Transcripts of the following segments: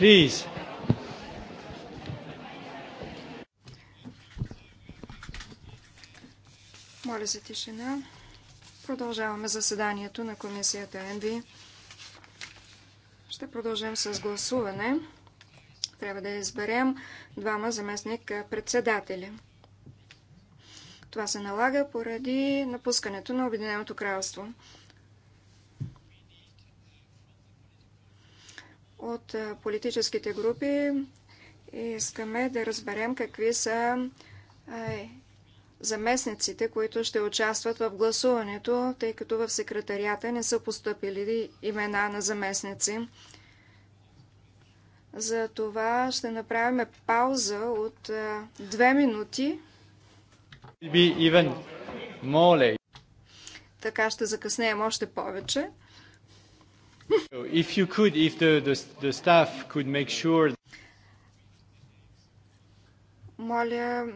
Please. Моля за тишина. Продължаваме заседанието на комисията ЕНВИ. Ще продължим с гласуване. Трябва да изберем двама заместник председатели. Това се налага поради напускането на Обединеното кралство. от политическите групи искаме да разберем какви са заместниците, които ще участват в гласуването, тъй като в секретарията не са поступили имена на заместници. За това ще направим пауза от две минути. Така ще закъснеем още повече. If you could, if the, the, the staff could make sure... Моля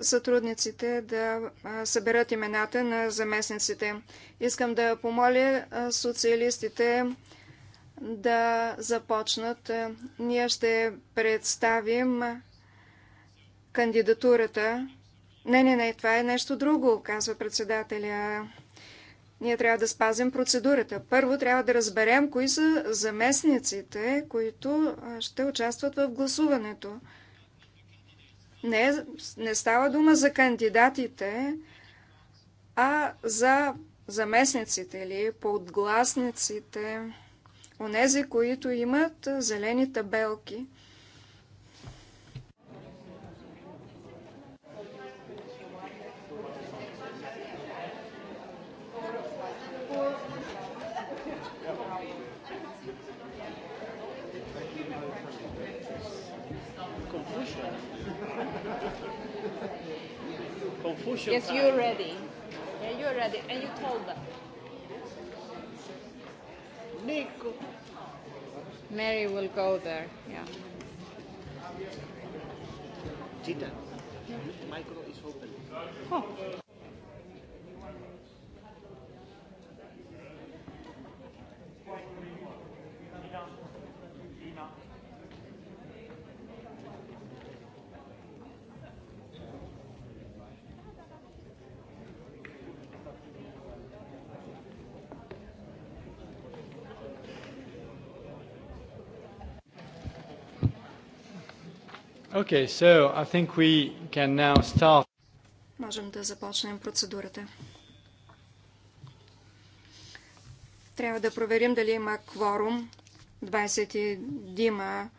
сътрудниците да съберат имената на заместниците. Искам да помоля социалистите да започнат. Ние ще представим кандидатурата. Не, не, не, това е нещо друго, казва председателя. Ние трябва да спазим процедурата. Първо трябва да разберем кои са заместниците, които ще участват в гласуването. Не, не става дума за кандидатите, а за заместниците или подгласниците, онези, които имат зелени табелки – Yes, you're ready. Yeah, you're ready. And you told them. Nico. Mary will go there. Yeah. Tita, micro is open. Oh. Okay, so I think we can now start. Можем да започнем процедурата. Трябва да проверим дали има кворум. 20 дима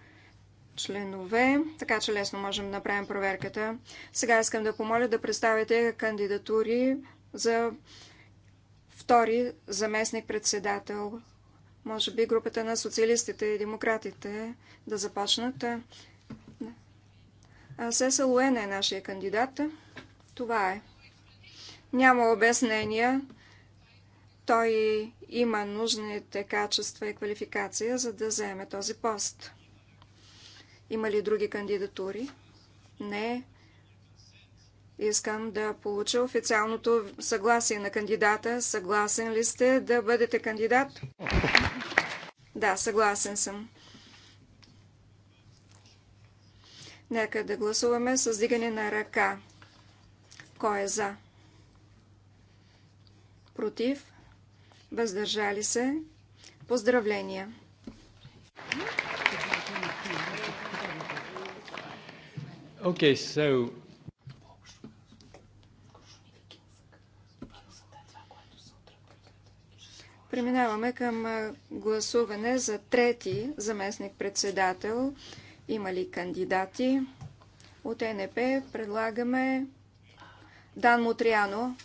членове, така че лесно можем да направим проверката. Сега искам да помоля да представите кандидатури за втори заместник-председател. Може би групата на социалистите и демократите да започнат. Сеса Луен е нашия кандидат. Това е. Няма обяснения. Той има нужните качества и квалификация, за да вземе този пост. Има ли други кандидатури? Не. Искам да получа официалното съгласие на кандидата. Съгласен ли сте да бъдете кандидат? Да, съгласен съм. Нека да гласуваме с дигане на ръка. Кой е за? Против? Въздържали се? Поздравления! Okay, so... Преминаваме към гласуване за трети заместник председател. Има ли кандидати? От НП предлагаме Дан Мутриано.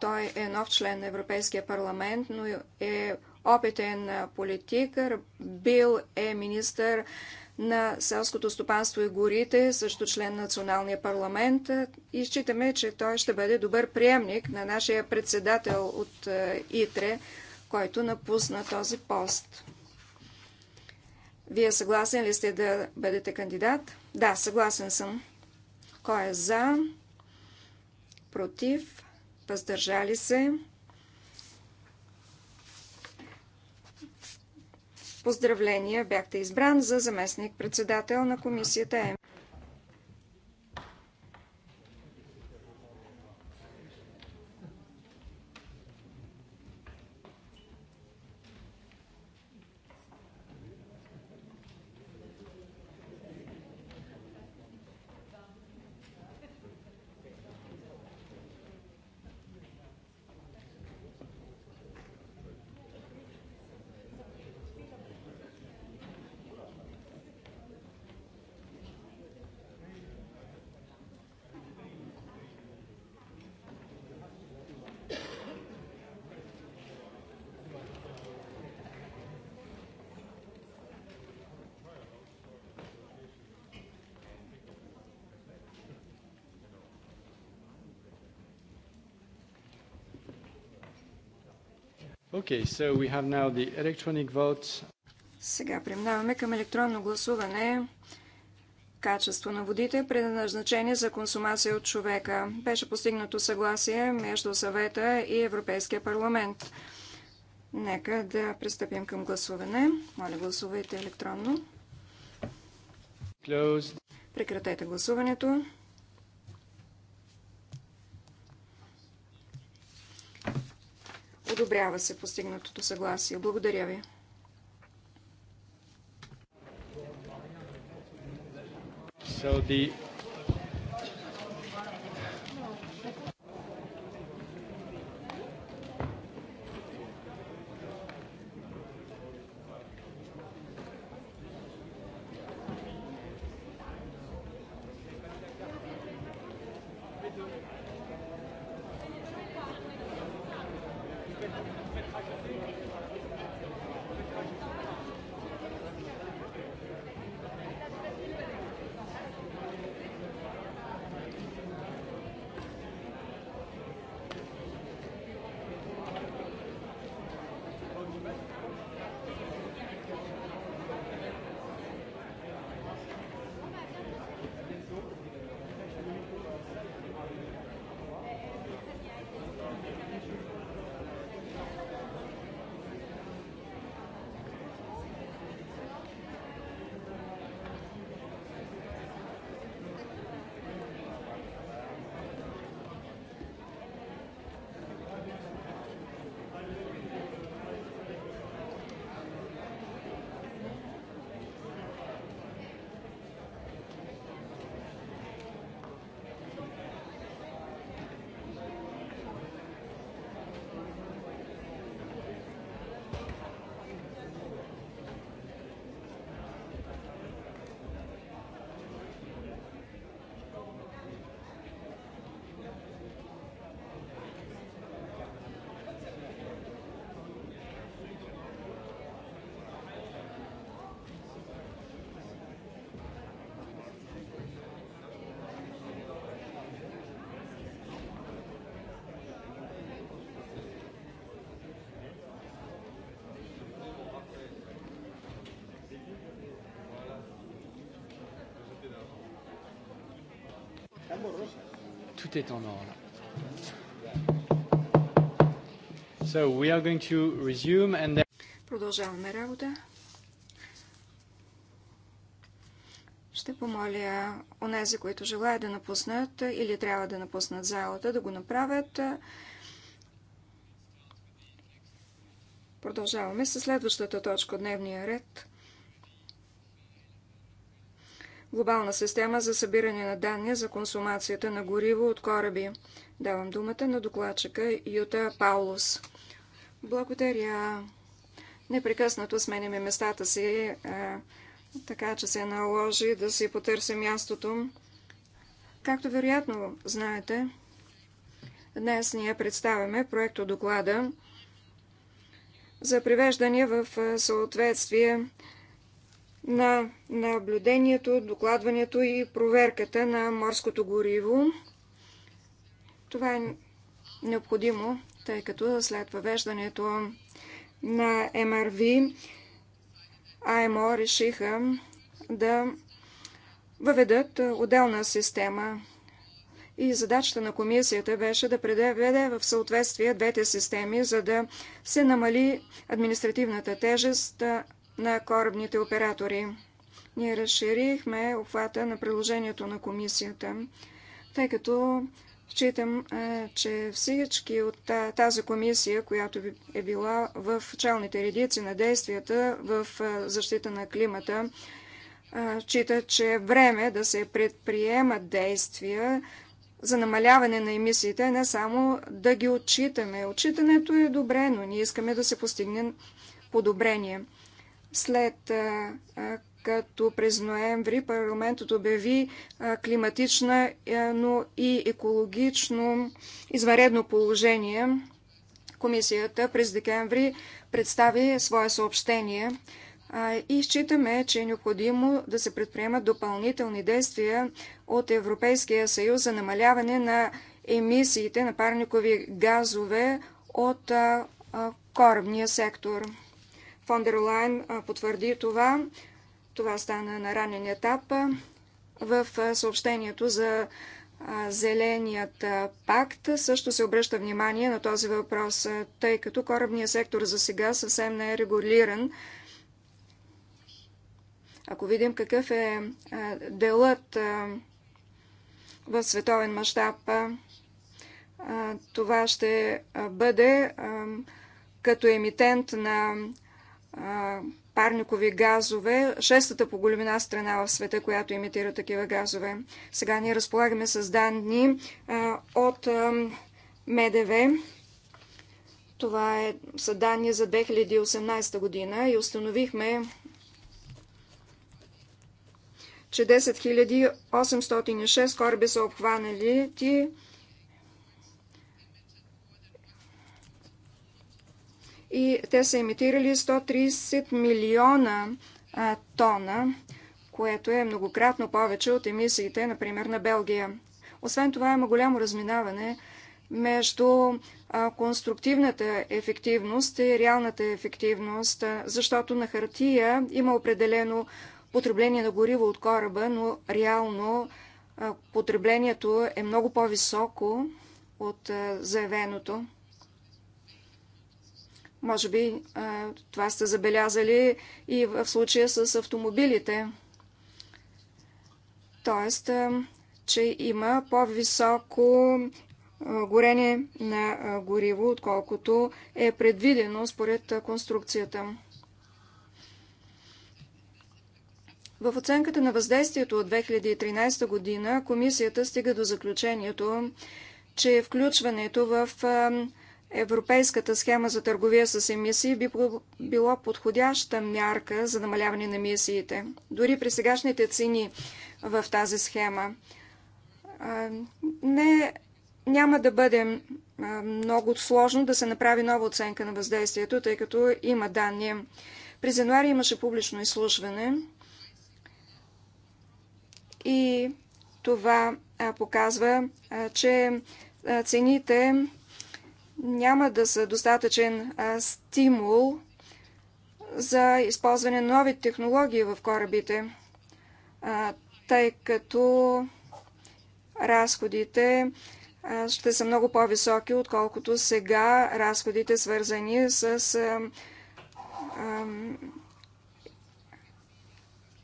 Той е нов член на Европейския парламент, но е опитен политик. Бил е министър на селското стопанство и горите, също член на националния парламент. И считаме, че той ще бъде добър приемник на нашия председател от ИТРЕ, който напусна този пост. Вие съгласен ли сте да бъдете кандидат? Да, съгласен съм. Кой е за? Против? Въздържали се? Поздравления, бяхте избран за заместник председател на комисията М. Okay, so we have now the electronic vote. Сега преминаваме към електронно гласуване. Качество на водите, предназначени за консумация от човека. Беше постигнато съгласие между съвета и Европейския парламент. Нека да пристъпим към гласуване. Моля, гласувайте електронно. Closed. Прекратете гласуването. Одобрява се постигнатото съгласие. Благодаря ви. So the tout est en ordre. So we are going to resume and then... Продължаваме работа. Ще помоля онези, които желаят да напуснат или трябва да напуснат залата, да го направят. Продължаваме с следващата точка от дневния ред. глобална система за събиране на данни за консумацията на гориво от кораби. Давам думата на докладчика Юта Паулус. Благодаря. Непрекъснато сменяме местата си, е, така че се наложи да си потърся мястото. Както вероятно знаете, днес ние представяме проекто доклада за привеждане в е, съответствие на наблюдението, докладването и проверката на морското гориво. Това е необходимо, тъй като след въвеждането на МРВ, АМО решиха да въведат отделна система. И задачата на комисията беше да предаведе в съответствие двете системи, за да се намали административната тежест на корабните оператори. Ние разширихме обхвата на приложението на комисията, тъй като считам, че всички от тази комисия, която е била в челните редици на действията в защита на климата, чита, че е време да се предприемат действия за намаляване на емисиите, не само да ги отчитаме. Отчитането е добре, но ние искаме да се постигне подобрение след като през ноември парламентът обяви климатична, но и екологично изваредно положение. Комисията през декември представи свое съобщение и считаме, че е необходимо да се предприемат допълнителни действия от Европейския съюз за намаляване на емисиите на парникови газове от корабния сектор дер Лайн потвърди това. Това стана на ранен етап в съобщението за Зеленият пакт също се обръща внимание на този въпрос, тъй като корабният сектор за сега съвсем не е регулиран. Ако видим какъв е делът в световен мащаб, това ще бъде като емитент на парникови газове, шестата по големина страна в света, която имитира такива газове. Сега ние разполагаме с данни от МДВ. Това е, са данни за 2018 година и установихме, че 10 806 кораби са обхванали и те са емитирали 130 милиона а, тона, което е многократно повече от емисиите, например, на Белгия. Освен това има голямо разминаване между конструктивната ефективност и реалната ефективност, защото на хартия има определено потребление на гориво от кораба, но реално потреблението е много по-високо от заявеното. Може би това сте забелязали и в случая с автомобилите. Тоест, че има по-високо горение на гориво, отколкото е предвидено според конструкцията. В оценката на въздействието от 2013 година комисията стига до заключението, че включването в Европейската схема за търговия с емисии би било подходяща мярка за намаляване на емисиите. Дори при сегашните цени в тази схема не, няма да бъде много сложно да се направи нова оценка на въздействието, тъй като има данни. През януари имаше публично изслушване и това показва, че цените няма да са достатъчен стимул за използване на нови технологии в корабите, тъй като разходите ще са много по-високи, отколкото сега разходите свързани с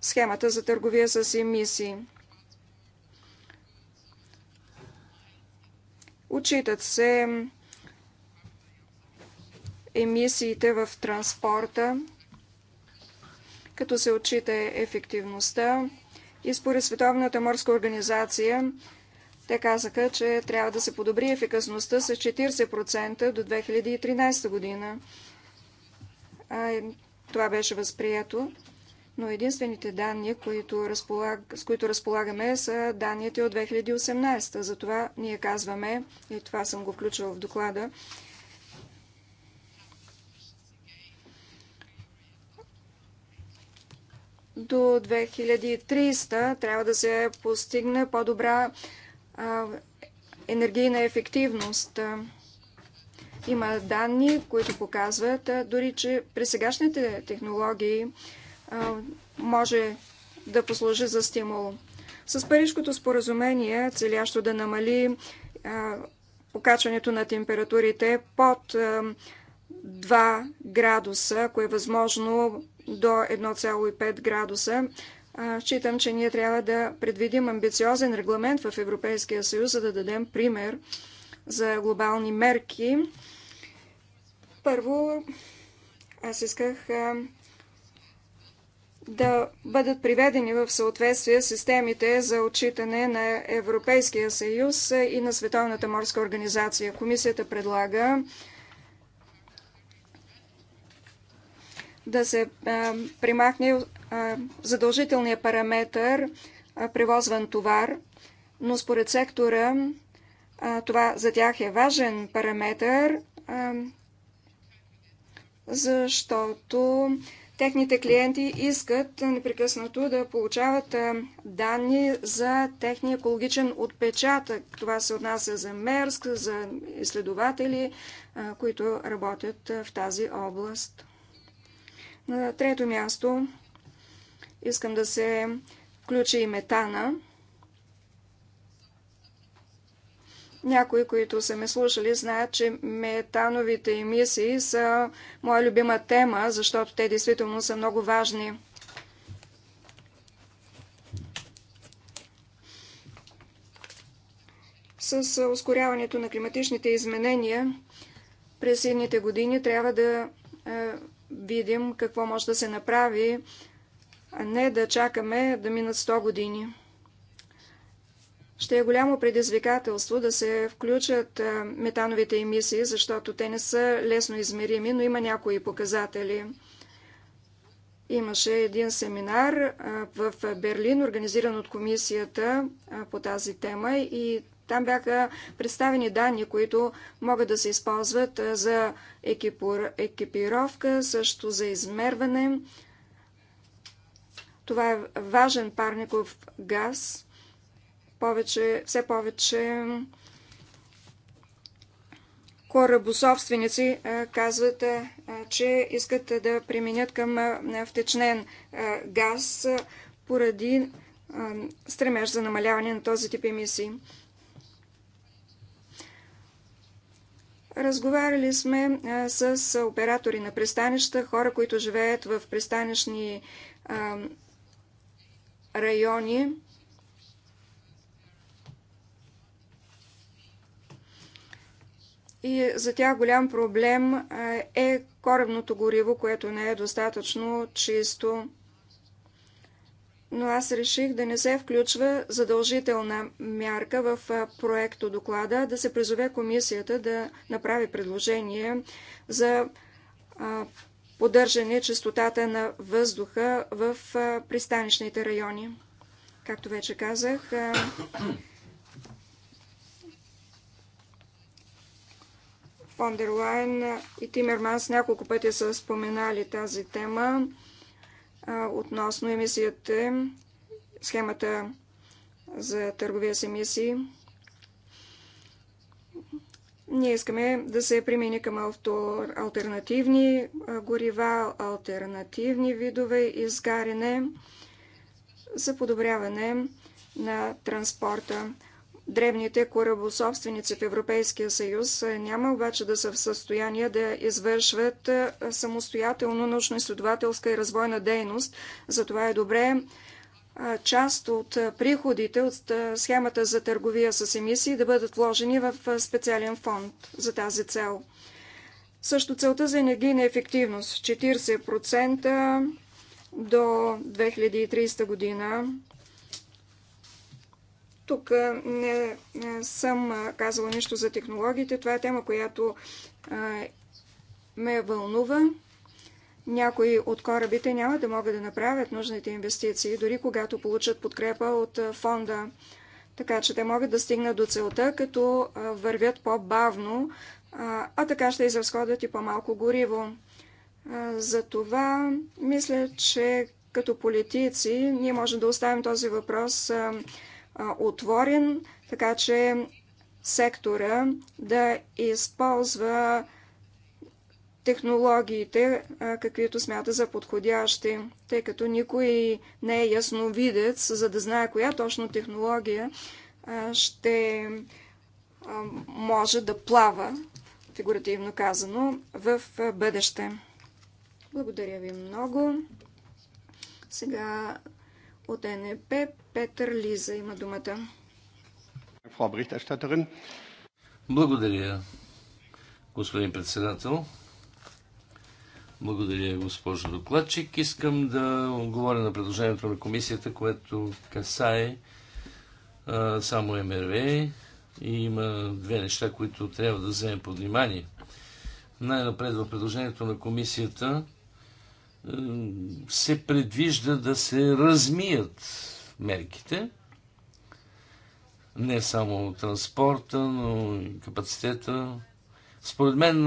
схемата за търговия с емисии. учитат се емисиите в транспорта, като се отчита ефективността. И според Световната морска организация, те казаха, че трябва да се подобри ефикасността с 40% до 2013 година. А, това беше възприето, но единствените данни, които разполаг... с които разполагаме, са данните от 2018. Затова ние казваме, и това съм го включила в доклада, до 2300 трябва да се постигне по-добра енергийна ефективност. Има данни, които показват, дори че при сегашните технологии може да послужи за стимул. С Парижкото споразумение, целящо да намали покачването на температурите под 2 градуса, ако е възможно до 1,5 градуса. Считам, че ние трябва да предвидим амбициозен регламент в Европейския съюз, за да дадем пример за глобални мерки. Първо, аз исках да бъдат приведени в съответствие системите за отчитане на Европейския съюз и на Световната морска организация. Комисията предлага да се примахне задължителния параметър привозван товар, но според сектора това за тях е важен параметър, защото техните клиенти искат непрекъснато да получават данни за техния екологичен отпечатък. Това се отнася за Мерск, за изследователи, които работят в тази област. На трето място искам да се включи и метана. Някои, които са ме слушали, знаят, че метановите емисии са моя любима тема, защото те действително са много важни. С ускоряването на климатичните изменения през едните години трябва да е, видим какво може да се направи, а не да чакаме да минат 100 години. Ще е голямо предизвикателство да се включат метановите емисии, защото те не са лесно измерими, но има някои показатели. Имаше един семинар в Берлин, организиран от комисията по тази тема и там бяха представени данни, които могат да се използват за екипировка, също за измерване. Това е важен парников газ. Повече, все повече корабособственици казват, че искат да преминят към втечнен газ поради стремеж за намаляване на този тип емисии. Разговаряли сме с оператори на пристанища, хора, които живеят в пристанищни райони. И за тях голям проблем е корабното гориво, което не е достатъчно чисто но аз реших да не се включва задължителна мярка в проекто доклада, да се призове комисията да направи предложение за поддържане чистотата на въздуха в пристанищните райони. Както вече казах, Фондерлайн и Тимерманс няколко пъти са споменали тази тема относно емисията, схемата за търговия с емисии. Ние искаме да се примени към альтернативни горива, альтернативни видове изгаряне за подобряване на транспорта. Древните корабособственици в Европейския съюз няма обаче да са в състояние да извършват самостоятелно научно-изследователска и развойна дейност. Затова е добре част от приходите от схемата за търговия с емисии да бъдат вложени в специален фонд за тази цел. Също целта за енергийна ефективност 40% до 2030 година тук не съм казала нищо за технологиите. Това е тема, която ме вълнува. Някои от корабите няма да могат да направят нужните инвестиции, дори когато получат подкрепа от фонда. Така че те могат да стигнат до целта, като вървят по-бавно, а така ще изразходват и по-малко гориво. Затова мисля, че като политици ние можем да оставим този въпрос отворен, така че сектора да използва технологиите, каквито смята за подходящи, тъй като никой не е ясновидец, за да знае коя точно технология ще може да плава, фигуративно казано, в бъдеще. Благодаря ви много. Сега от НП Петър Лиза има думата. Благодаря, господин председател. Благодаря, госпожо докладчик. Искам да отговоря на предложението на комисията, което касае а, само МРВ и има две неща, които трябва да вземем под внимание. Най-напред в предложението на комисията се предвижда да се размият мерките. Не само транспорта, но и капацитета. Според мен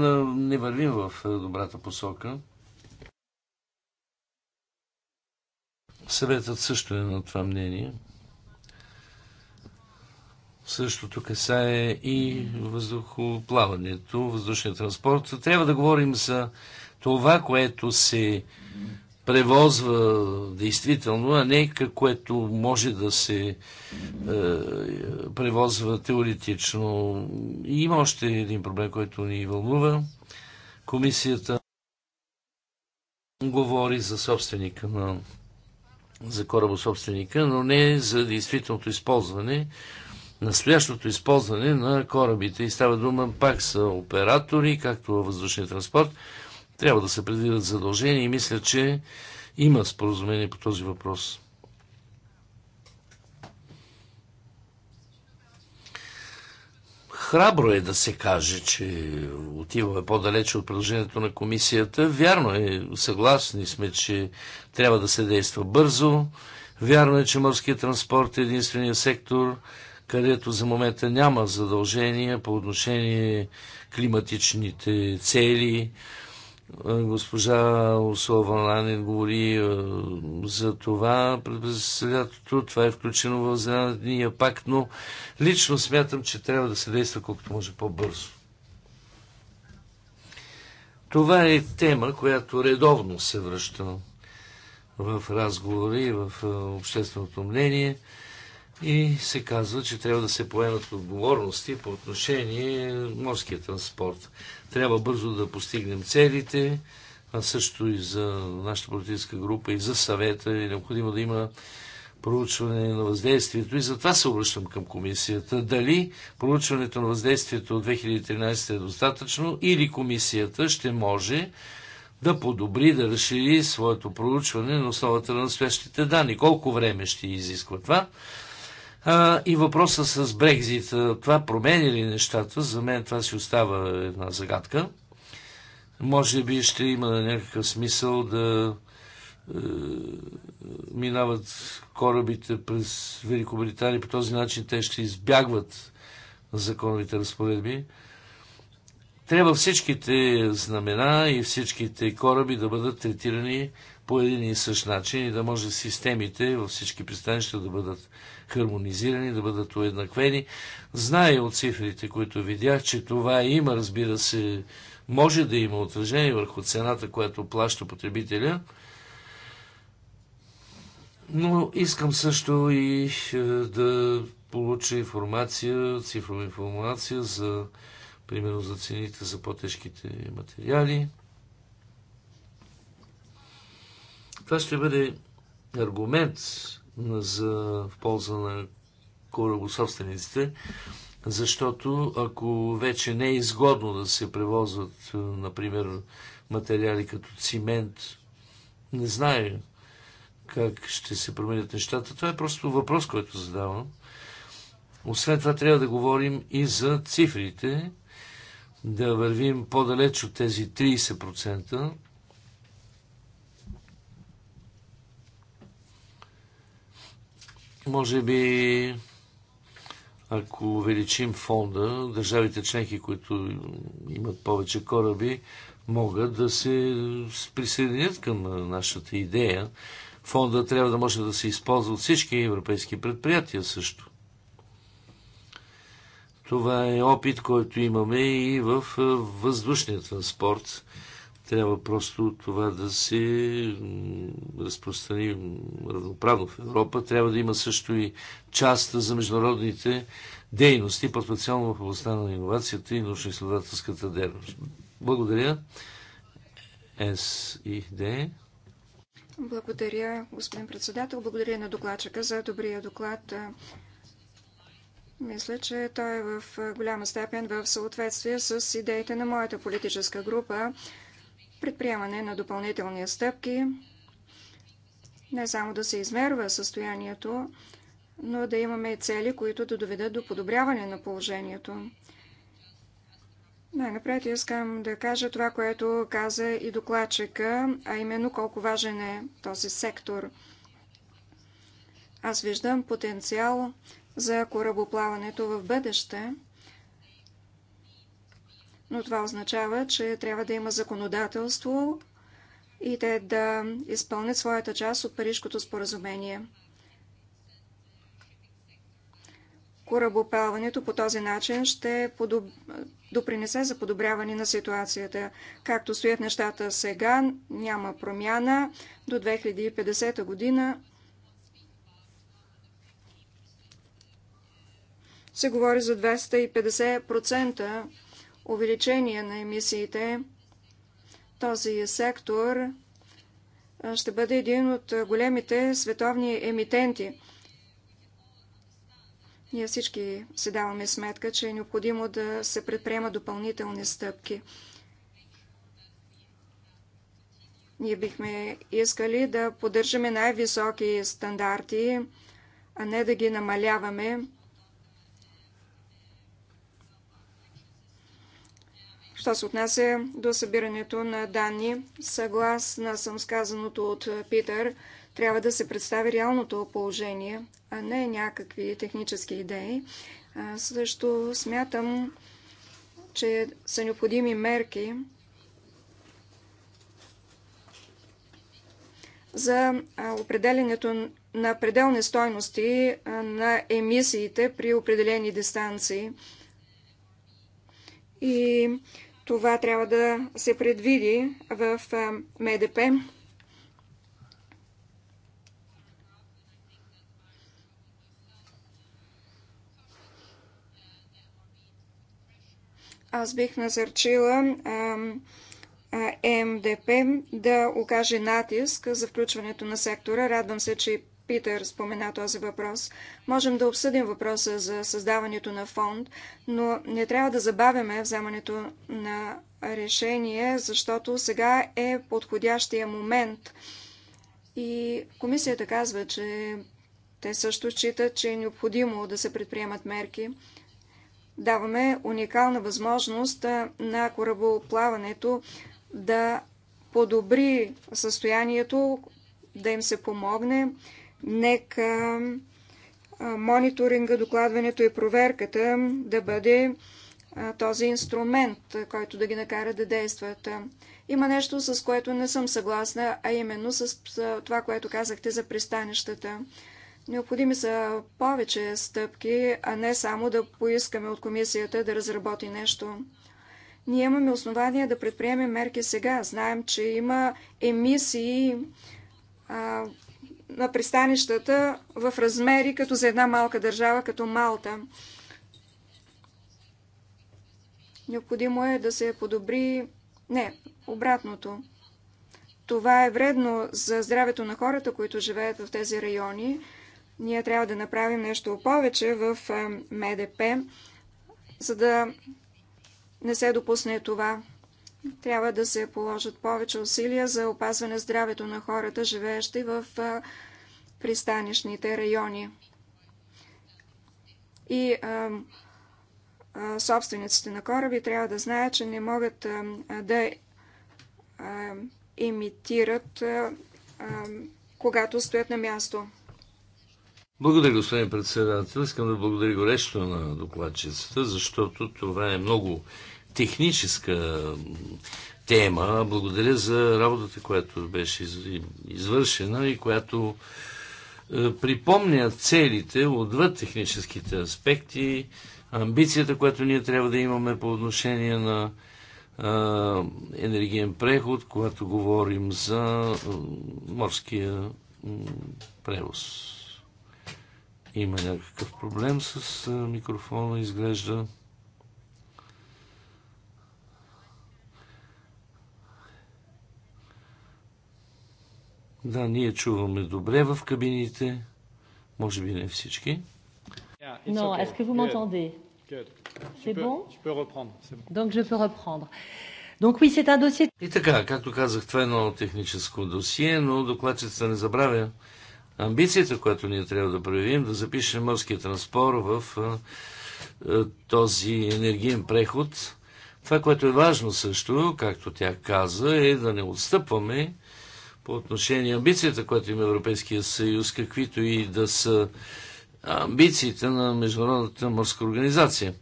не вървим в добрата посока. Съветът също е на това мнение. Същото касае и въздухоплаването, въздушния транспорт. Трябва да говорим за това, което се превозва действително, а не което може да се е, превозва теоретично. И има още един проблем, който ни вълнува. Комисията говори за собственика на за корабособственика, но не за действителното използване, настоящото използване на корабите. И става дума пак са оператори, както във въздушния транспорт, трябва да се предвидят задължения и мисля, че има споразумение по този въпрос. храбро е да се каже, че отиваме по-далече от предложението на комисията. Вярно е, съгласни сме, че трябва да се действа бързо. Вярно е, че морският транспорт е единствения сектор, където за момента няма задължения по отношение климатичните цели, е, госпожа Усова Ланин говори е, за това през лятото. Това е включено в Зеления пакт, но лично смятам, че трябва да се действа колкото може по-бързо. Това е тема, която редовно се връща в разговори и в е, общественото мнение и се казва, че трябва да се поемат отговорности по отношение морския транспорт. Трябва бързо да постигнем целите, а също и за нашата политическа група, и за съвета е необходимо да има проучване на въздействието. И затова се обръщам към комисията. Дали проучването на въздействието от 2013 е достатъчно или комисията ще може да подобри, да разшири своето проучване на основата на настоящите данни. Колко време ще изисква това? А, и въпроса с Брекзит, това променя ли нещата? За мен това си остава една загадка. Може би ще има някакъв смисъл да е, минават корабите през Великобритания. По този начин те ще избягват законовите разпоредби. Трябва всичките знамена и всичките кораби да бъдат третирани по един и същ начин и да може системите във всички пристанища да бъдат хармонизирани, да бъдат уеднаквени. Зная от цифрите, които видях, че това има, разбира се, може да има отражение върху цената, която плаща потребителя. Но искам също и е, да получа информация, цифрова информация за, примерно, за цените за по-тежките материали. Това ще бъде аргумент за, в полза на корабособствениците, защото ако вече не е изгодно да се превозват, е, например, материали като цимент, не знае как ще се променят нещата. Това е просто въпрос, който задавам. Освен това трябва да говорим и за цифрите, да вървим по-далеч от тези 30%, Може би, ако увеличим фонда, държавите членки, които имат повече кораби, могат да се присъединят към нашата идея. Фонда трябва да може да се използва от всички европейски предприятия също. Това е опит, който имаме и в въздушния транспорт – трябва просто това да се разпространи равноправно в Европа. Трябва да има също и част за международните дейности, по-специално в областта на иновацията и научно-изследователската дейност. Благодаря. С и Д. Благодаря, господин председател. Благодаря на докладчика за добрия доклад. Мисля, че той е в голяма степен в съответствие с идеите на моята политическа група предприемане на допълнителни стъпки, не само да се измерва състоянието, но да имаме цели, които да доведат до подобряване на положението. Най-напред искам да кажа това, което каза и докладчика, а именно колко важен е този сектор. Аз виждам потенциал за корабоплаването в бъдеще – но това означава, че трябва да има законодателство и те да изпълнят своята част от Парижкото споразумение. Корабоплаването по този начин ще подоб... допринесе за подобряване на ситуацията. Както стоят нещата сега, няма промяна. До 2050 година се говори за 250% увеличение на емисиите, този сектор ще бъде един от големите световни емитенти. Ние всички си даваме сметка, че е необходимо да се предприема допълнителни стъпки. Ние бихме искали да поддържаме най-високи стандарти, а не да ги намаляваме. Що се отнася до събирането на данни, съгласна съм с казаното от Питър, трябва да се представи реалното положение, а не някакви технически идеи. А също смятам, че са необходими мерки за определенето на пределни стойности на емисиите при определени дистанции. И това трябва да се предвиди в МДП. аз бих насърчила МДП да окаже натиск за включването на сектора. Радвам се, че Питър спомена този въпрос. Можем да обсъдим въпроса за създаването на фонд, но не трябва да забавяме вземането на решение, защото сега е подходящия момент. И комисията казва, че те също считат, че е необходимо да се предприемат мерки. Даваме уникална възможност на корабоплаването да подобри състоянието, да им се помогне нека мониторинга, докладването и проверката да бъде този инструмент, който да ги накара да действат. Има нещо, с което не съм съгласна, а именно с това, което казахте за пристанищата. Необходими са повече стъпки, а не само да поискаме от комисията да разработи нещо. Ние имаме основания да предприемем мерки сега. Знаем, че има емисии на пристанищата в размери като за една малка държава, като Малта. Необходимо е да се подобри... Не, обратното. Това е вредно за здравето на хората, които живеят в тези райони. Ние трябва да направим нещо повече в МДП, за да не се допусне това. Трябва да се положат повече усилия за опазване здравето на хората, живеещи в пристанищните райони. И а, а, собствениците на кораби трябва да знаят, че не могат а, да а, имитират, а, а, когато стоят на място. Благодаря, господин председател. Искам да благодаря горещо на докладчицата, защото това е много техническа тема. Благодаря за работата, която беше извършена и която е, припомня целите отвъд техническите аспекти, амбицията, която ние трябва да имаме по отношение на енергиен преход, когато говорим за морския превоз. Има някакъв проблем с микрофона, изглежда. Да, ние чуваме добре в кабините. Може би не всички. Но, okay. est-ce И така, както казах, това е едно техническо досие, но докладчицата не забравя амбицията, която ние трябва да проявим, да запишем морския транспорт в този енергиен преход. Това, което е важно също, както тя каза, е да не отстъпваме по отношение амбицията, която има Европейския съюз, каквито и да са амбициите на Международната морска организация.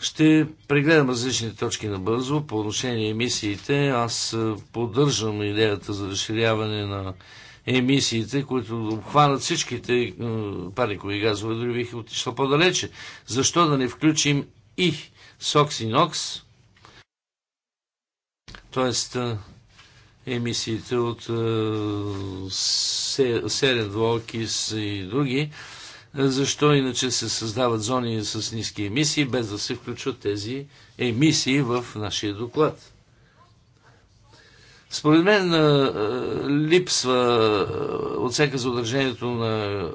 Ще прегледам различни точки на бързо, По отношение емисиите, аз е, поддържам идеята за разширяване на емисиите, които обхванат всичките е, парникови газове, дори бих отишла по-далече. Защо да не включим и сокс и нокс? Тоест, е, емисиите от е, серен двуокис и други. Защо иначе се създават зони с ниски емисии, без да се включват тези емисии в нашия доклад? Според мен е, е, липсва отсека за отражението на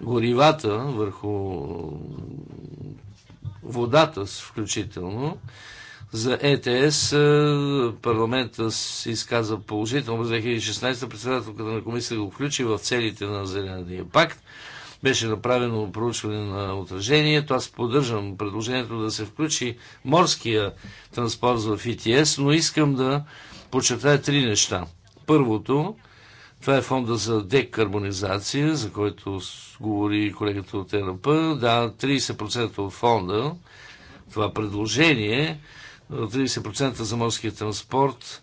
горивата върху водата включително. За ЕТС е, парламента се изказа положително. За 2016 председателката на комисията го включи в целите на Зеления пакт. Беше направено проучване на отражението. Аз поддържам предложението да се включи морския транспорт в ИТС, е но искам да подчертая три неща. Първото, това е фонда за декарбонизация, за който говори колегата от ЕРП. Да, 30% от фонда, това предложение 30% за морския транспорт,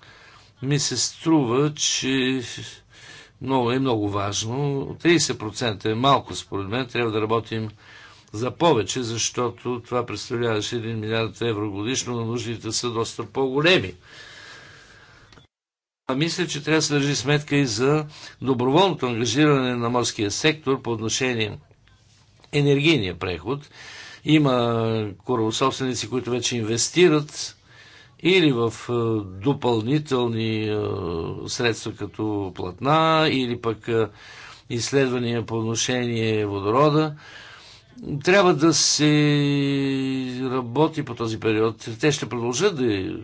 ми се струва, че много е много важно. 30% е малко, според мен. Трябва да работим за повече, защото това представляваше 1 милиард евро годишно, но нуждите са доста по-големи. А мисля, че трябва да се държи сметка и за доброволното ангажиране на морския сектор по отношение енергийния преход. Има корабособственици, които вече инвестират или в е, допълнителни е, средства като платна, или пък е, изследвания по отношение водорода. Трябва да се работи по този период. Те ще продължат да,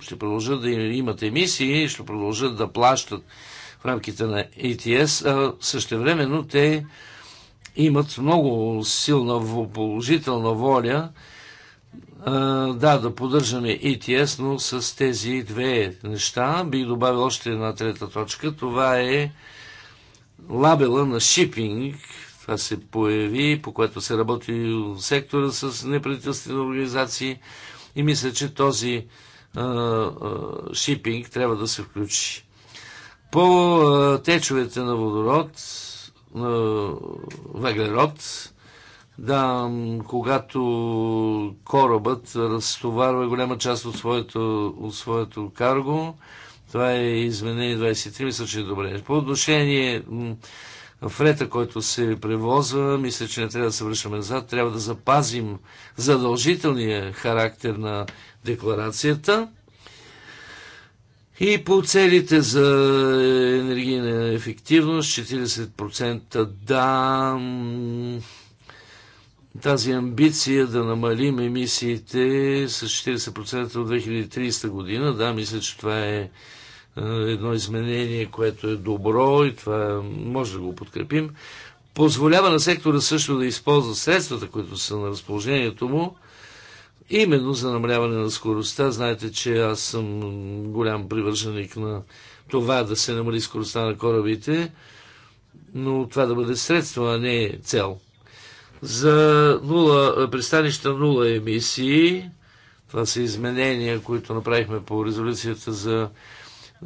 ще продължат да имат емисии, ще продължат да плащат в рамките на ETS, а също времено те имат много силна положителна воля да, да поддържаме ETS, но с тези две неща бих добавил още една трета точка. Това е лабела на шипинг. Това се появи, по което се работи в сектора с неправителствени организации. И мисля, че този а, а, шипинг трябва да се включи. По а, течовете на водород, въглерод. Да, когато корабът разтоварва голяма част от своето, от своето карго, това е изменение 23, мисля, че е добре. По отношение фрета, който се превозва, мисля, че не трябва да се връщаме назад. Трябва да запазим задължителния характер на декларацията и по целите за енергийна ефективност 40% да тази амбиция да намалим емисиите с 40% от 2030 година. Да, мисля, че това е, е едно изменение, което е добро и това може да го подкрепим. Позволява на сектора също да използва средствата, които са на разположението му, Именно за намаляване на скоростта. Знаете, че аз съм голям привърженик на това да се намали скоростта на корабите, но това да бъде средство, а не цел. За нула, пристанища нула емисии, това са изменения, които направихме по резолюцията за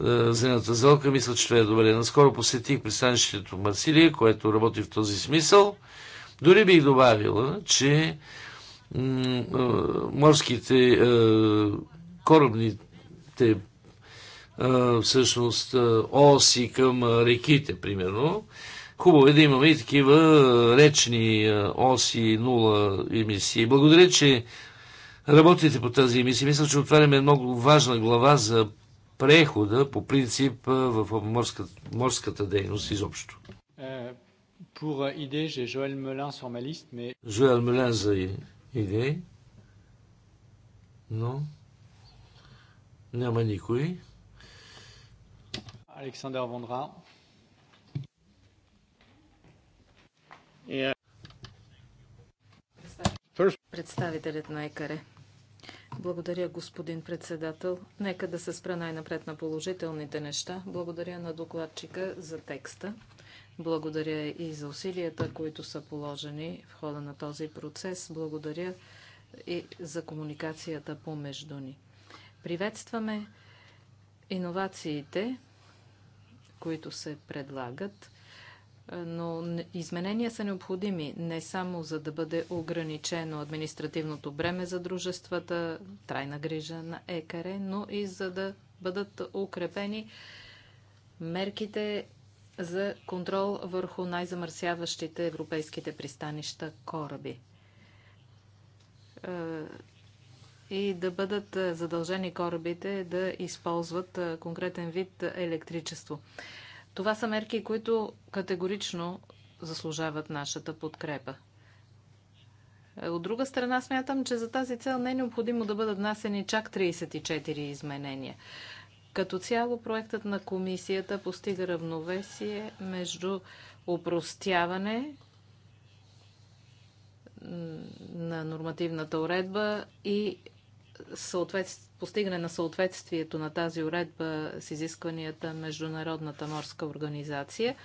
е, зелената зелка. Мисля, че това е добре. Наскоро посетих пристанището Марсилия, което работи в този смисъл. Дори бих добавила, че морските корабните всъщност оси към реките, примерно. Хубаво е да имаме и такива речни оси, нула емисии. Благодаря, че работите по тази емисия. Мисля, че отваряме много важна глава за прехода по принцип в морската, морската дейност изобщо. Е, pour ID, Joël Melin за идеи, но няма никой. Александър Вондра. Представителят на ЕКАРЕ. Благодаря, господин председател. Нека да се спра най-напред на положителните неща. Благодаря на докладчика за текста. Благодаря и за усилията, които са положени в хода на този процес. Благодаря и за комуникацията помежду ни. Приветстваме иновациите, които се предлагат, но изменения са необходими не само за да бъде ограничено административното бреме за дружествата, трайна грижа на ЕКАРЕ, но и за да бъдат укрепени мерките за контрол върху най-замърсяващите европейските пристанища кораби е, и да бъдат е, задължени корабите да използват е, конкретен вид електричество. Това са мерки, които категорично заслужават нашата подкрепа. От друга страна, смятам, че за тази цел не е необходимо да бъдат внасени чак 34 изменения. Като цяло проектът на комисията постига равновесие между упростяване на нормативната уредба и постигане на съответствието на тази уредба с изискванията Международната морска организация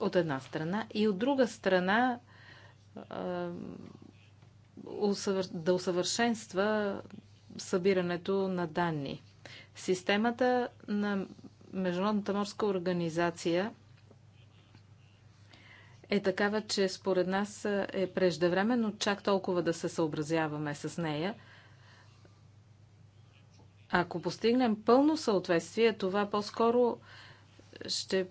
от една страна и от друга страна да усъвършенства събирането на данни. Системата на Международната морска организация е такава, че според нас е преждевременно чак толкова да се съобразяваме с нея. Ако постигнем пълно съответствие, това по-скоро ще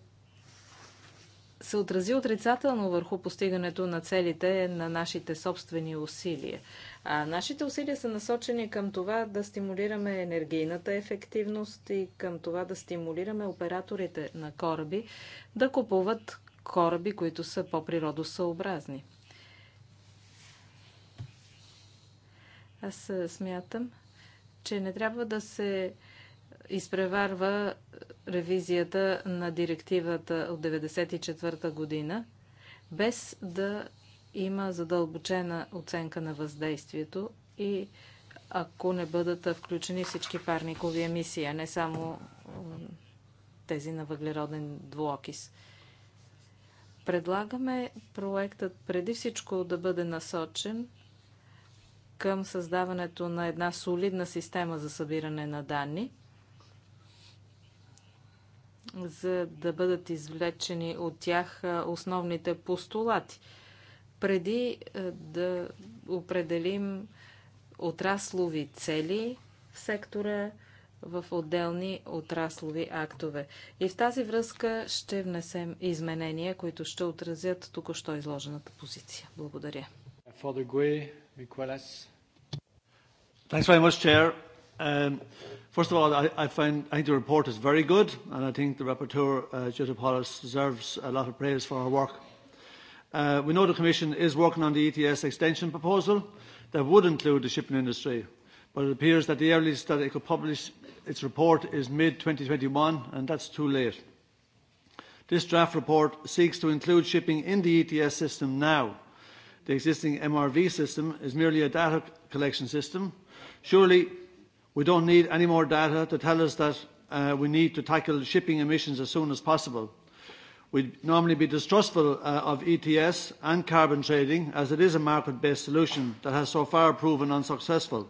се отрази отрицателно върху постигането на целите на нашите собствени усилия. А нашите усилия са насочени към това да стимулираме енергийната ефективност и към това да стимулираме операторите на кораби да купуват кораби, които са по-природосъобразни. Аз смятам, че не трябва да се изпреварва е, ревизията на директивата от 1994 година, без да има задълбочена оценка на въздействието и ако не бъдат включени всички парникови емисии, а не само тези на въглероден двуокис. Предлагаме проектът преди всичко да бъде насочен към създаването на една солидна система за събиране на данни – за да бъдат извлечени от тях основните постулати. Преди да определим отраслови цели в сектора, в отделни отраслови актове. И в тази връзка ще внесем изменения, които ще отразят току-що изложената позиция. Благодаря. Thanks very much, Chair. Um, first of all, I, I, find, I think the report is very good, and I think the rapporteur, uh, Judith Hollis, deserves a lot of praise for her work. Uh, we know the Commission is working on the ETS extension proposal that would include the shipping industry, but it appears that the earliest that it could publish its report is mid-2021, and that's too late. This draft report seeks to include shipping in the ETS system now. The existing MRV system is merely a data collection system. Surely We don't need any more data to tell us that uh, we need to tackle shipping emissions as soon as possible. We'd normally be distrustful uh, of ETS and carbon trading as it is a market-based solution that has so far proven unsuccessful.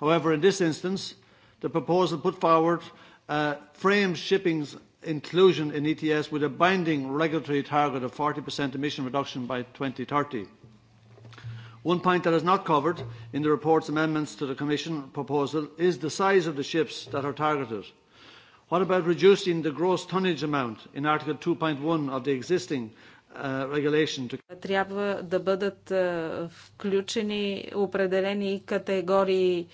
However, in this instance, the proposal put forward uh, frames shipping's inclusion in ETS with a binding regulatory target of 40% emission reduction by 2030. One point that is not covered in the report's amendments to the Commission proposal is the size of the ships that are targeted. What about reducing the gross tonnage amount in Article 2.1 of the existing трябва да бъдат включени определени категории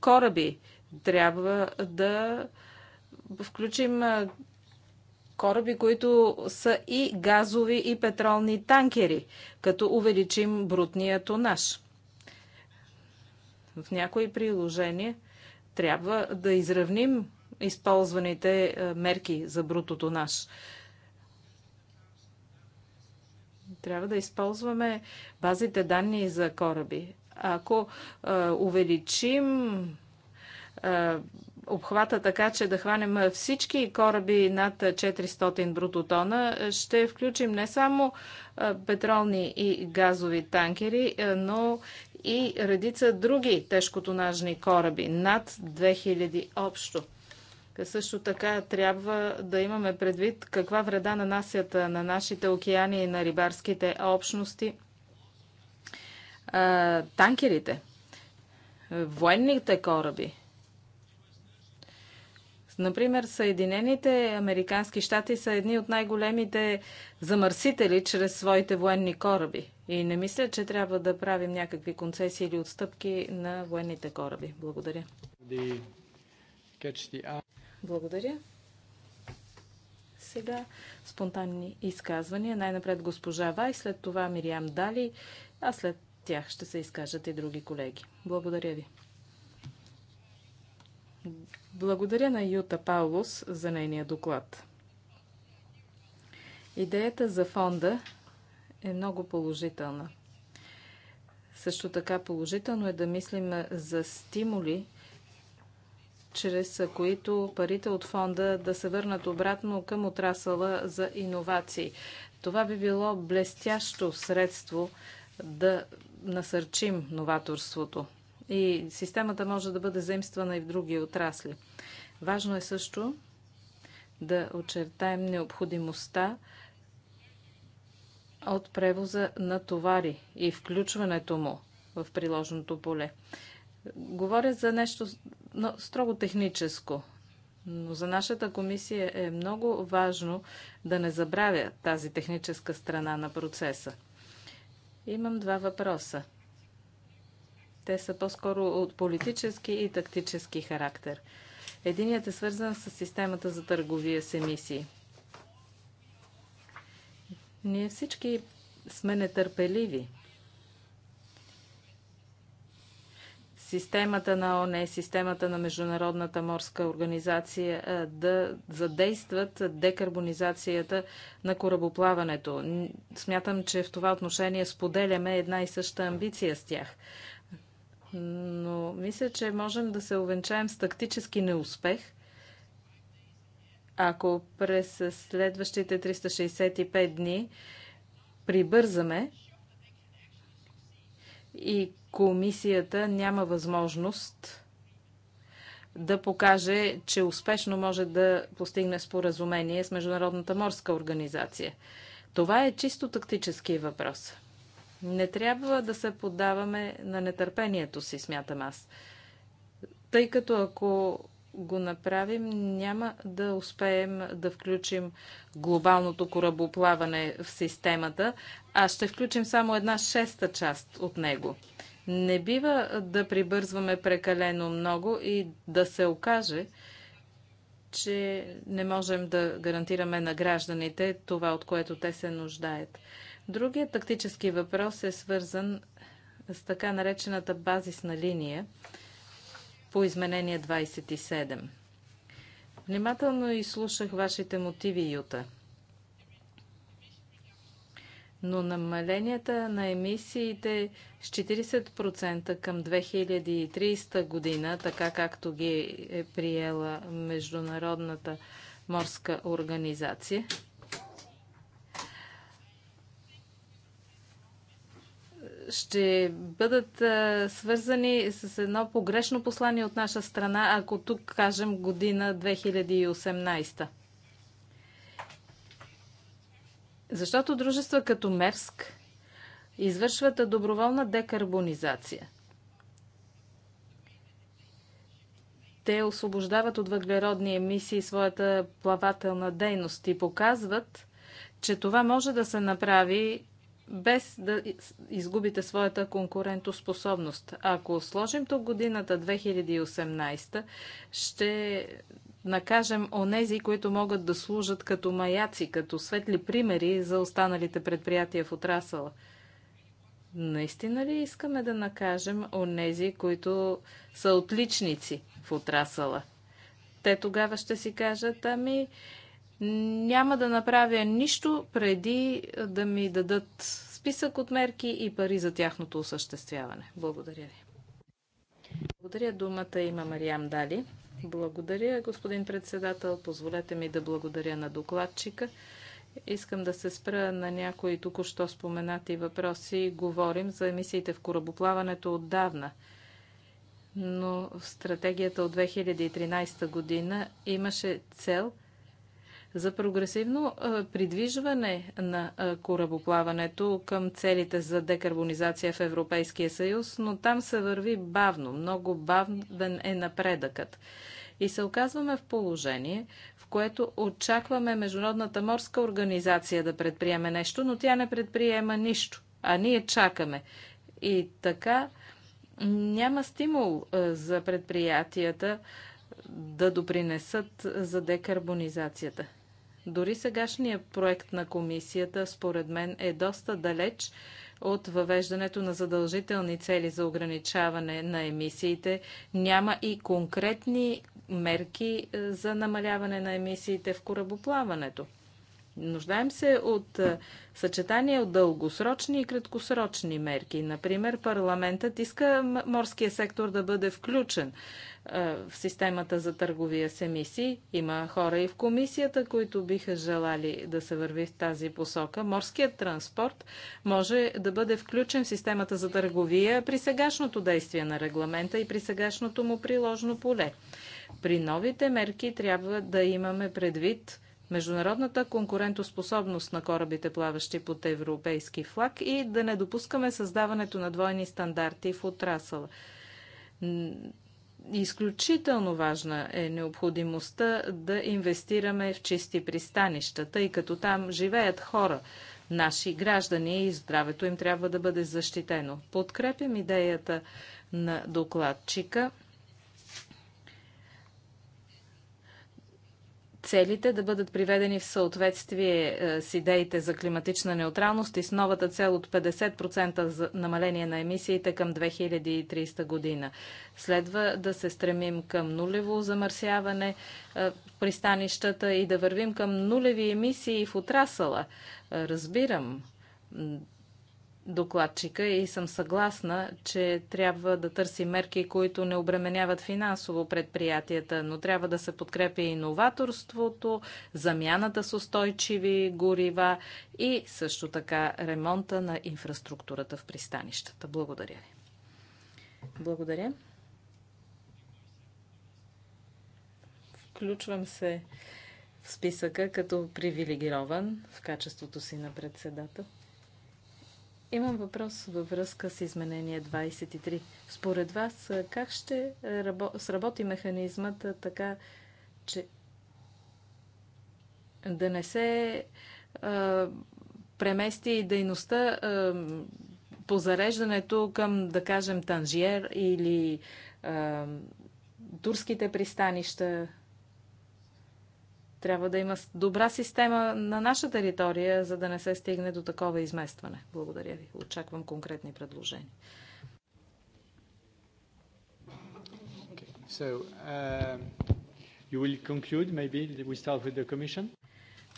кораби. Трябва да включим кораби, които са и газови и петролни танкери, като увеличим брутния тонаж. В някои приложения трябва да изравним използваните е, мерки за брутото наш. Трябва да използваме базите данни за кораби. Ако а, е, увеличим а, е, обхвата така, че да хванем всички кораби над 400 брутотона, ще включим не само петролни и газови танкери, но и редица други тежкотонажни кораби, над 2000 общо. Също така трябва да имаме предвид каква вреда нанасят на нашите океани и на рибарските общности танкерите, военните кораби – Например, Съединените Американски щати са едни от най-големите замърсители чрез своите военни кораби. И не мисля, че трябва да правим някакви концесии или отстъпки на военните кораби. Благодаря. Благодаря. Сега спонтанни изказвания. Най-напред госпожа Вай, след това Мириам Дали, а след тях ще се изкажат и други колеги. Благодаря ви. Благодаря на Юта Паулус за нейния доклад. Идеята за фонда е много положителна. Също така положително е да мислим за стимули, чрез които парите от фонда да се върнат обратно към отрасъла за иновации. Това би било блестящо средство да насърчим новаторството и системата може да бъде заимствана и в други отрасли. Важно е също да очертаем необходимостта от превоза на товари и включването му в приложното поле. Говоря за нещо строго техническо, но за нашата комисия е много важно да не забравя тази техническа страна на процеса. Имам два въпроса. Те са по-скоро от политически и тактически характер. Единият е свързан с системата за търговия с емисии. Ние всички сме нетърпеливи. Системата на ОНЕ, системата на Международната морска организация да задействат декарбонизацията на корабоплаването. Смятам, че в това отношение споделяме една и съща амбиция с тях но мисля, че можем да се увенчаем с тактически неуспех, ако през следващите 365 дни прибързаме и комисията няма възможност да покаже, че успешно може да постигне споразумение с Международната морска организация. Това е чисто тактически въпрос. Не трябва да се поддаваме на нетърпението си, смятам аз. Тъй като ако го направим, няма да успеем да включим глобалното корабоплаване в системата, а ще включим само една шеста част от него. Не бива да прибързваме прекалено много и да се окаже, че не можем да гарантираме на гражданите това, от което те се нуждаят. Другият тактически въпрос е свързан с така наречената базисна линия по изменение 27. Внимателно изслушах вашите мотиви, Юта. Но намаленията на емисиите с 40% към 2030 година, така както ги е приела Международната морска организация, ще бъдат свързани с едно погрешно послание от наша страна, ако тук кажем година 2018. Защото дружества като Мерск извършват доброволна декарбонизация. Те освобождават от въглеродни емисии своята плавателна дейност и показват, че това може да се направи без да изгубите своята конкурентоспособност. Ако сложим тук годината 2018, ще накажем онези, които могат да служат като маяци, като светли примери за останалите предприятия в отрасъла. Наистина ли искаме да накажем онези, които са отличници в отрасъла? Те тогава ще си кажат, ами, няма да направя нищо преди да ми дадат списък от мерки и пари за тяхното осъществяване. Благодаря ви. Благодаря. Думата има Мариам Дали. Благодаря, господин председател. Позволете ми да благодаря на докладчика. Искам да се спра на някои току-що споменати въпроси. Говорим за емисиите в корабоплаването отдавна. Но в стратегията от 2013 година имаше цел – за прогресивно придвижване на корабоплаването към целите за декарбонизация в Европейския съюз, но там се върви бавно, много бавен е напредъкът. И се оказваме в положение, в което очакваме Международната морска организация да предприеме нещо, но тя не предприема нищо, а ние чакаме. И така няма стимул за предприятията да допринесат за декарбонизацията. Дори сегашният проект на комисията, според мен, е доста далеч от въвеждането на задължителни цели за ограничаване на емисиите. Няма и конкретни мерки е, за намаляване на емисиите в корабоплаването. Нуждаем се от е, съчетание от дългосрочни и краткосрочни мерки. Например, парламентът иска морския сектор да бъде включен е, в системата за търговия с емисии. Има хора и в комисията, които биха желали да се върви в тази посока. Морският транспорт може да бъде включен в системата за търговия при сегашното действие на регламента и при сегашното му приложно поле. При новите мерки трябва да имаме предвид международната конкурентоспособност на корабите, плаващи под европейски флаг и да не допускаме създаването на двойни стандарти в отрасъла. Изключително важна е необходимостта да инвестираме в чисти пристанища, тъй като там живеят хора, наши граждани и здравето им трябва да бъде защитено. Подкрепям идеята на докладчика – целите да бъдат приведени в съответствие е, с идеите за климатична неутралност и с новата цел от 50% за намаление на емисиите към 2030 година. Следва да се стремим към нулево замърсяване в е, пристанищата и да вървим към нулеви емисии в отрасъла. Е, разбирам докладчика и съм съгласна, че трябва да търси мерки, които не обременяват финансово предприятията, но трябва да се подкрепя и иноваторството, замяната с устойчиви горива и също така ремонта на инфраструктурата в пристанищата. Благодаря ви. Благодаря. Включвам се в списъка като привилегирован в качеството си на председател. Имам въпрос във връзка с изменение 23. Според вас, как ще сработи механизмата така, че да не се а, премести дейността а, по зареждането към, да кажем, Танжиер или а, турските пристанища? Трябва да има добра система на наша територия, за да не се стигне до такова изместване. Благодаря ви. Очаквам конкретни предложения. So, uh, you will conclude, maybe we start with the commission.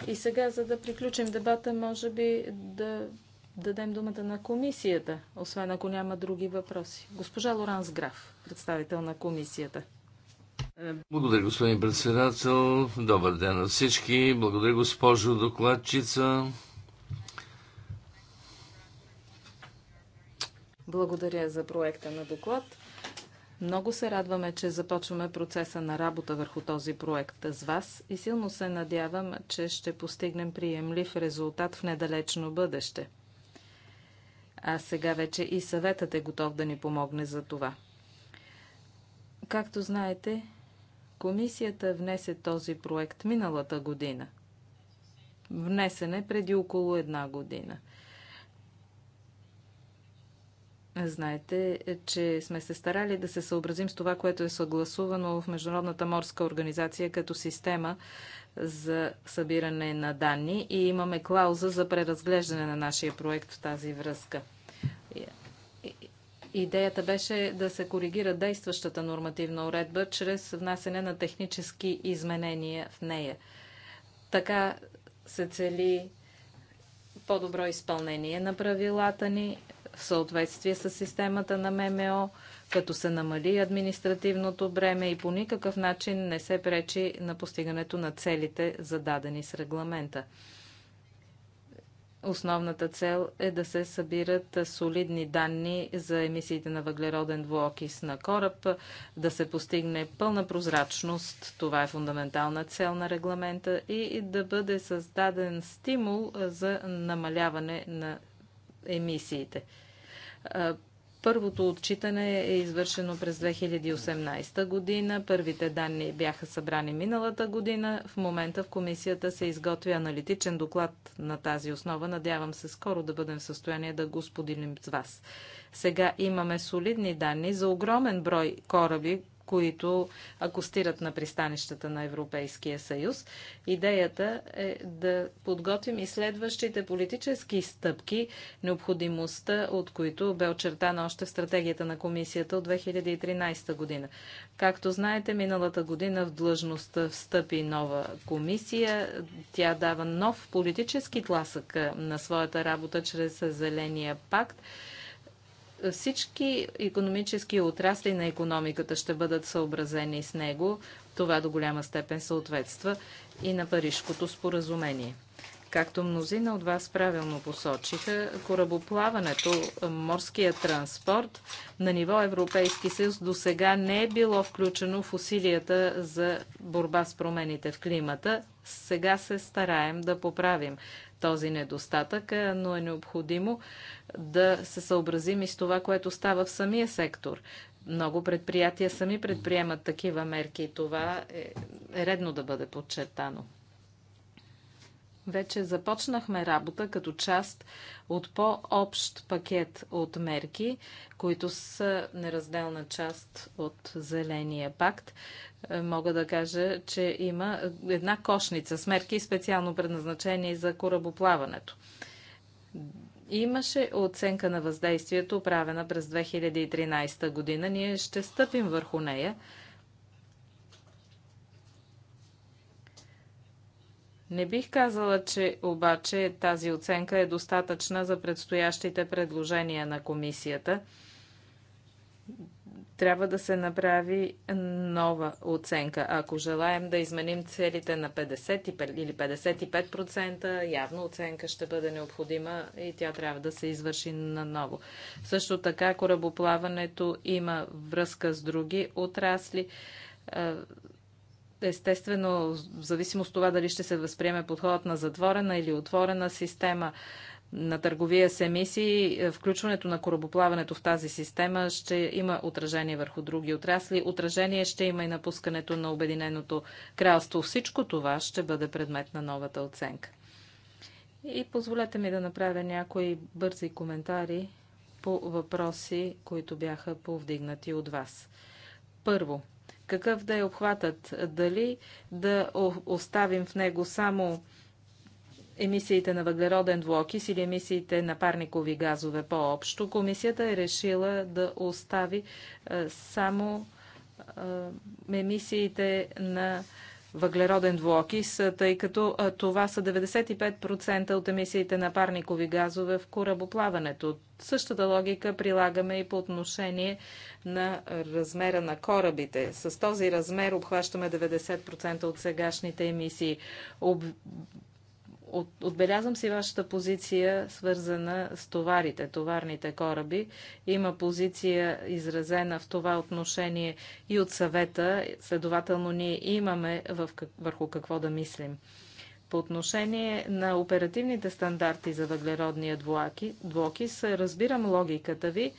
И сега, за да приключим дебата, може би да дадем думата на комисията, освен ако няма други въпроси. Госпожа Лоранс Граф, представител на комисията. Благодаря, господин председател. Добър ден на всички. Благодаря, госпожо докладчица. Благодаря за проекта на доклад. Много се радваме, че започваме процеса на работа върху този проект с вас и силно се надявам, че ще постигнем приемлив резултат в недалечно бъдеще. А сега вече и съветът е готов да ни помогне за това. Както знаете, Комисията внесе този проект миналата година. Внесен е преди около една година. Знаете, че сме се старали да се съобразим с това, което е съгласувано в Международната морска организация като система за събиране на данни и имаме клауза за преразглеждане на нашия проект в тази връзка. Идеята беше да се коригира действащата нормативна уредба чрез внасене на технически изменения в нея. Така се цели по-добро изпълнение на правилата ни в съответствие с системата на ММО, като се намали административното бреме и по никакъв начин не се пречи на постигането на целите, зададени с регламента. Основната цел е да се събират солидни данни за емисиите на въглероден двуокис на кораб, да се постигне пълна прозрачност, това е фундаментална цел на регламента, и да бъде създаден стимул за намаляване на емисиите. Първото отчитане е извършено през 2018 година. Първите данни бяха събрани миналата година. В момента в комисията се изготвя аналитичен доклад на тази основа. Надявам се скоро да бъдем в състояние да го споделим с вас. Сега имаме солидни данни за огромен брой кораби, които акустират на пристанищата на Европейския съюз. Идеята е да подготвим и следващите политически стъпки, необходимостта от които бе очертана още в стратегията на комисията от 2013 година. Както знаете, миналата година в длъжността встъпи нова комисия. Тя дава нов политически тласък на своята работа чрез Зеления пакт. Всички економически отрасли на економиката ще бъдат съобразени с него. Това до голяма степен съответства и на Парижкото споразумение. Както мнозина от вас правилно посочиха, корабоплаването, морския транспорт на ниво Европейски съюз до сега не е било включено в усилията за борба с промените в климата. Сега се стараем да поправим този недостатък, но е необходимо да се съобразим и с това, което става в самия сектор. Много предприятия сами предприемат такива мерки и това е, е редно да бъде подчертано вече започнахме работа като част от по-общ пакет от мерки, които са неразделна част от Зеления пакт. Е, мога да кажа, че има една кошница с мерки, специално предназначени за корабоплаването. Имаше оценка на въздействието, правена през 2013 година. Ние ще стъпим върху нея Не бих казала, че обаче тази оценка е достатъчна за предстоящите предложения на комисията. Трябва да се направи нова оценка. Ако желаем да изменим целите на 50 или 55%, явно оценка ще бъде необходима и тя трябва да се извърши наново. Също така корабоплаването има връзка с други отрасли Естествено, в зависимост от това дали ще се възприеме подходът на затворена или отворена система на търговия с емисии, включването на корабоплаването в тази система ще има отражение върху други отрасли. Отражение ще има и напускането на Обединеното кралство. Всичко това ще бъде предмет на новата оценка. И позволете ми да направя някои бързи коментари по въпроси, които бяха повдигнати от вас. Първо, какъв да е обхватът. Дали да оставим в него само емисиите на въглероден двуокис или емисиите на парникови газове по-общо, комисията е решила да остави само емисиите на въглероден двуокис, тъй като това са 95% от емисиите на парникови газове в корабоплаването. Същата логика прилагаме и по отношение на размера на корабите. С този размер обхващаме 90% от сегашните емисии. От, отбелязвам си вашата позиция, свързана с товарите, товарните кораби. Има позиция изразена в това отношение и от съвета. Следователно, ние имаме в, върху какво да мислим. По отношение на оперативните стандарти за въглеродния двуаки, са, разбирам логиката ви.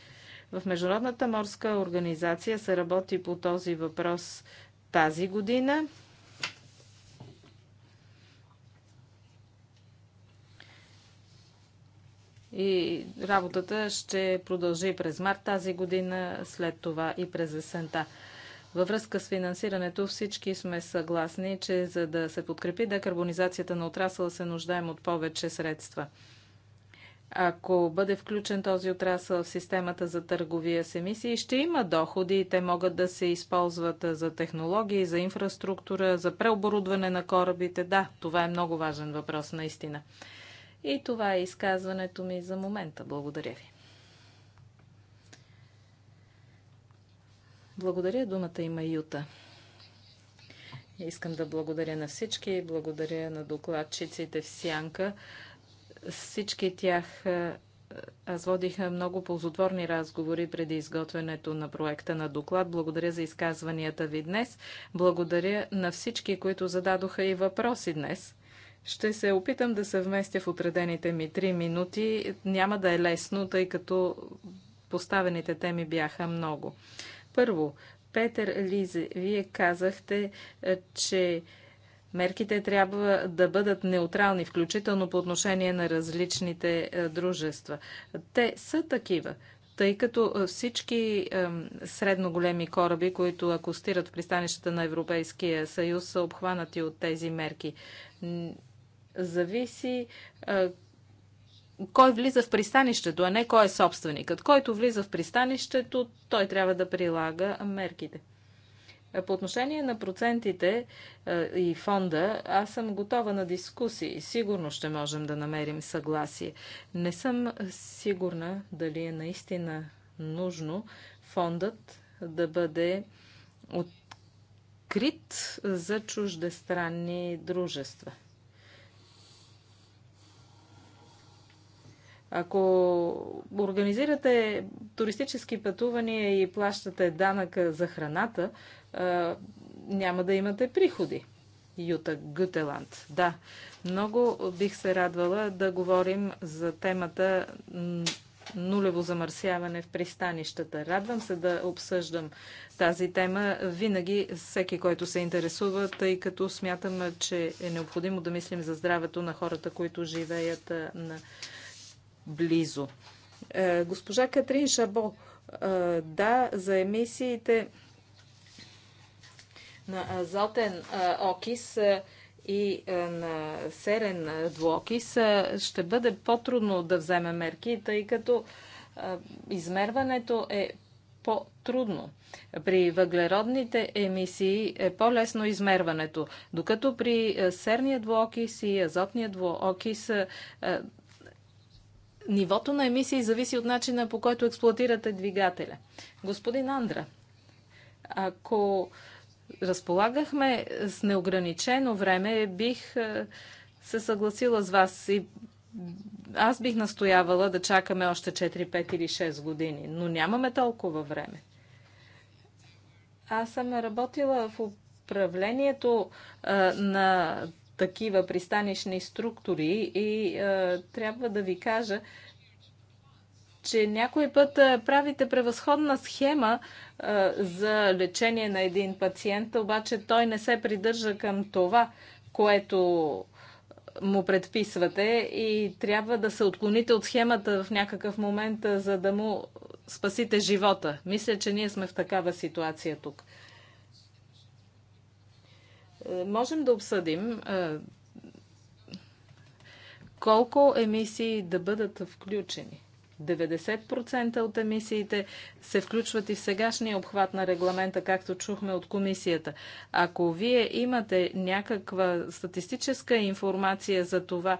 В Международната морска организация се работи по този въпрос тази година. И работата ще продължи през март тази година, след това и през есента. Във връзка с финансирането всички сме съгласни, че за да се подкрепи декарбонизацията на отрасъла се нуждаем от повече средства. Ако бъде включен този отрасъл в системата за търговия с емисии, ще има доходи и те могат да се използват за технологии, за инфраструктура, за преоборудване на корабите. Да, това е много важен въпрос наистина. И това е изказването ми за момента. Благодаря ви. Благодаря. Думата има Юта. Искам да благодаря на всички. Благодаря на докладчиците в Сянка. всички тях е, аз водих много ползотворни разговори преди изготвянето на проекта на доклад. Благодаря за изказванията ви днес. Благодаря на всички, които зададоха и въпроси днес. Ще се опитам да съвместя в отредените ми три минути. Няма да е лесно, тъй като поставените теми бяха много. Първо, Петър Лизе, вие казахте, е, че мерките трябва да бъдат неутрални, включително по отношение на различните е, дружества. Те са такива тъй като е, всички средно големи кораби, които акустират в пристанищата на Европейския съюз, са обхванати от тези мерки зависи кой влиза в пристанището, а не кой е собственикът. Който влиза в пристанището, той трябва да прилага мерките. По отношение на процентите и фонда, аз съм готова на дискусии. Сигурно ще можем да намерим съгласие. Не съм сигурна дали е наистина нужно фондът да бъде открит за чуждестранни дружества. Ако организирате туристически пътувания и плащате данъка за храната, няма да имате приходи. Юта Гютеланд. Да, много бих се радвала да говорим за темата нулево замърсяване в пристанищата. Радвам се да обсъждам тази тема винаги всеки, който се интересува, тъй като смятам, че е необходимо да мислим за здравето на хората, които живеят на близо. Е, госпожа Катрин Шабо, е, да, за емисиите на азотен е, окис и на серен двуокис ще бъде по-трудно да вземе мерки, тъй като измерването е по-трудно. При въглеродните емисии е по-лесно измерването, докато при серния двуокис и азотния двуокис нивото на емисии зависи от начина по който експлуатирате двигателя. Господин Андра, ако разполагахме с неограничено време, бих е, се съгласила с вас и аз бих настоявала да чакаме още 4, 5 или 6 години, но нямаме толкова време. Аз съм работила в управлението а, е, на такива пристанищни структури и е, трябва да ви кажа, че някой път е, правите превъзходна схема е, за лечение на един пациент, обаче той не се придържа към това, което му предписвате и трябва да се отклоните от схемата в някакъв момент, е, за да му спасите живота. Мисля, че ние сме в такава ситуация тук можем да обсъдим колко емисии да бъдат включени. 90% от емисиите се включват и в сегашния обхват на регламента, както чухме от комисията. Ако вие имате някаква статистическа информация за това,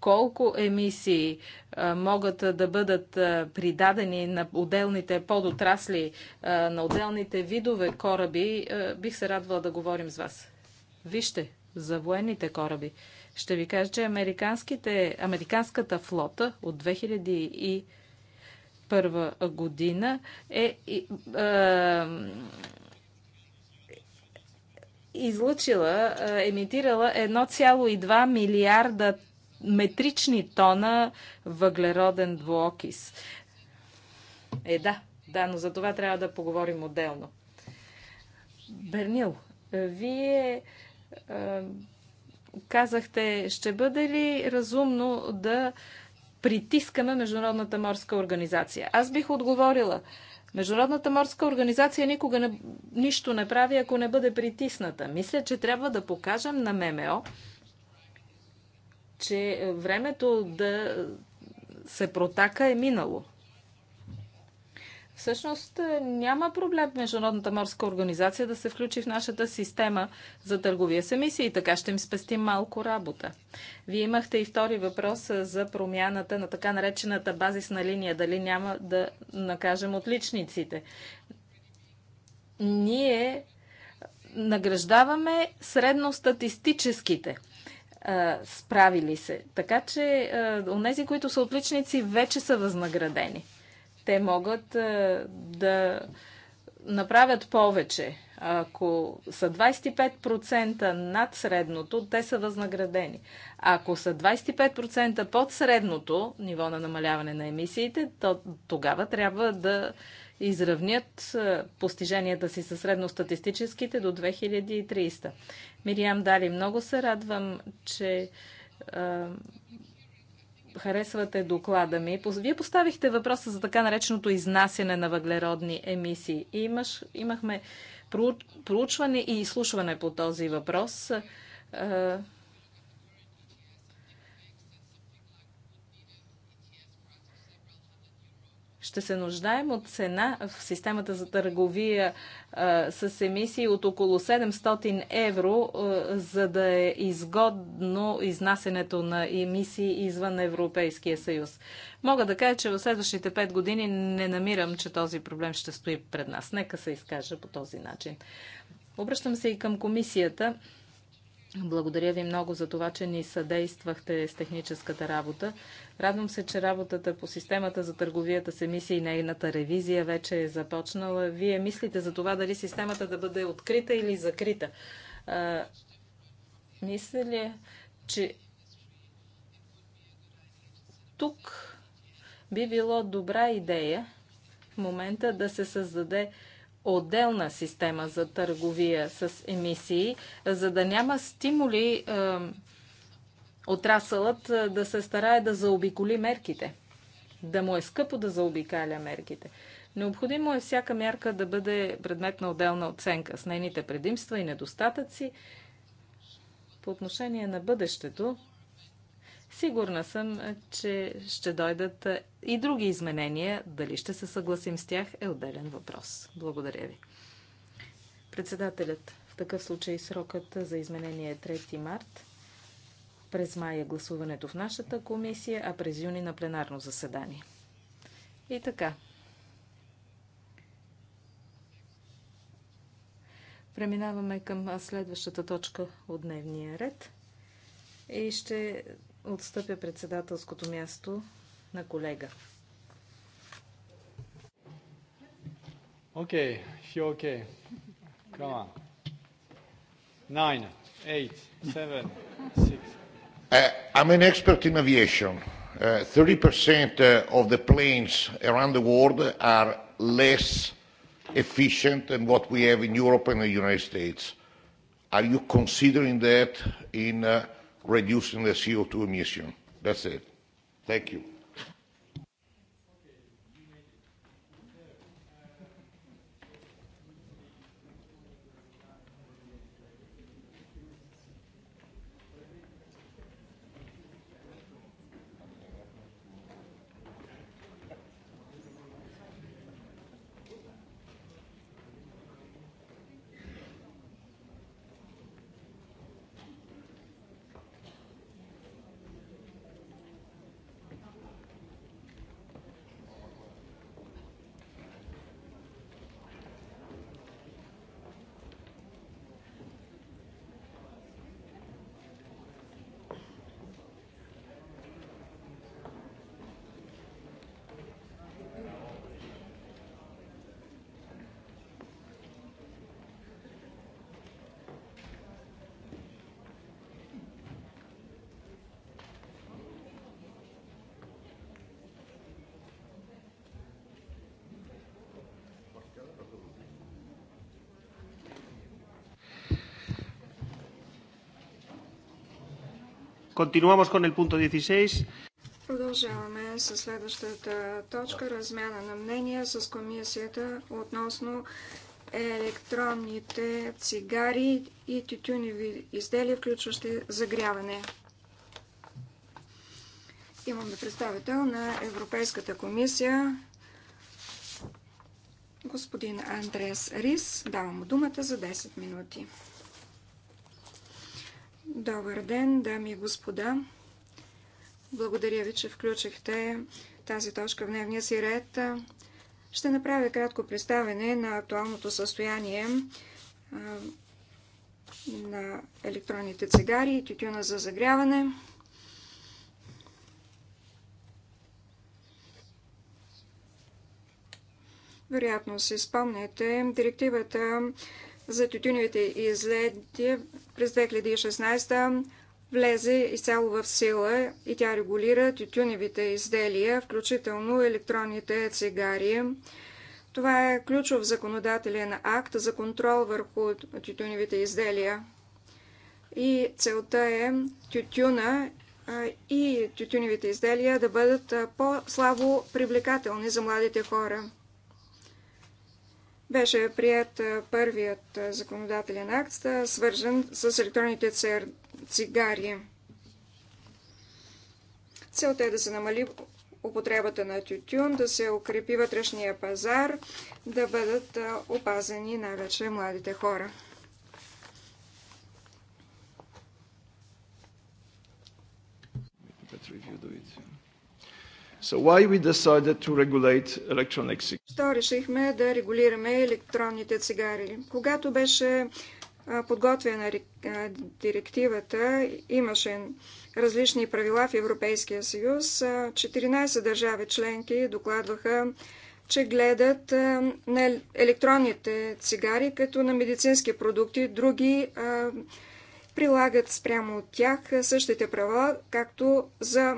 колко емисии могат да бъдат придадени на отделните подотрасли, на отделните видове кораби, бих се радвала да говорим с вас. Вижте, за военните кораби. Ще ви кажа, че американските, американската флота от 2001 година е, е, е излъчила, емитирала 1,2 милиарда метрични тона въглероден двуокис. Е, да, да, но за това трябва да поговорим отделно. Бернил, вие е, казахте, ще бъде ли разумно да притискаме Международната морска организация? Аз бих отговорила. Международната морска организация никога не, нищо не прави, ако не бъде притисната. Мисля, че трябва да покажем на ММО, че е, времето да е, се протака е минало. Всъщност е, няма проблем Международната морска организация да се включи в нашата система за търговия с емисии и така ще им спестим малко работа. Вие имахте и втори въпрос за промяната на така наречената базисна линия. Дали няма да накажем отличниците? Ние награждаваме средностатистическите – справили се. Така че онези, които са отличници, вече са възнаградени. Те могат да направят повече. Ако са 25% над средното, те са възнаградени. Ако са 25% под средното ниво на намаляване на емисиите, то тогава трябва да изравнят постиженията си със средностатистическите до 2300. Мириам Дали, много се радвам, че а, харесвате доклада ми. Вие поставихте въпроса за така нареченото изнасяне на въглеродни емисии. И имаш, имахме проучване и изслушване по този въпрос. ще се нуждаем от цена в системата за търговия а, с емисии от около 700 евро, а, за да е изгодно изнасенето на емисии извън Европейския съюз. Мога да кажа, че в следващите 5 години не намирам, че този проблем ще стои пред нас. Нека се изкажа по този начин. Обръщам се и към комисията. Благодаря ви много за това, че ни съдействахте с техническата работа. Радвам се, че работата по системата за търговията с емисии и нейната ревизия вече е започнала. Вие мислите за това дали системата да бъде открита или закрита. А, мисля, че тук би било добра идея в момента да се създаде отделна система за търговия с емисии, за да няма стимули е, отрасълът е, да се старае да заобиколи мерките. Да му е скъпо да заобикаля мерките. Необходимо е всяка мярка да бъде предмет на отделна оценка с нейните предимства и недостатъци. По отношение на бъдещето, Сигурна съм, че ще дойдат и други изменения. Дали ще се съгласим с тях е отделен въпрос. Благодаря ви. Председателят, в такъв случай срокът за изменение е 3 март. През май е гласуването в нашата комисия, а през юни на пленарно заседание. И така. Преминаваме към следващата точка от дневния ред и ще отстъпя председателското място на колега. Okay, you're okay. Come on. Nine, eight, seven, six. Uh, I'm an expert in aviation. Uh, 30% uh, of the planes around the world are less efficient than what we have in Europe and the United States. Are you considering that in uh, reducing the CO2 emission. That's it. Thank you. Continuamos con el punto 16. Продължаваме с следващата точка размяна на мнения с комисията относно електронните цигари и тютюневи изделия, включващи загряване. Имаме представител на Европейската комисия, господин Андрес Рис. Давам му думата за 10 минути. Добър ден, дами и господа. Благодаря ви, че включихте тази точка в дневния си ред. Ще направя кратко представене на актуалното състояние на електронните цигари и тютюна за загряване. Вероятно си спомняте директивата за тютюневите изледия през 2016 влезе изцяло в сила и тя регулира тютюневите изделия, включително електронните цигари. Това е ключов законодателен акт за контрол върху тютюневите изделия. И целта е тютюна и тютюневите изделия да бъдат по-слабо привлекателни за младите хора беше прият първият законодателен акт, свързан с електронните цигари. Целта е да се намали употребата на тютюн, да се укрепи вътрешния пазар, да бъдат опазени най-вече младите хора. So why we decided to regulate electronic cigarettes? Защо решихме да регулираме електронните цигари? Когато беше подготвена директивата, имаше различни правила в Европейския съюз. 14 държави членки докладваха, че гледат на електронните цигари като на медицински продукти, други прилагат спрямо от тях същите права, както за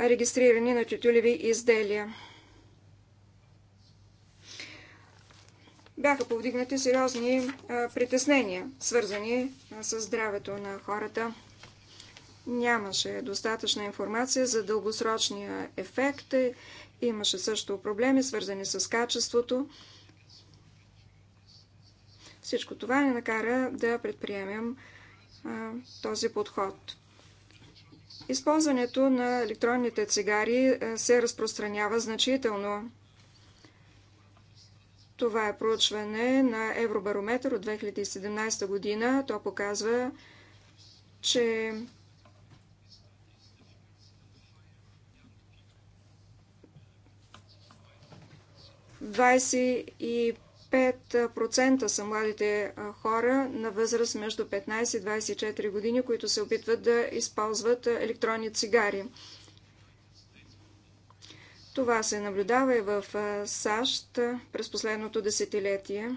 регистрирани на тютюлеви изделия. Бяха повдигнати сериозни притеснения, свързани с здравето на хората. Нямаше достатъчна информация за дългосрочния ефект. Имаше също проблеми, свързани с качеството. Всичко това ни накара да предприемем този подход. Използването на електронните цигари е, се разпространява значително. Това е проучване на Евробарометър от 2017 година. То показва, че 5% са младите хора на възраст между 15 и 24 години, които се опитват да използват електронни цигари. Това се наблюдава и в САЩ през последното десетилетие.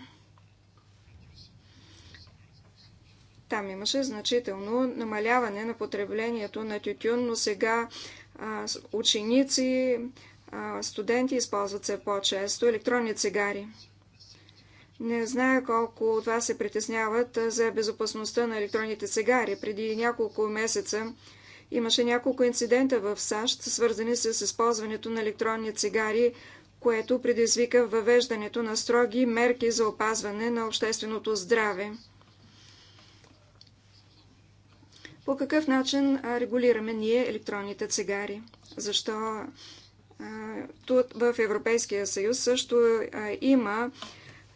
Там имаше значително намаляване на потреблението на тютюн, но сега а, ученици, а, студенти използват все по-често електронни цигари. Не зная колко от вас се притесняват за безопасността на електронните цигари. Преди няколко месеца имаше няколко инцидента в САЩ, свързани с използването на електронни цигари, което предизвика въвеждането на строги мерки за опазване на общественото здраве. По какъв начин регулираме ние електронните цигари? Защо тук в Европейския съюз също има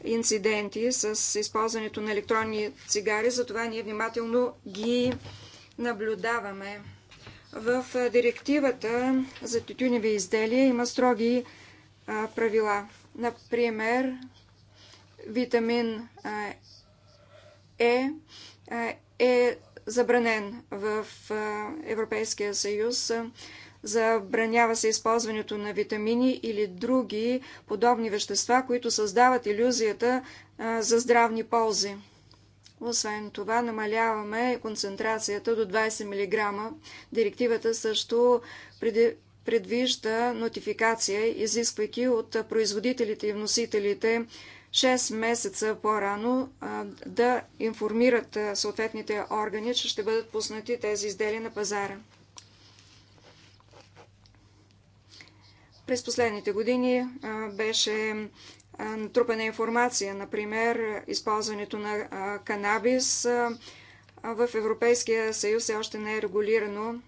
инциденти с използването на електронни цигари, затова ние внимателно ги наблюдаваме. В директивата за тютюневи изделия има строги правила. Например, витамин Е е забранен в Европейския съюз. Забранява се използването на витамини или други подобни вещества, които създават иллюзията за здравни ползи. Освен това, намаляваме концентрацията до 20 мг. Директивата също предвижда нотификация, изисквайки от производителите и вносителите 6 месеца по-рано да информират съответните органи, че ще бъдат пуснати тези изделия на пазара. През последните години беше натрупана информация, например, използването на канабис в Европейския съюз все още не е регулирано.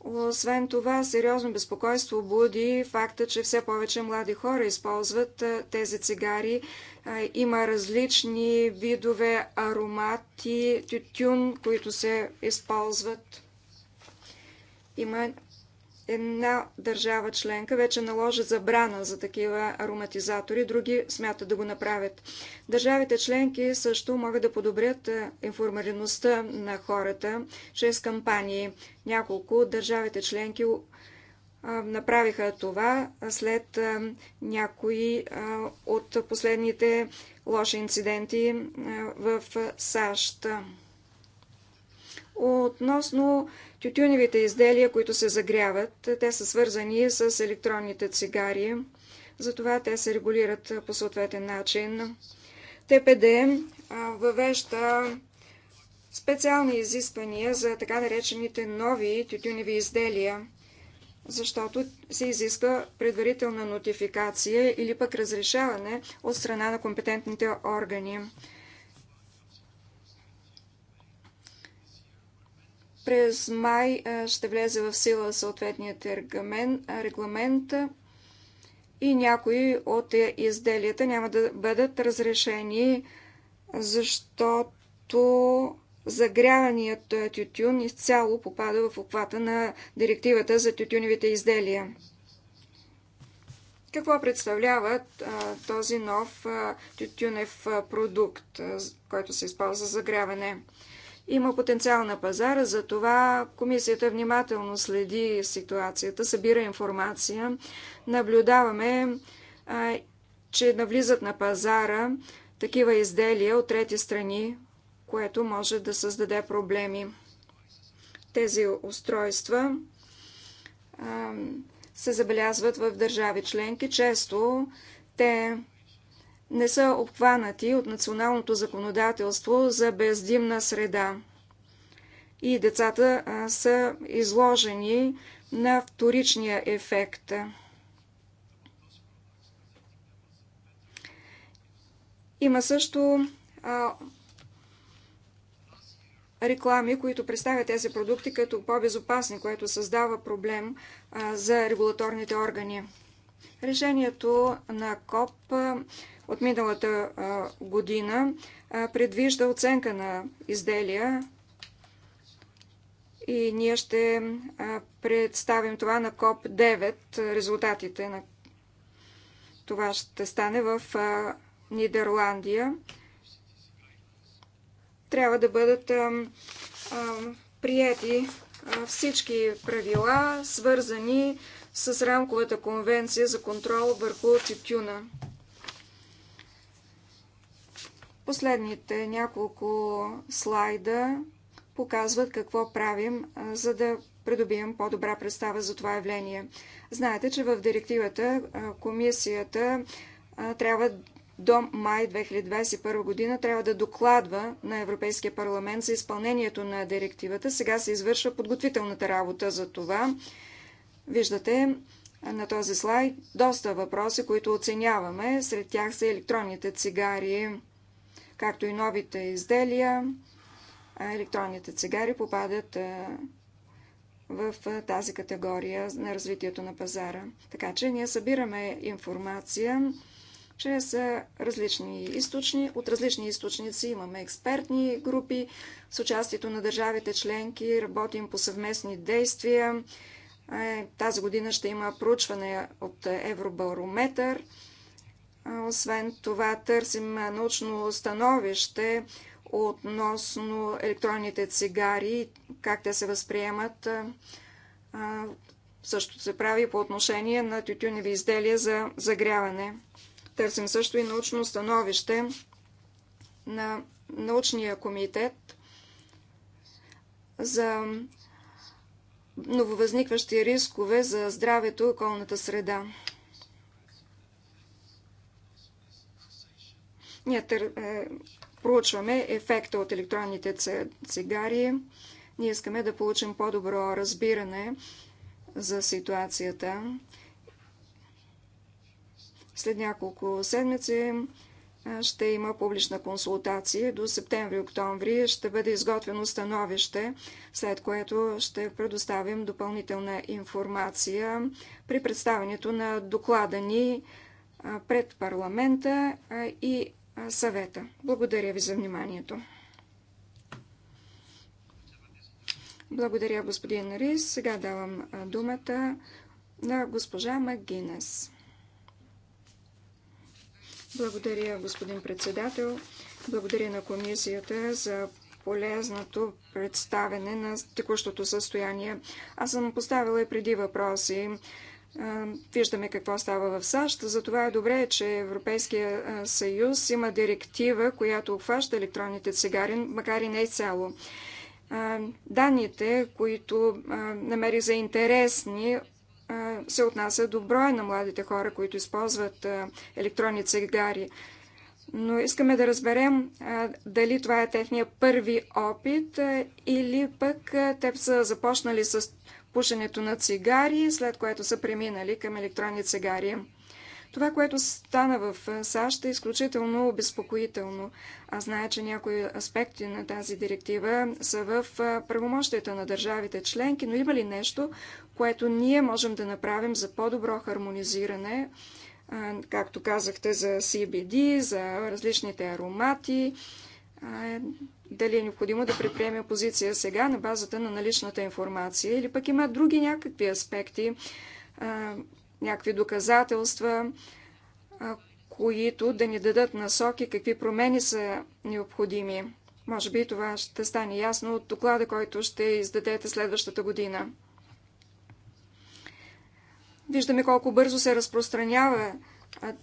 Освен това, сериозно безпокойство буди факта, че все повече млади хора използват тези цигари. Има различни видове аромати, тютюн, които се използват. Има Една държава членка вече наложи забрана за такива ароматизатори, други смятат да го направят. Държавите членки също могат да подобрят е, информираността на хората чрез кампании. Няколко държавите членки направиха това след някои от последните лоши инциденти в САЩ. Относно Тютюневите изделия, които се загряват, те са свързани с електронните цигари, затова те се регулират по съответен начин. ТПД въвежда специални изисквания за така наречените нови тютюневи изделия, защото се изисква предварителна нотификация или пък разрешаване от страна на компетентните органи. През май ще влезе в сила съответният регламент и някои от е, изделията няма да бъдат разрешени, защото загряваният тютюн изцяло попада в обхвата на директивата за тютюневите изделия. Какво представлява този нов тютюнев продукт, който се използва за загряване? Има потенциал на пазара, затова комисията внимателно следи ситуацията, събира информация. Наблюдаваме, а, че навлизат на пазара такива изделия от трети страни, което може да създаде проблеми. Тези устройства а, се забелязват в държави членки. Често те не са обхванати от националното законодателство за бездимна среда. И децата са изложени на вторичния ефект. Има също а, реклами, които представят тези продукти като по-безопасни, което създава проблем а, за регулаторните органи. Решението на КОП от миналата година предвижда оценка на изделия и ние ще представим това на КОП-9, резултатите на това ще стане в Нидерландия. Трябва да бъдат прияти всички правила, свързани с рамковата конвенция за контрол върху тютюна. Последните няколко слайда показват какво правим, за да придобием по-добра представа за това явление. Знаете, че в директивата комисията трябва до май 2021 година трябва да докладва на Европейския парламент за изпълнението на директивата. Сега се извършва подготвителната работа за това. Виждате на този слайд доста въпроси, които оценяваме. Сред тях са електронните цигари, както и новите изделия, електронните цигари попадат в тази категория на развитието на пазара. Така че ние събираме информация чрез различни източни, от различни източници. Имаме експертни групи с участието на държавите членки, работим по съвместни действия. Е, тази година ще има проучване от Евробарометър освен това, търсим научно становище относно електронните цигари, как те се възприемат. Също се прави по отношение на тютюневи изделия за загряване. Търсим също и научно становище на научния комитет за нововъзникващи рискове за здравето и околната среда. Ние тър, е, проучваме ефекта от електронните цигари. Ние искаме да получим по-добро разбиране за ситуацията. След няколко седмици е, ще има публична консултация. До септември-октомври ще бъде изготвено становище, след което ще предоставим допълнителна информация при представянето на доклада ни пред парламента и съвета. Благодаря ви за вниманието. Благодаря, господин Рис. Сега давам думата на госпожа Магинес. Благодаря, господин председател. Благодаря на комисията за полезното представене на текущото състояние. Аз съм поставила и преди въпроси Виждаме какво става в САЩ. Затова е добре, че Европейския съюз има директива, която обхваща електронните цигари, макар и не цяло. Данните, които намери за интересни, се отнася до броя на младите хора, които използват електронни цигари. Но искаме да разберем дали това е техния първи опит или пък те са започнали с пушенето на цигари, след което са преминали към електронни цигари. Това, което стана в САЩ е изключително обезпокоително. Аз зная, че някои аспекти на тази директива са в правомощията на държавите членки, но има ли нещо, което ние можем да направим за по-добро хармонизиране, както казахте, за CBD, за различните аромати, е, дали е необходимо да предприеме позиция сега на базата на наличната информация или пък има други някакви аспекти, някакви доказателства, които да ни дадат насоки какви промени са необходими. Може би това ще стане ясно от доклада, който ще издадете следващата година. Виждаме колко бързо се разпространява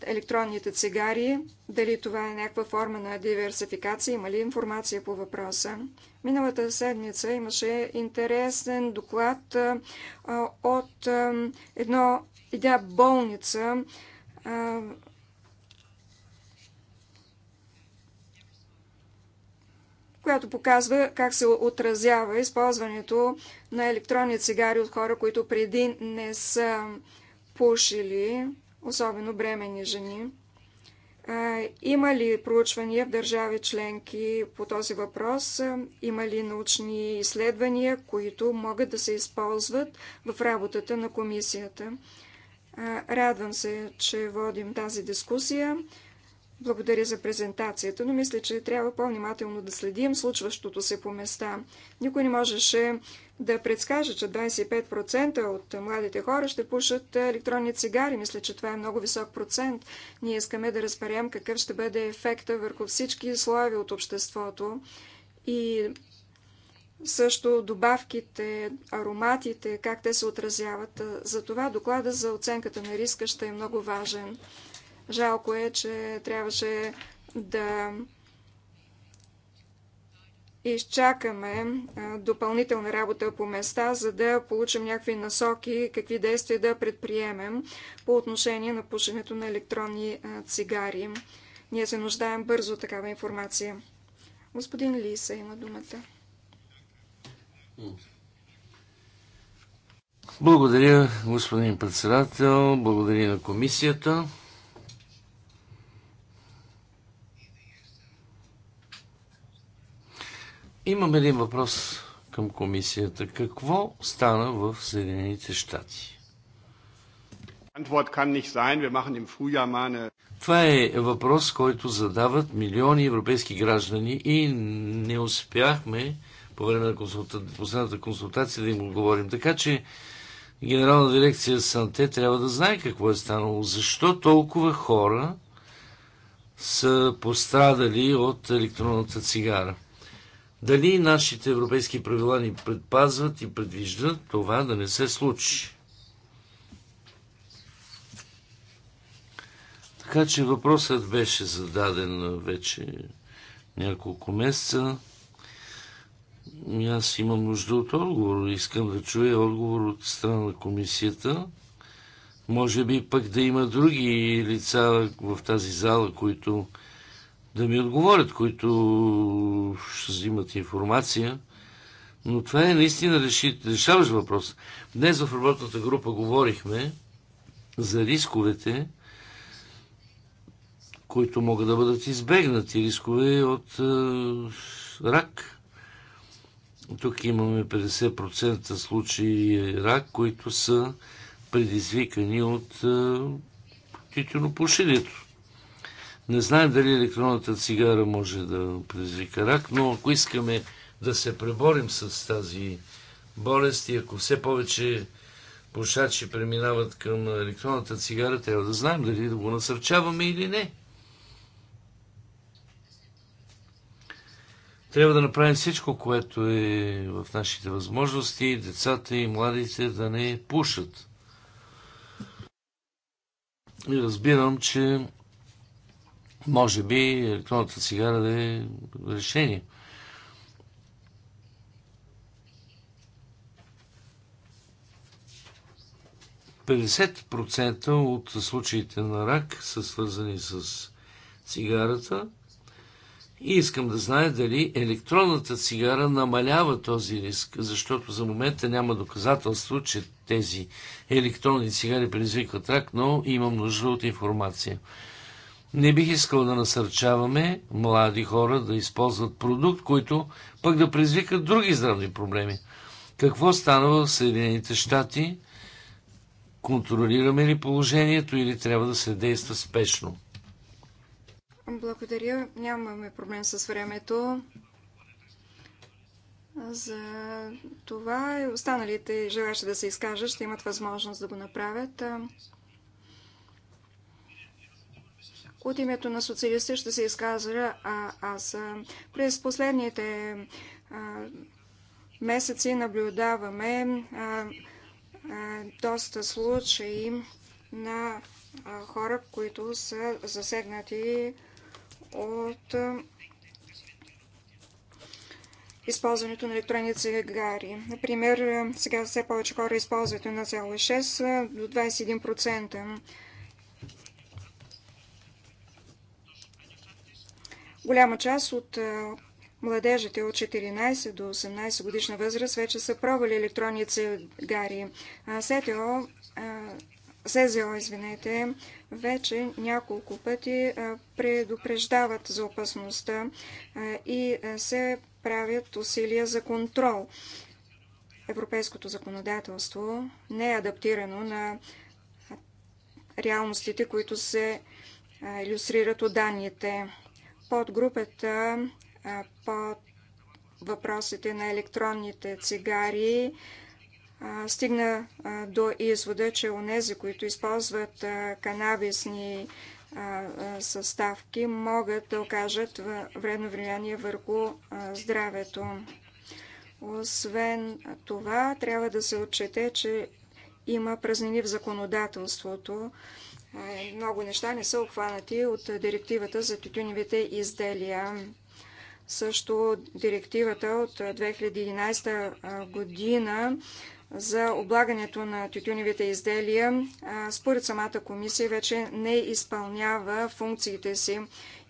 електронните цигари, дали това е някаква форма на диверсификация, има ли информация по въпроса. Миналата седмица имаше интересен доклад от едно, една болница, която показва как се отразява използването на електронни цигари от хора, които преди не са пушили особено бремени жени. Има ли проучвания в държави членки по този въпрос? Има ли научни изследвания, които могат да се използват в работата на комисията? Радвам се, че водим тази дискусия. Благодаря за презентацията, но мисля, че трябва по-внимателно да следим случващото се по места. Никой не можеше да предскаже, че 25% от младите хора ще пушат електронни цигари. Мисля, че това е много висок процент. Ние искаме да разберем какъв ще бъде ефекта върху всички слоеви от обществото и също добавките, ароматите, как те се отразяват. За това доклада за оценката на риска ще е много важен. Жалко е, че трябваше да изчакаме допълнителна работа по места, за да получим някакви насоки, какви действия да предприемем по отношение на пушенето на електронни цигари. Ние се нуждаем бързо от такава информация. Господин Лиса има думата. Благодаря, господин председател. Благодаря на комисията. Имам един въпрос към комисията. Какво стана в Съединените щати? Това е въпрос, който задават милиони европейски граждани и не успяхме по време на последната консултация да им отговорим. Така че Генерална дирекция Санте трябва да знае какво е станало. Защо толкова хора са пострадали от електронната цигара? Дали нашите европейски правила ни предпазват и предвиждат това да не се случи? Така че въпросът беше зададен вече няколко месеца. аз имам нужда от отговор. Искам да чуя отговор от страна на комисията. Може би пък да има други лица в тази зала, които да ми отговорят, които ще взимат информация. Но това е наистина реши, решаващ въпрос. Днес в работната група говорихме за рисковете, които могат да бъдат избегнати. Рискове от е, рак. Тук имаме 50% случаи рак, които са предизвикани от е, тютюнопушенето. Не знаем дали електронната цигара може да предизвика рак, но ако искаме да се преборим с тази болест и ако все повече пушачи преминават към електронната цигара, трябва да знаем дали да го насърчаваме или не. Трябва да направим всичко, което е в нашите възможности, децата и младите да не пушат. И разбирам, че може би електронната цигара да е решение. от случаите на рак са свързани с цигарата и искам да знае дали електронната цигара намалява този риск, защото за момента няма доказателство, че тези електронни цигари предизвикват рак, но имам нужда от информация. Не бих искал да насърчаваме млади хора да използват продукт, който пък да предизвикат други здравни проблеми. Какво стана в Съединените щати? Контролираме ли положението или трябва да се действа спешно? Благодаря. Нямаме проблем с времето. За това и останалите желащи да се изкажат ще имат възможност да го направят. От името на социалисти ще се изказва а, аз. През последните а, месеци наблюдаваме а, а, доста случаи на а, хора, които са засегнати от а, използването на електронни цигари. Например, сега все повече хора използват 1,6 до 21%. Голяма част от е, младежите от 14 до 18 годишна възраст вече са пробвали електронни цигари. СТО, СЗО, извинете, вече няколко пъти предупреждават за опасността и се правят усилия за контрол. Европейското законодателство не е адаптирано на реалностите, които се иллюстрират от данните подгрупата под въпросите на електронните цигари стигна до извода, че онези, които използват канабисни съставки, могат да окажат вредно влияние върху здравето. Освен това, трябва да се отчете, че има празнини в законодателството много неща не са обхванати от директивата за тютюневите изделия. Също директивата от 2011 година за облагането на тютюневите изделия, според самата комисия, вече не изпълнява функциите си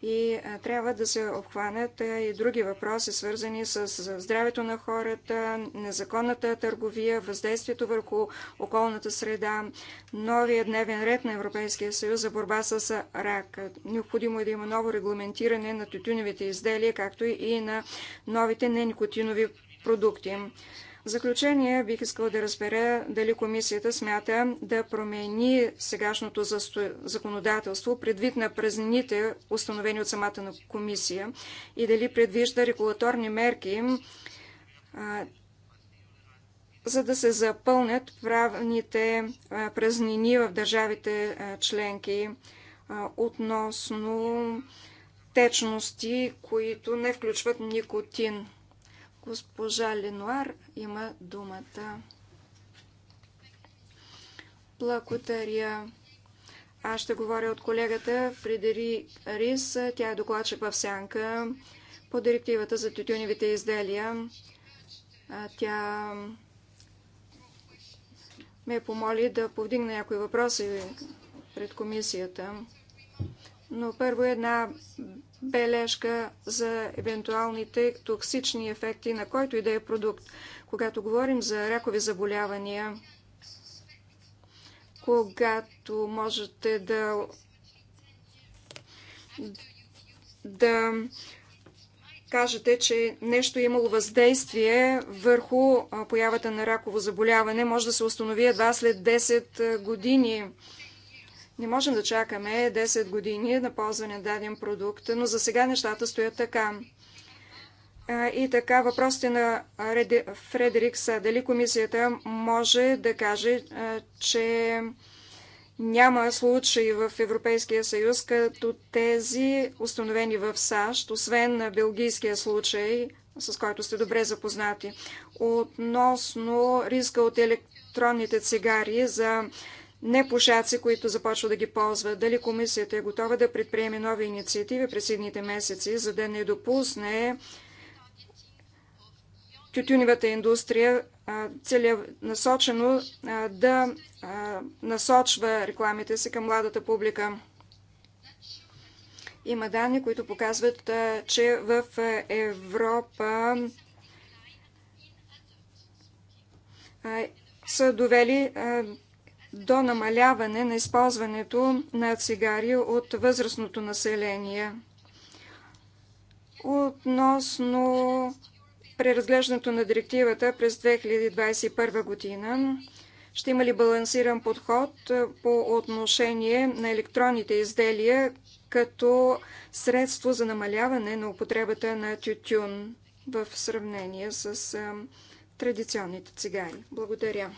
и трябва да се обхванат и други въпроси, свързани с здравето на хората, незаконната търговия, въздействието върху околната среда, новия дневен ред на Европейския съюз за борба с рак. Необходимо е да има ново регламентиране на тютюневите изделия, както и на новите неникотинови продукти. В заключение бих искал да разбера дали комисията смята да промени сегашното законодателство предвид на празнините, установени от самата на комисия, и дали предвижда регулаторни мерки, за да се запълнят правните празнини в държавите членки относно течности, които не включват никотин. Госпожа Ленуар има думата. Благодаря. Аз ще говоря от колегата Фредери Рис. Тя е докладчик в Сянка по директивата за тютюневите изделия. Тя ме помоли да повдигна някои въпроси пред комисията но първо е една бележка за евентуалните токсични ефекти на който и да е продукт. Когато говорим за ракови заболявания, когато можете да, да кажете, че нещо е имало въздействие върху появата на раково заболяване, може да се установи едва след 10 години. Не можем да чакаме 10 години на ползване на даден продукт, но за сега нещата стоят така. И така, въпросите на Фредерикса. дали комисията може да каже, че няма случаи в Европейския съюз като тези установени в САЩ, освен на белгийския случай, с който сте добре запознати. Относно риска от електронните цигари за непушаци, които започват да ги ползват. Дали комисията е готова да предприеме нови инициативи през едните месеци, за да не допусне тютюневата индустрия целенасочено да насочва рекламите си към младата публика. Има данни, които показват, че в Европа са довели до намаляване на използването на цигари от възрастното население. Относно преразглеждането на директивата през 2021 година, ще има ли балансиран подход по отношение на електронните изделия като средство за намаляване на употребата на тютюн в сравнение с традиционните цигари? Благодаря.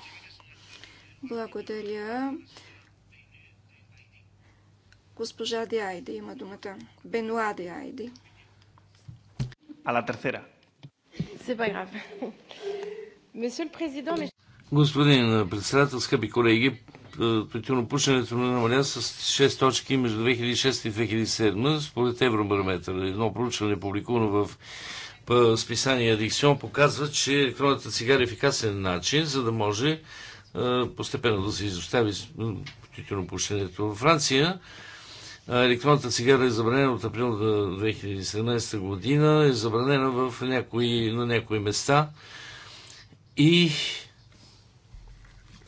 Благодаря. Госпожа Диайди има думата. Бенуа Диайди. А la президент... Господин председател, скъпи колеги, е, пушенето на намаля с 6 точки между 2006 и 2007 според Евробарометър. Едно проучване, публикувано в е, списание Адиксион, показва, че електронната цигара е ефикасен начин, за да може постепенно да се изостави тютюнопушенето. Във Франция електронната цигара е забранена от април 2017 година, е забранена в някои, на някои места и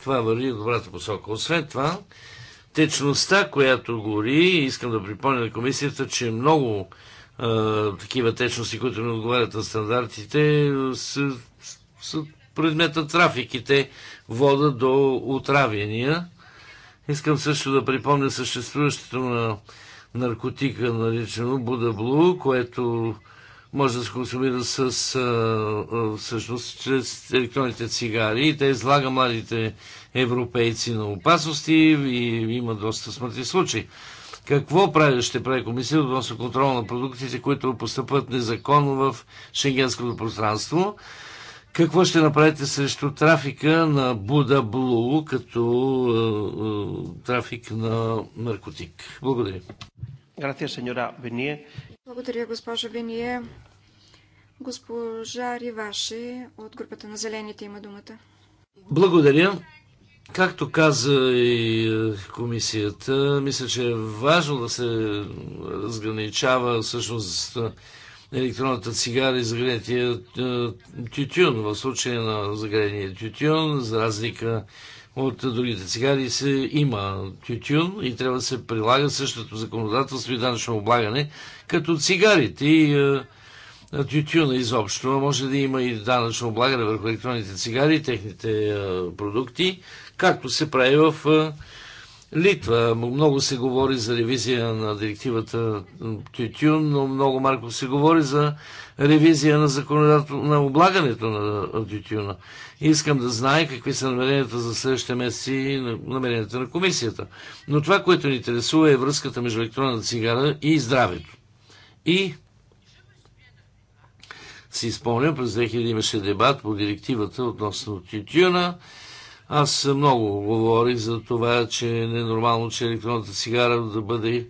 това върви в добрата посока. Освен това, течността, която гори, искам да припомня на комисията, че много а, такива течности, които не отговарят на стандартите, са, са предмет на трафик и те Вода до отравяния. Искам също да припомня съществуващото на наркотика, наречено Будаблу, което може да се консумира с, а, всъщност, чрез електронните цигари. те излага младите европейци на опасности и има доста смъртни случаи. Какво прави, ще прави комисия относно контрол на продуктите, които постъпват незаконно в шенгенското пространство? Какво ще направите срещу трафика на Буда Блу като е, е, трафик на наркотик? Благодаря. сеньора Благодаря, госпожа Бение. Госпожа Риваши от групата на Зелените има думата. Благодаря. Както каза и е, комисията, мисля, че е важно да се разграничава всъщност електронната цигара и загрения е, тютюн. В случая на загрения тютюн, за разлика от другите цигари, се има тютюн и трябва да се прилага същото законодателство и данъчно облагане, като цигарите и е, тютюна изобщо. Може да има и данъчно облагане върху електронните цигари и техните е, продукти, както се прави в Литва. Много се говори за ревизия на директивата Тютюн, но много малко се говори за ревизия на законодателство, на облагането на Тютюна. Искам да знае какви са намеренията за следващите месеци и намеренията на комисията. Но това, което ни интересува е връзката между електронната цигара и здравето. И си спомням, през 2000 имаше дебат по директивата относно Тютюна. Аз много говорих за това, че е ненормално, че електронната цигара да бъде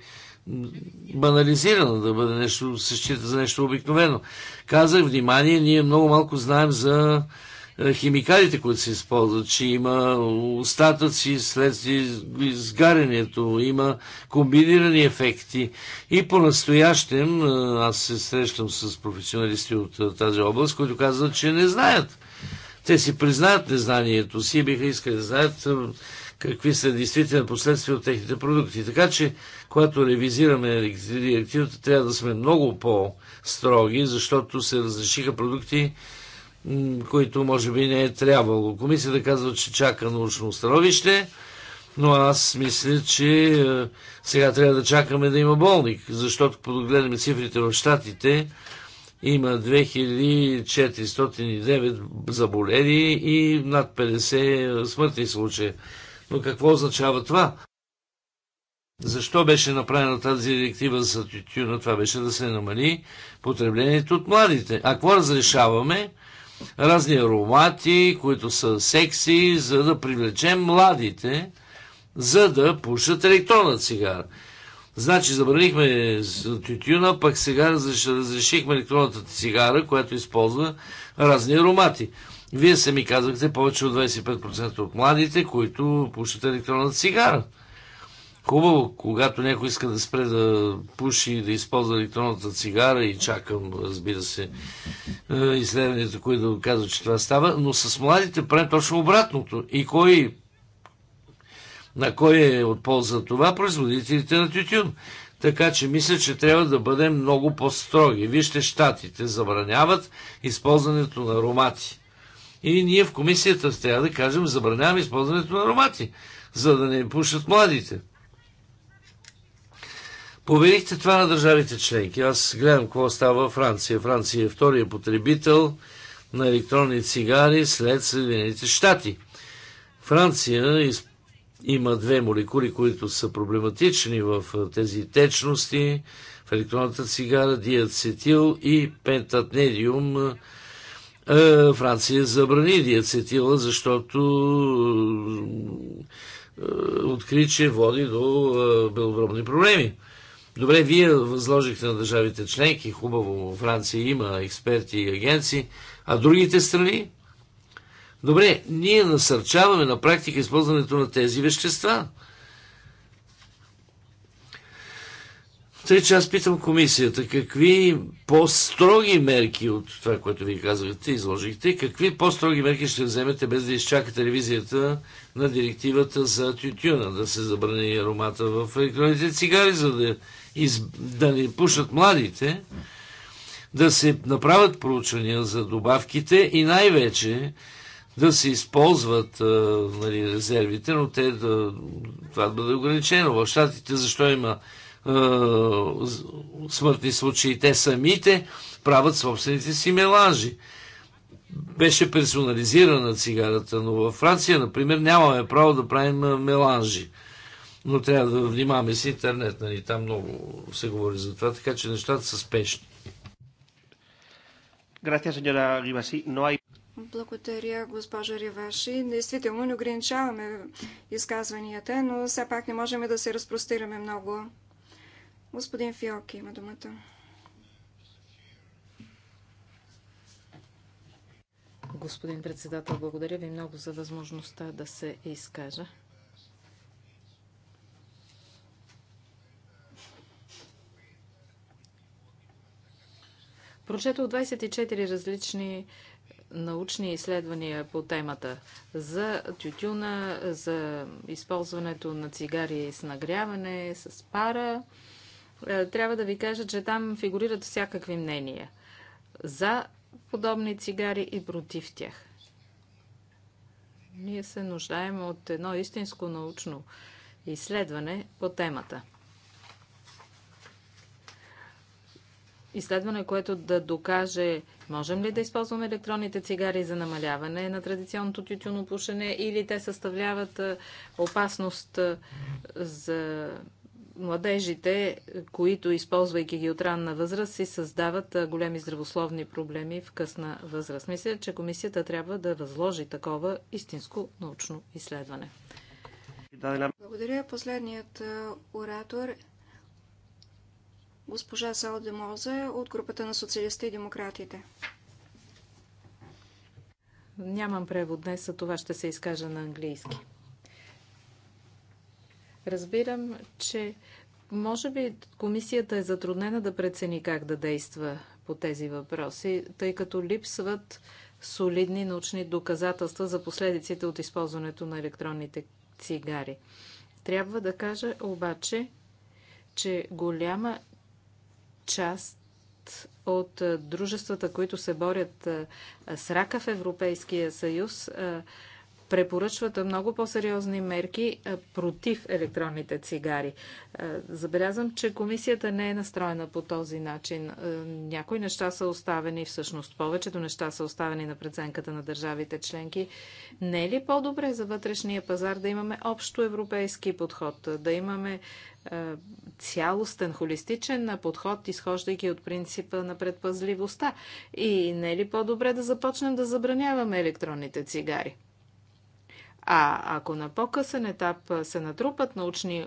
банализирана, да бъде нещо, се счита за нещо обикновено. Казах, внимание, ние много малко знаем за е, химикалите, които се използват, че има остатъци след изгарянето, има комбинирани ефекти. И по-настоящем е, аз се срещам с професионалисти от е, тази област, които казват, че не знаят те си признаят незнанието си и биха искали да знаят какви са действителни последствия от техните продукти. Така че, когато ревизираме директивата, трябва да сме много по-строги, защото се разрешиха продукти, които може би не е трябвало. Комисията казва, че чака научно установище, но аз мисля, че е, сега трябва да чакаме да има болник, защото, подогледаме цифрите в Штатите, има 2409 заболели и над 50 смъртни случаи. Но какво означава това? Защо беше направена тази директива за тютюна? Това беше да се намали потреблението от младите. А какво разрешаваме? Разни аромати, които са секси, за да привлечем младите, за да пушат електронна цигара. Значи забранихме тютюна, пък сега разрешихме електронната цигара, която използва разни аромати. Вие сами казахте повече от 25% от младите, които пушат електронна цигара. Хубаво, когато някой иска да спре да пуши и да използва електронната цигара и чакам, разбира се, е, изследванията, които да казват, че това става, но с младите правим точно обратното. И кой на кой е от полза това? Производителите на тютюн. Така че мисля, че трябва да бъдем много по-строги. Вижте, щатите забраняват използването на аромати. И ние в комисията трябва да кажем, забраняваме използването на аромати, за да не пушат младите. Поверихте това на държавите членки. Аз гледам какво става във Франция. Франция е втория потребител на електронни цигари след Съединените щати. Франция има две молекули, които са проблематични в тези течности, в електронната цигара, диацетил и пентатнедиум. Франция забрани диацетила, защото откри, че води до белодробни проблеми. Добре, вие възложихте на държавите членки, хубаво, Франция има експерти и агенции, а другите страни Добре, ние насърчаваме на практика използването на тези вещества. Тъй, че аз питам комисията, какви по-строги мерки от това, което ви казвате, изложихте, какви по-строги мерки ще вземете, без да изчакате ревизията на директивата за тютюна, да се забрани аромата в електронните цигари, за да, из... да не пушат младите, да се направят проучвания за добавките и най-вече да се използват а, нали, резервите, но те да, това да бъде ограничено. В Штатите защо има а, смъртни случаи? Те самите правят собствените си мелажи. Беше персонализирана цигарата, но във Франция, например, нямаме право да правим меланжи. Но трябва да внимаваме с интернет, нали? там много се говори за това, така че нещата са спешни. Gracias, señora Rivasi. No hay... Благодаря, госпожа Риваши. Действително не ограничаваме изказванията, но все пак не можем да се разпростираме много. Господин Фиоки има думата. Господин председател, благодаря ви много за възможността да се изкажа. Прочетох 24 различни научни изследвания по темата за тютюна, за използването на цигари с нагряване, с пара. Е, трябва да ви кажа, че там фигурират всякакви мнения за подобни цигари и против тях. Ние се нуждаем от едно истинско научно изследване по темата. изследване, което да докаже можем ли да използваме електронните цигари за намаляване на традиционното тютюнопушене или те съставляват опасност за младежите, които, използвайки ги от ранна възраст, си създават големи здравословни проблеми в късна възраст. Мисля, че комисията трябва да възложи такова истинско научно изследване. Благодаря. Последният оратор госпожа Мозе от групата на социалистите и демократите. Нямам превод днес, а това ще се изкажа на английски. Разбирам, че може би комисията е затруднена да прецени как да действа по тези въпроси, тъй като липсват солидни научни доказателства за последиците от използването на електронните цигари. Трябва да кажа обаче, че голяма част от дружествата, които се борят с рака в Европейския съюз, препоръчват много по-сериозни мерки против електронните цигари. Забелязвам, че комисията не е настроена по този начин. Някои неща са оставени, всъщност повечето неща са оставени на преценката на държавите членки. Не е ли по-добре за вътрешния пазар да имаме общо европейски подход, да имаме цялостен, холистичен подход, изхождайки от принципа на предпазливостта. И не е ли по-добре да започнем да забраняваме електронните цигари? А ако на по-късен етап се натрупат научни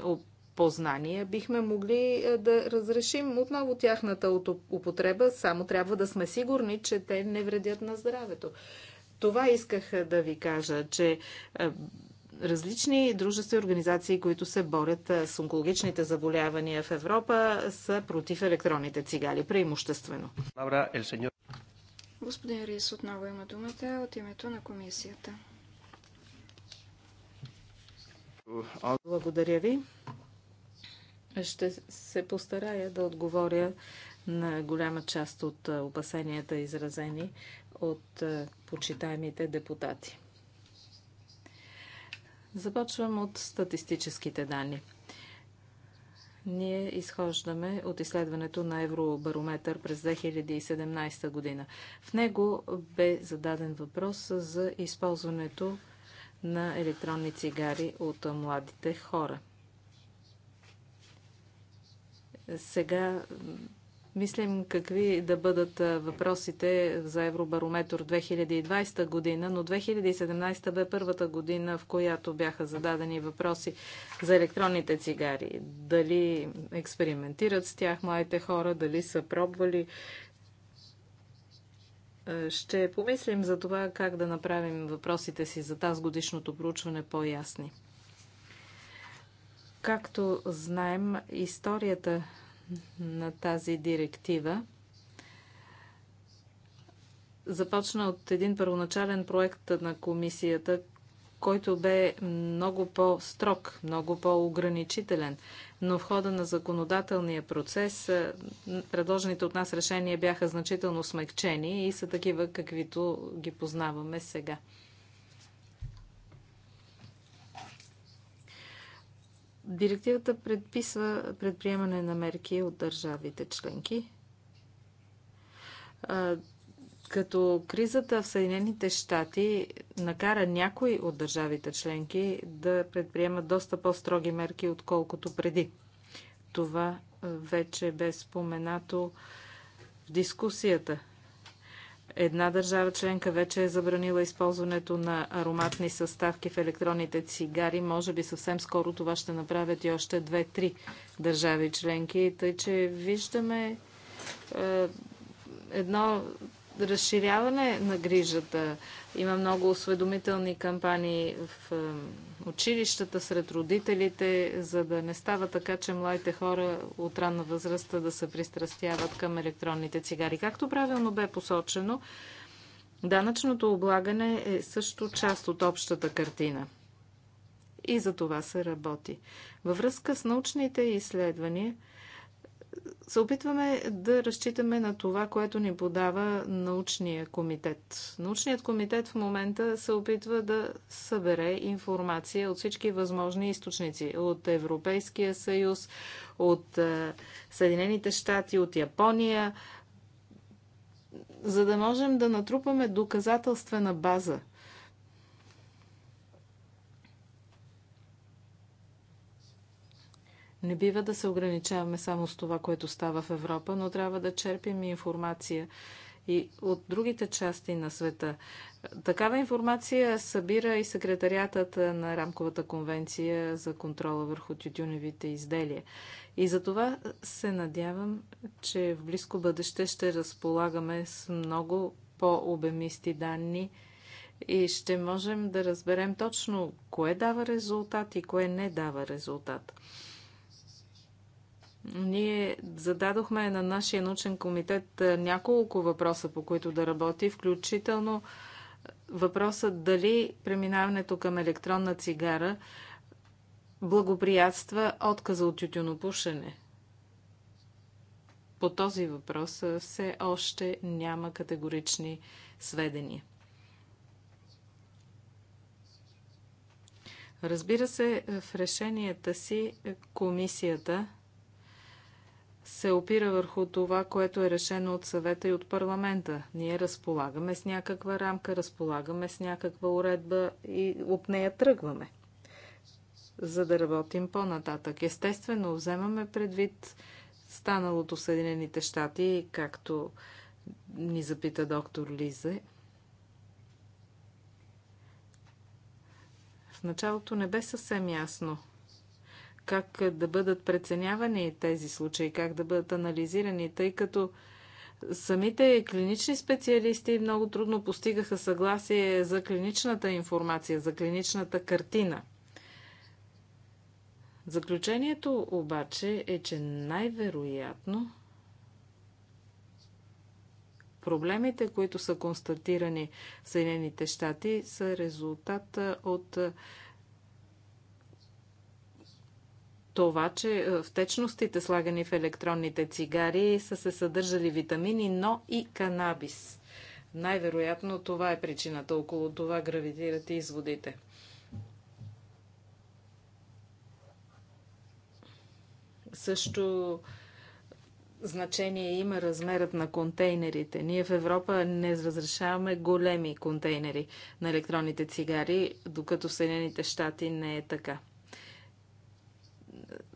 познания, бихме могли да разрешим отново тяхната употреба, само трябва да сме сигурни, че те не вредят на здравето. Това исках да ви кажа, че различни дружества и организации, които се борят с онкологичните заболявания в Европа, са против електронните цигали, преимуществено. Господин Рис отново има думата от името на комисията. Благодаря ви. Ще се постарая да отговоря на голяма част от опасенията, изразени от почитаемите депутати. Започвам от статистическите данни. Ние изхождаме от изследването на Евробарометър през 2017 година. В него бе зададен въпрос за използването на електронни цигари от младите хора. Сега мислим какви да бъдат въпросите за Евробарометр 2020 година, но 2017 бе първата година, в която бяха зададени въпроси за електронните цигари. Дали експериментират с тях младите хора, дали са пробвали ще помислим за това как да направим въпросите си за тази годишното проучване по-ясни. Както знаем, историята на тази директива започна от един първоначален проект на комисията, който бе много по-строг, много по-ограничителен. Но в хода на законодателния процес е, предложените от нас решения бяха значително смягчени и са такива, каквито ги познаваме сега. Директивата предписва предприемане на мерки от държавите членки е, като кризата в Съединените щати накара някои от държавите членки да предприемат доста по-строги мерки, отколкото преди. Това вече бе споменато в дискусията. Една държава членка вече е забранила използването на ароматни съставки в електронните цигари. Може би съвсем скоро това ще направят и още две-три държави членки. Тъй, че виждаме е, едно разширяване на грижата. Има много осведомителни кампании в е, училищата, сред родителите, за да не става така, че младите хора от ранна възраст да се пристрастяват към електронните цигари. Както правилно бе посочено, данъчното облагане е също част от общата картина. И за това се работи. Във връзка с научните изследвания, се опитваме да разчитаме на това, което ни подава научния комитет. Научният комитет в момента се опитва да събере информация от всички възможни източници. От Европейския съюз, от е, Съединените щати, от Япония, за да можем да натрупаме доказателствена база – Не бива да се ограничаваме само с това, което става в Европа, но трябва да черпим и информация и от другите части на света. Такава информация събира и секретариатът на Рамковата конвенция за контрола върху тютюневите изделия. И за това се надявам, че в близко бъдеще ще разполагаме с много по-обемисти данни и ще можем да разберем точно кое дава резултат и кое не дава резултат. Ние зададохме на нашия научен комитет е, няколко въпроса, по които да работи, включително е, въпросът дали преминаването към електронна цигара благоприятства отказа от тютюнопушене. По този въпрос е, все още няма категорични сведения. Разбира се, в решенията си комисията се опира върху това, което е решено от съвета и от парламента. Ние разполагаме с някаква рамка, разполагаме с някаква уредба и от нея тръгваме, за да работим по-нататък. Естествено, вземаме предвид станалото в Съединените щати, както ни запита доктор Лизе. В началото не бе съвсем ясно как да бъдат преценявани тези случаи, как да бъдат анализирани, тъй като самите клинични специалисти много трудно постигаха съгласие за клиничната информация, за клиничната картина. Заключението обаче е, че най-вероятно проблемите, които са констатирани в Съединените щати, са резултата от това, че е, в течностите, слагани в електронните цигари, са се съдържали витамини, но и канабис. Най-вероятно това е причината. Около това гравитират изводите. Също значение има размерът на контейнерите. Ние в Европа не разрешаваме големи контейнери на електронните цигари, докато в Съединените щати не е така.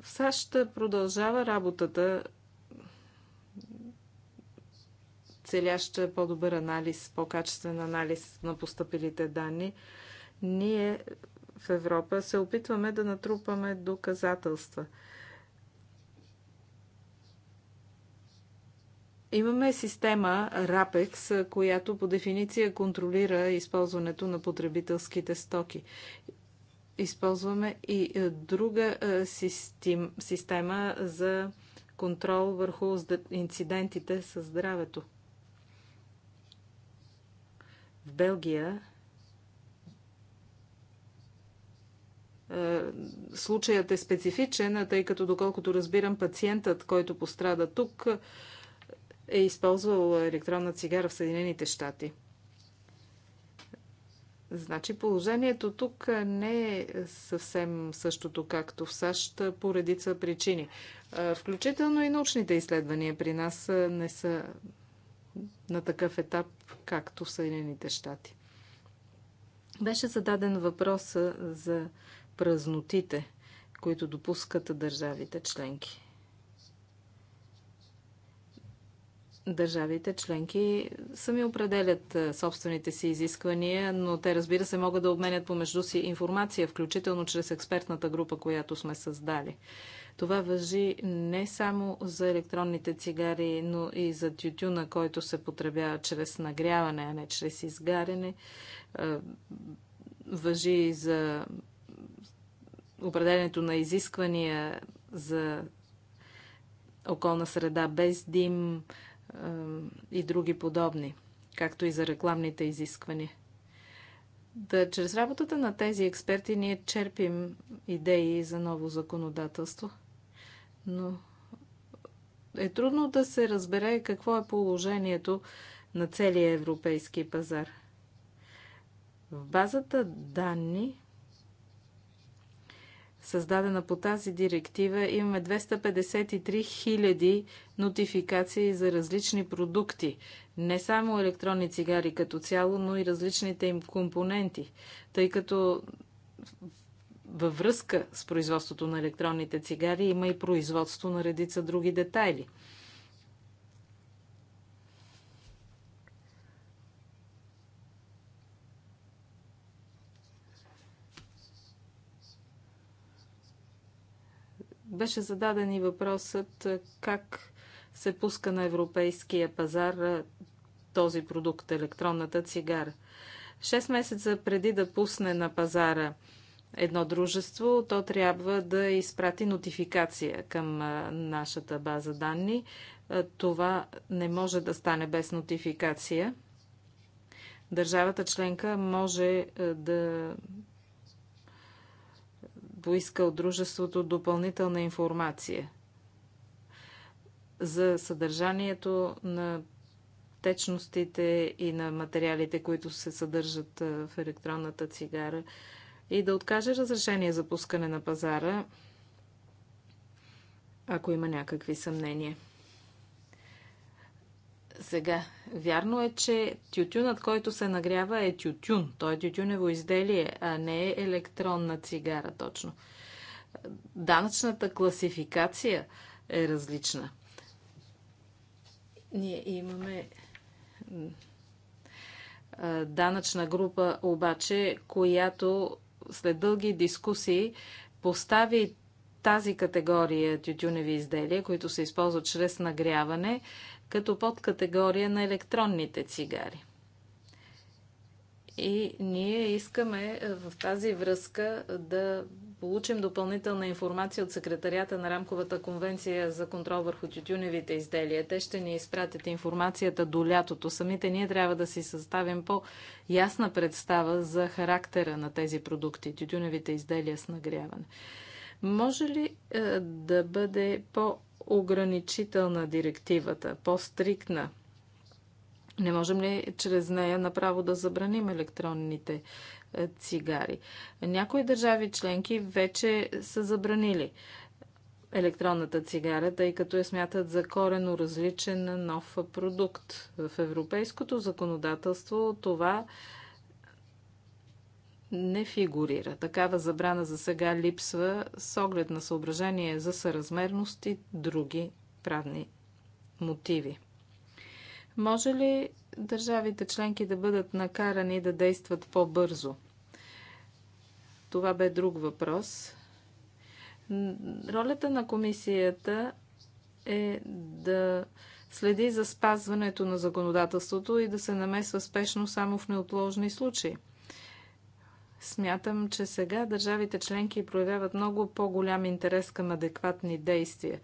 В САЩ продължава работата целяща по-добър анализ, по-качествен анализ на поступилите данни. Ние в Европа се опитваме да натрупаме доказателства. Имаме система RAPEX, която по дефиниция контролира използването на потребителските стоки използваме и е, друга е, систем, система за контрол върху инцидентите със здравето. В Белгия е, случаят е специфичен, тъй като доколкото разбирам пациентът, който пострада тук, е използвал електронна цигара в Съединените щати. Значи положението тук не е съвсем същото, както в САЩ, по редица причини. Включително и научните изследвания при нас не са на такъв етап, както в Съединените щати. Беше зададен въпрос за празнотите, които допускат държавите членки. държавите членки сами определят е, собствените си изисквания, но те разбира се могат да обменят помежду си информация, включително чрез експертната група, която сме създали. Това въжи не само за електронните цигари, но и за тютюна, който се потребява чрез нагряване, а не чрез изгаряне. Е, въжи и за определенето на изисквания за околна среда без дим, и други подобни, както и за рекламните изисквания. Да, чрез работата на тези експерти ние черпим идеи за ново законодателство, но е трудно да се разбере какво е положението на целия европейски пазар. В базата данни създадена по тази директива, имаме 253 хиляди нотификации за различни продукти. Не само електронни цигари като цяло, но и различните им компоненти. Тъй като във връзка с производството на електронните цигари има и производство на редица други детайли – Беше зададен и въпросът е, как се пуска на европейския пазар е, този продукт, електронната цигара. Шест месеца преди да пусне на пазара едно дружество, то трябва да изпрати нотификация към е, нашата база данни. Това не може да стане без нотификация. Държавата членка може да поиска от дружеството допълнителна информация за съдържанието на течностите и на материалите, които се съдържат в електронната цигара и да откаже разрешение за пускане на пазара, ако има някакви съмнения. Сега, вярно е, че тютюнът, който се нагрява е тютюн. Той е тютюнево изделие, а не е електронна цигара точно. Данъчната класификация е различна. Ние имаме данъчна група, обаче, която след дълги дискусии постави тази категория тютюневи изделия, които се използват чрез нагряване, като подкатегория на електронните цигари. И ние искаме е, в тази връзка да получим допълнителна информация от секретарията на Рамковата конвенция за контрол върху тютюневите изделия. Те ще ни изпратят информацията до лятото. Самите ние трябва да си съставим по-ясна представа за характера на тези продукти, тютюневите изделия с нагряване. Може ли е, да бъде по- ограничителна директивата, по-стрикна? Не можем ли чрез нея направо да забраним електронните е, цигари? Някои държави членки вече са забранили електронната цигара, тъй като я смятат за корено различен нов продукт. В европейското законодателство това не фигурира. Такава забрана за сега липсва с оглед на съображение за съразмерност и други правни мотиви. Може ли държавите членки да бъдат накарани да действат по-бързо? Това бе друг въпрос. Ролята на комисията е да следи за спазването на законодателството и да се намесва спешно само в неотложни случаи – Смятам, че сега държавите членки проявяват много по-голям интерес към адекватни действия.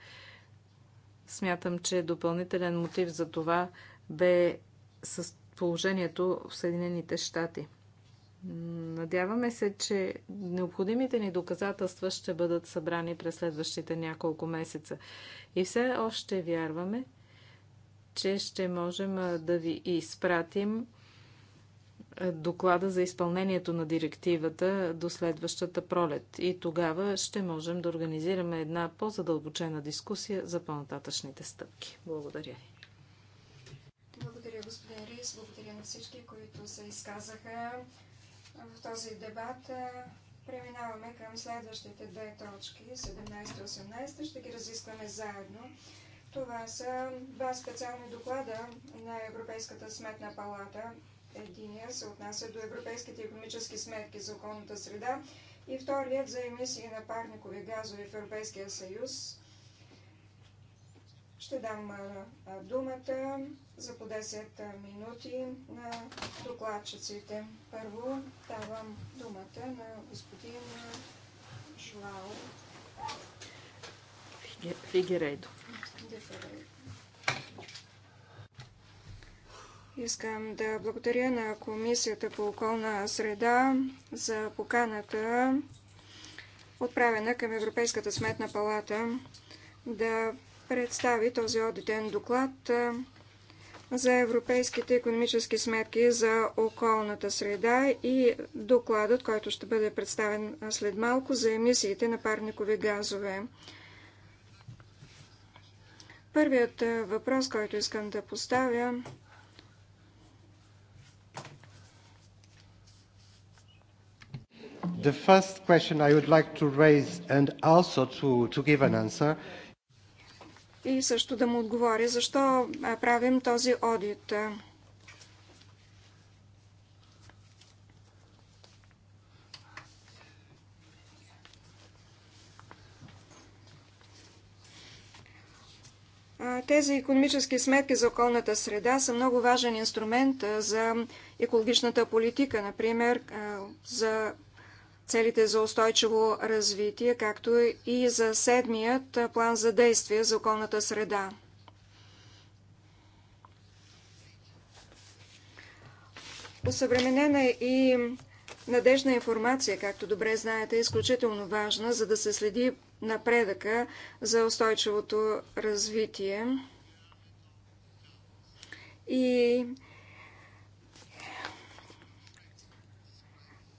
Смятам, че допълнителен мотив за това бе с положението в Съединените щати. Надяваме се, че необходимите ни доказателства ще бъдат събрани през следващите няколко месеца. И все още вярваме, че ще можем да ви изпратим е, доклада за изпълнението на директивата до следващата пролет. И тогава ще можем да организираме една по-задълбочена дискусия за по-нататъчните стъпки. Благодаря ви. Благодаря, господин Рис. Благодаря на всички, които се изказаха в този дебат. Е, преминаваме към следващите две точки, 17 18. Ще ги разискваме заедно. Това са два специални доклада на Европейската сметна палата Единия се отнася до европейските економически сметки за околната среда и вторият за емисии на парникови газове в Европейския съюз. Ще дам думата за по 10 минути на докладчиците. Първо давам думата на господин Жлао Фигерейдо. Фигерейдо. Искам да благодаря на Комисията по околна среда за поканата, отправена към Европейската сметна палата, да представи този одитен доклад за европейските економически сметки за околната среда и докладът, който ще бъде представен след малко за емисиите на парникови газове. Първият въпрос, който искам да поставя, The first question I would like to raise and also to, to give an answer. И също да му отговоря. защо правим този одит. Тези економически сметки за околната среда са много важен инструмент за екологичната политика, например за целите за устойчиво развитие, както и за седмият план за действие за околната среда. Осъвременена и надежна информация, както добре знаете, е изключително важна, за да се следи напредъка за устойчивото развитие. И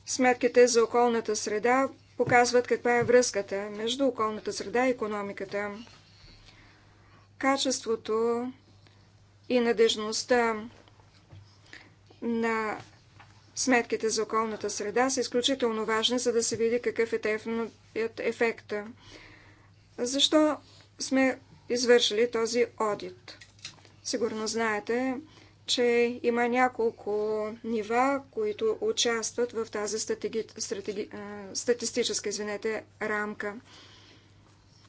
Сметките за околната среда показват каква е връзката между околната среда и економиката. Качеството и надежността на сметките за околната среда са изключително важни, за да се види какъв е ефект. Защо сме извършили този одит? Сигурно знаете, че има няколко нива, които участват в тази стратеги... Стратеги... статистическа извинете, рамка.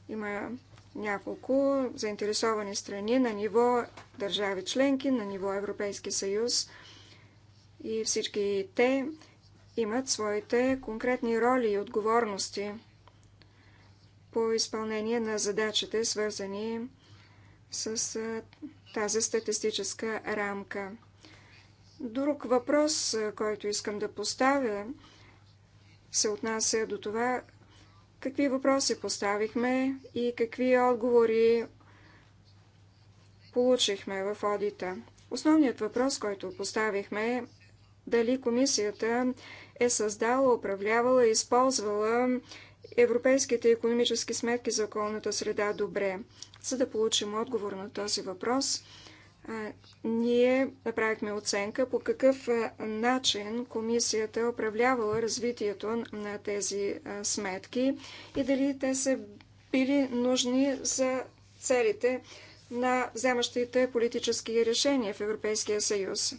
Има няколко заинтересовани страни на ниво държави членки, на ниво Европейски съюз и всички те имат своите конкретни роли и отговорности по изпълнение на задачите, свързани с тази статистическа рамка. Друг въпрос, който искам да поставя, се отнася до това какви въпроси поставихме и какви отговори получихме в одита. Основният въпрос, който поставихме е дали комисията е създала, управлявала и използвала европейските економически сметки за околната среда добре. За да получим отговор на този въпрос, ние направихме оценка по какъв начин комисията управлявала развитието на тези сметки и дали те са били нужни за целите на вземащите политически решения в Европейския съюз.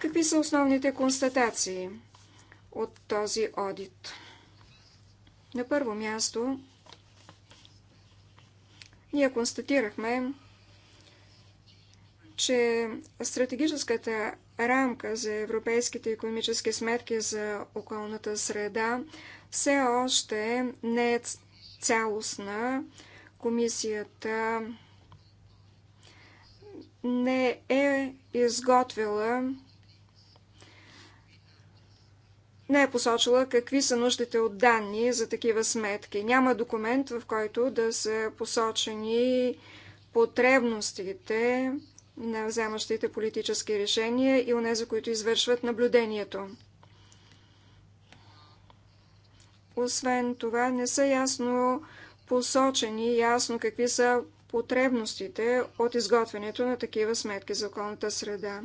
Какви са основните констатации от този одит? На първо място, ние констатирахме, че стратегическата рамка за европейските економически сметки за околната среда все още не е цялостна. Комисията не е изготвила не е посочила какви са нуждите от данни за такива сметки. Няма документ, в който да са посочени потребностите на вземащите политически решения и у нези, които извършват наблюдението. Освен това, не са ясно посочени ясно какви са потребностите от изготвянето на такива сметки за околната среда.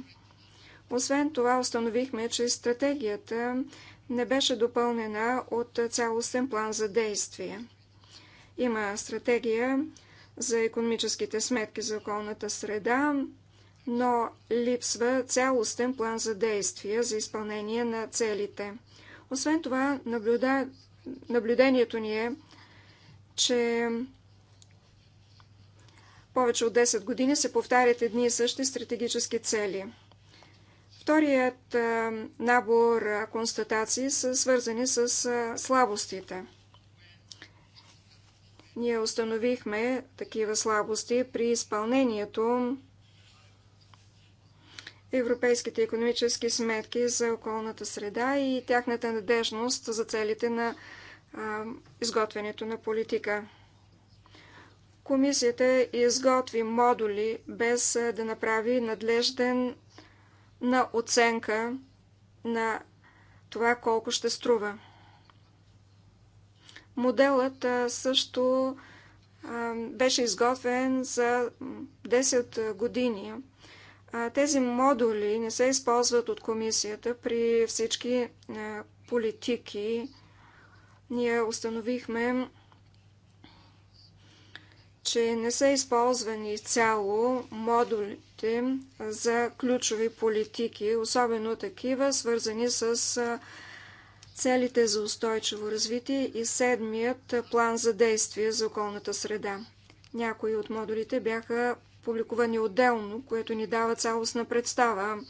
Освен това, установихме, че стратегията не беше допълнена от цялостен план за действие. Има стратегия за економическите сметки за околната среда, но липсва цялостен план за действие за изпълнение на целите. Освен това, наблюда... наблюдението ни е, че повече от 10 години се повтарят едни и същи стратегически цели. Вторият набор констатации са свързани с слабостите. Ние установихме такива слабости при изпълнението европейските економически сметки за околната среда и тяхната надежност за целите на изготвянето на политика. Комисията изготви модули без да направи надлежден на оценка на това колко ще струва. Моделът също беше изготвен за 10 години. Тези модули не се използват от комисията при всички политики. Ние установихме, че не са използвани цяло модули мерките за ключови политики, особено такива, свързани с целите за устойчиво развитие и седмият план за действие за околната среда. Някои от модулите бяха публикувани отделно, което ни дава цялостна представа.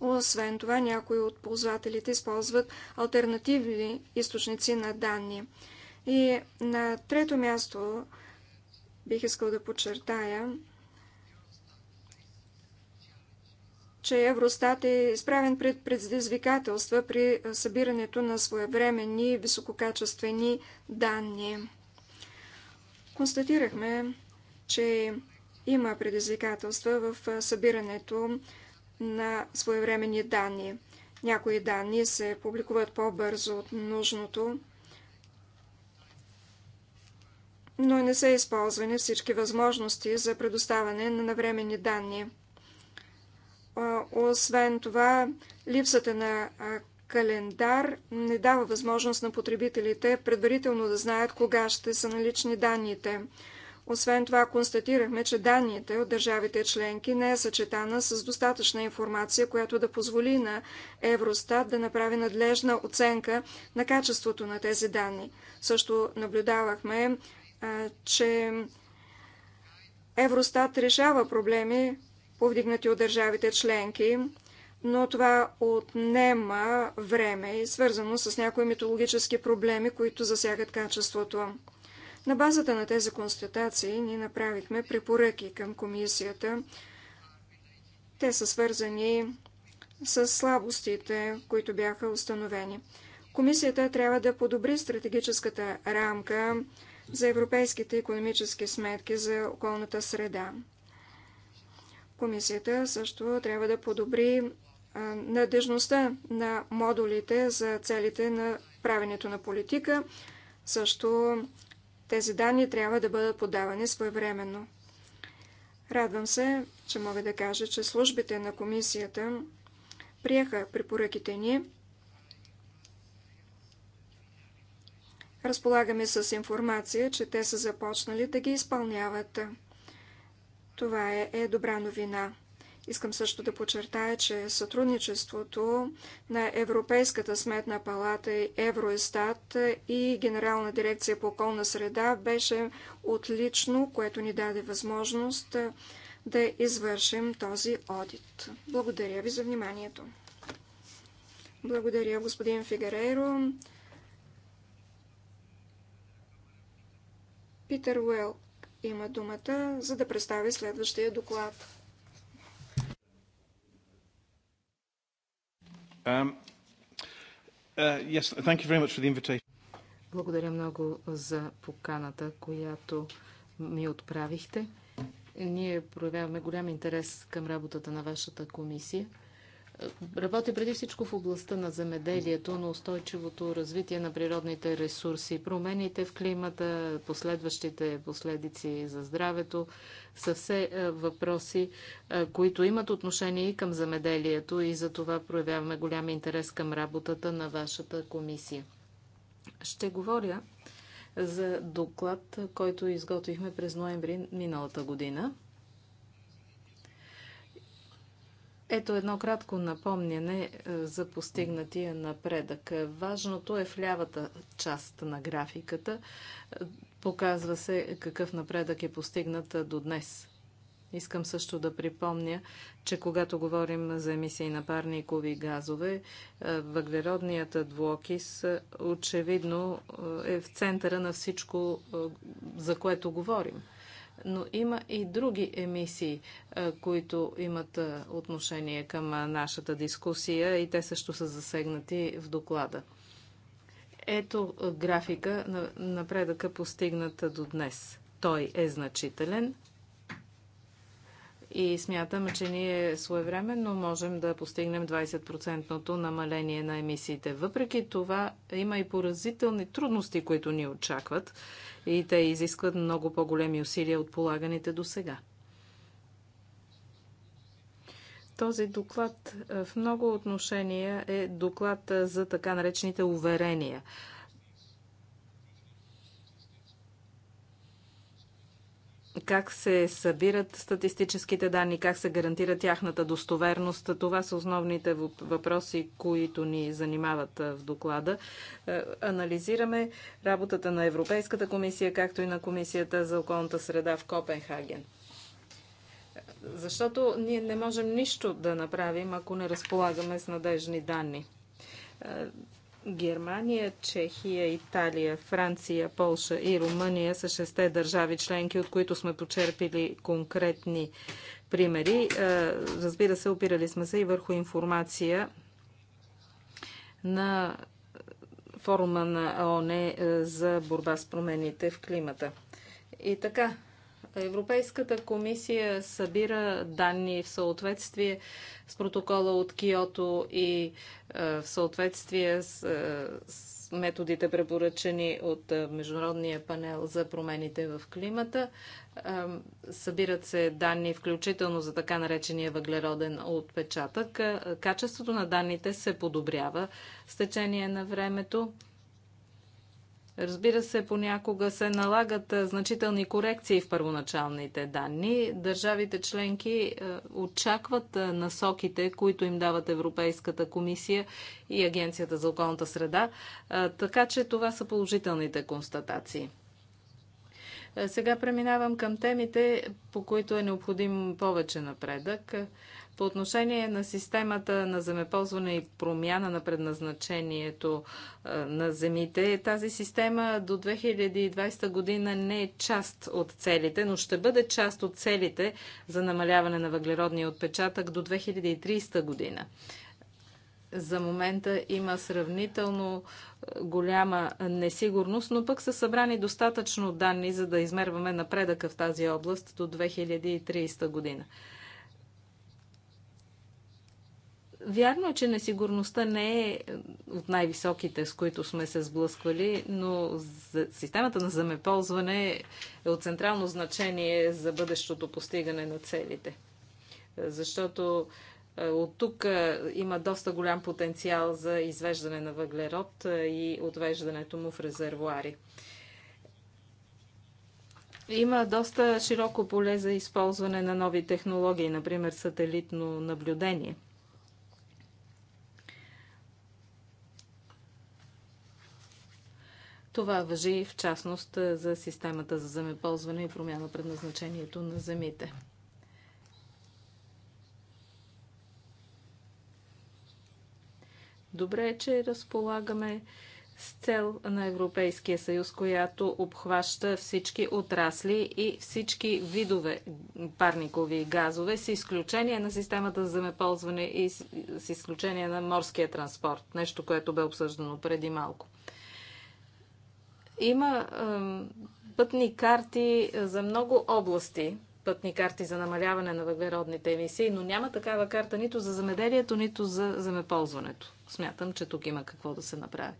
Освен това, някои от ползвателите използват альтернативни източници на данни. И на трето място бих искал да подчертая, че Евростат е изправен пред предизвикателства при събирането на своевременни висококачествени данни. Констатирахме, че има предизвикателства в събирането на своевременни данни. Някои данни се публикуват по-бързо от нужното, но не са използвани всички възможности за предоставяне на навремени данни. Освен това, липсата на календар не дава възможност на потребителите предварително да знаят кога ще са налични данните. Освен това, констатирахме, че данните от държавите членки не е съчетана с достатъчна информация, която да позволи на Евростат да направи надлежна оценка на качеството на тези данни. Също наблюдавахме, че Евростат решава проблеми повдигнати от държавите членки, но това отнема време, и свързано с някои митологически проблеми, които засягат качеството. На базата на тези констатации ние направихме препоръки към комисията. Те са свързани с слабостите, които бяха установени. Комисията трябва да подобри стратегическата рамка за европейските економически сметки за околната среда. Комисията също трябва да подобри надежността на модулите за целите на правенето на политика. Също тези данни трябва да бъдат подавани своевременно. Радвам се, че мога да кажа, че службите на комисията приеха препоръките ни. Разполагаме с информация, че те са започнали да ги изпълняват. Това е, е добра новина. Искам също да подчертая, че сътрудничеството на Европейската сметна палата, и Евроестат и Генерална дирекция по околна среда беше отлично, което ни даде възможност да извършим този одит. Благодаря ви за вниманието. Благодаря, господин Фигарейро. Питер Уелк има думата, за да представи следващия доклад. Um, uh, Благодаря много за поканата, която ми отправихте. Ние проявяваме голям интерес към работата на вашата комисия. Работя преди всичко в областта на земеделието, на устойчивото развитие на природните ресурси, промените в климата, последващите последици за здравето са все е, въпроси, е, които имат отношение и към земеделието и за това проявяваме голям интерес към работата на вашата комисия. Ще говоря за доклад, който изготвихме през ноември миналата година Ето едно кратко напомняне е, за постигнатия напредък. Важното е в лявата част на графиката. Е, показва се какъв напредък е постигнат е, до днес. Искам също да припомня, че когато говорим за емисии на парникови газове, въглеродният двуокис очевидно е в центъра на всичко, за което говорим но има и други емисии, които имат отношение към нашата дискусия и те също са засегнати в доклада. Ето графика на напредъка постигната до днес. Той е значителен, и смятам, че ние своевременно можем да постигнем 20 намаление на емисиите. Въпреки това има и поразителни трудности, които ни очакват и те изискват много по-големи усилия от полаганите до сега. Този доклад в много отношения е доклад за така наречените уверения – как се събират статистическите данни, как се гарантира тяхната достоверност. Това са основните въпроси, които ни занимават в доклада. Е, анализираме работата на Европейската комисия, както и на Комисията за околната среда в Копенхаген. Защото ние не можем нищо да направим, ако не разполагаме с надежни данни. Е, Германия, Чехия, Италия, Франция, Полша и Румъния са шесте държави членки, от които сме почерпили конкретни примери. Е, разбира се, опирали сме се и върху информация на форума на ООН е, за борба с промените в климата. И така, Европейската комисия събира данни в съответствие с протокола от Киото и е, в съответствие с, е, с методите препоръчени от е, Международния панел за промените в климата. Събират се данни, включително за така наречения въглероден отпечатък. Качеството на данните се подобрява с течение на времето. Разбира се, понякога се налагат значителни корекции в първоначалните данни. Държавите членки очакват насоките, които им дават Европейската комисия и Агенцията за околната среда, така че това са положителните констатации. Сега преминавам към темите, по които е необходим повече напредък. По отношение на системата на земеползване и промяна на предназначението на земите, тази система до 2020 година не е част от целите, но ще бъде част от целите за намаляване на въглеродния отпечатък до 2030 година. За момента има сравнително е, голяма несигурност, но пък са събрани достатъчно данни, за да измерваме напредъка в тази област до 2030 година. Вярно е, че несигурността не е от най-високите, с които сме се сблъсквали, но системата на земеползване е от централно значение за бъдещото постигане на целите. Защото е, от тук е, има доста голям потенциал за извеждане на въглерод е, и отвеждането му в резервуари. Има доста широко поле за използване на нови технологии, например сателитно наблюдение. Това въжи в частност за системата за земеползване и промяна предназначението на земите. Добре е, че разполагаме с цел на Европейския съюз, която обхваща всички отрасли и всички видове парникови газове, с изключение на системата за земеползване и с изключение на морския транспорт, нещо, което бе обсъждано преди малко. Има е, пътни карти за много области, пътни карти за намаляване на въглеродните емисии, но няма такава карта нито за земеделието, нито за земеползването смятам, че тук има какво да се направи.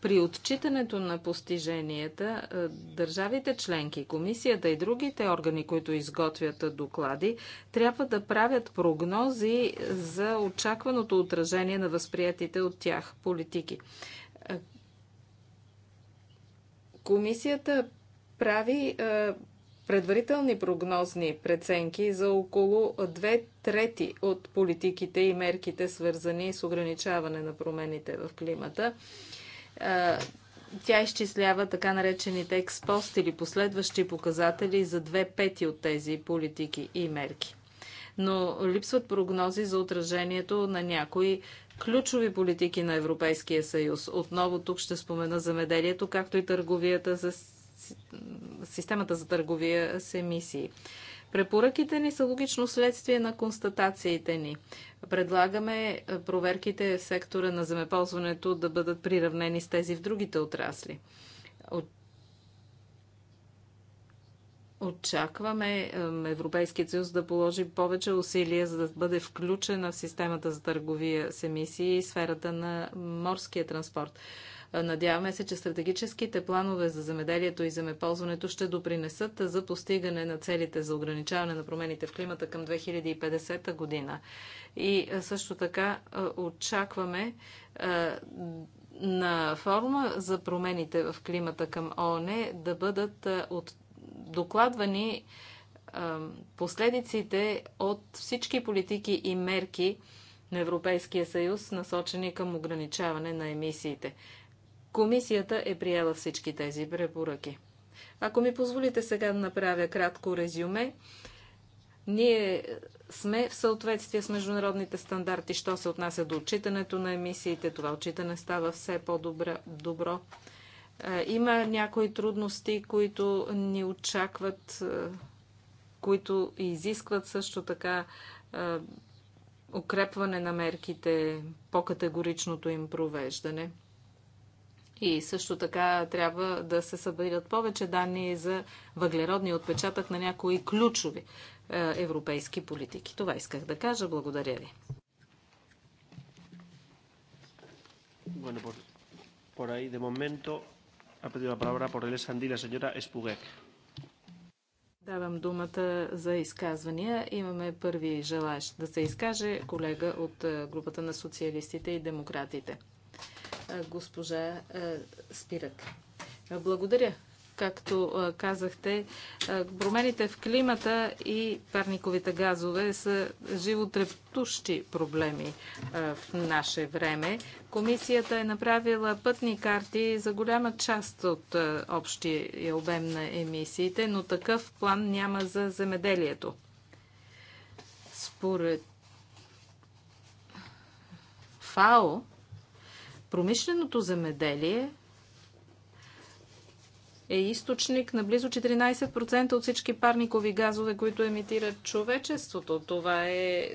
При отчитането на постиженията, е, държавите членки, комисията и другите органи, които изготвят доклади, трябва да правят прогнози за очакваното отражение на възприятите от тях политики. Е, комисията прави е, предварителни прогнозни преценки за около две трети от политиките и мерките, свързани с ограничаване на промените в климата. Тя изчислява така наречените експост или последващи показатели за две пети от тези политики и мерки. Но липсват прогнози за отражението на някои ключови политики на Европейския съюз. Отново тук ще спомена замеделието, както и търговията с системата за търговия с емисии. Препоръките ни са логично следствие на констатациите ни. Предлагаме е, проверките в сектора на земеползването да бъдат приравнени с тези в другите отрасли. Очакваме Европейският съюз да положи повече усилия, за да бъде включена в системата за търговия с емисии и сферата на морския транспорт. Надяваме се, че стратегическите планове за земеделието и земеползването ще допринесат за постигане на целите за ограничаване на промените в климата към 2050 година. И също така очакваме на форума за промените в климата към ООН да бъдат от, докладвани последиците от всички политики и мерки на Европейския съюз, насочени към ограничаване на емисиите. Комисията е приела всички тези препоръки. Ако ми позволите сега да направя кратко резюме, ние сме в съответствие с международните стандарти, що се отнася до отчитането на емисиите. Това отчитане става все по-добро. Има някои трудности, които ни очакват, които изискват също така укрепване на мерките, по-категоричното им провеждане – и също така трябва да се събират повече данни за въглеродния отпечатък на някои ключови е, европейски политики. Това исках да кажа. Благодаря ви. Давам думата за изказвания. Имаме първи желаящ да се изкаже колега от е, групата на социалистите и демократите. Е, госпожа е, Спирак. Благодаря. Както е, казахте, промените в климата и парниковите газове са животрептущи проблеми в наше време. Комисията е направила пътни карти за голяма част от общия обем на емисиите, но такъв план няма за земеделието. Според ФАО, Промишленото земеделие е източник на близо 14% от всички парникови газове, които емитират човечеството. Това е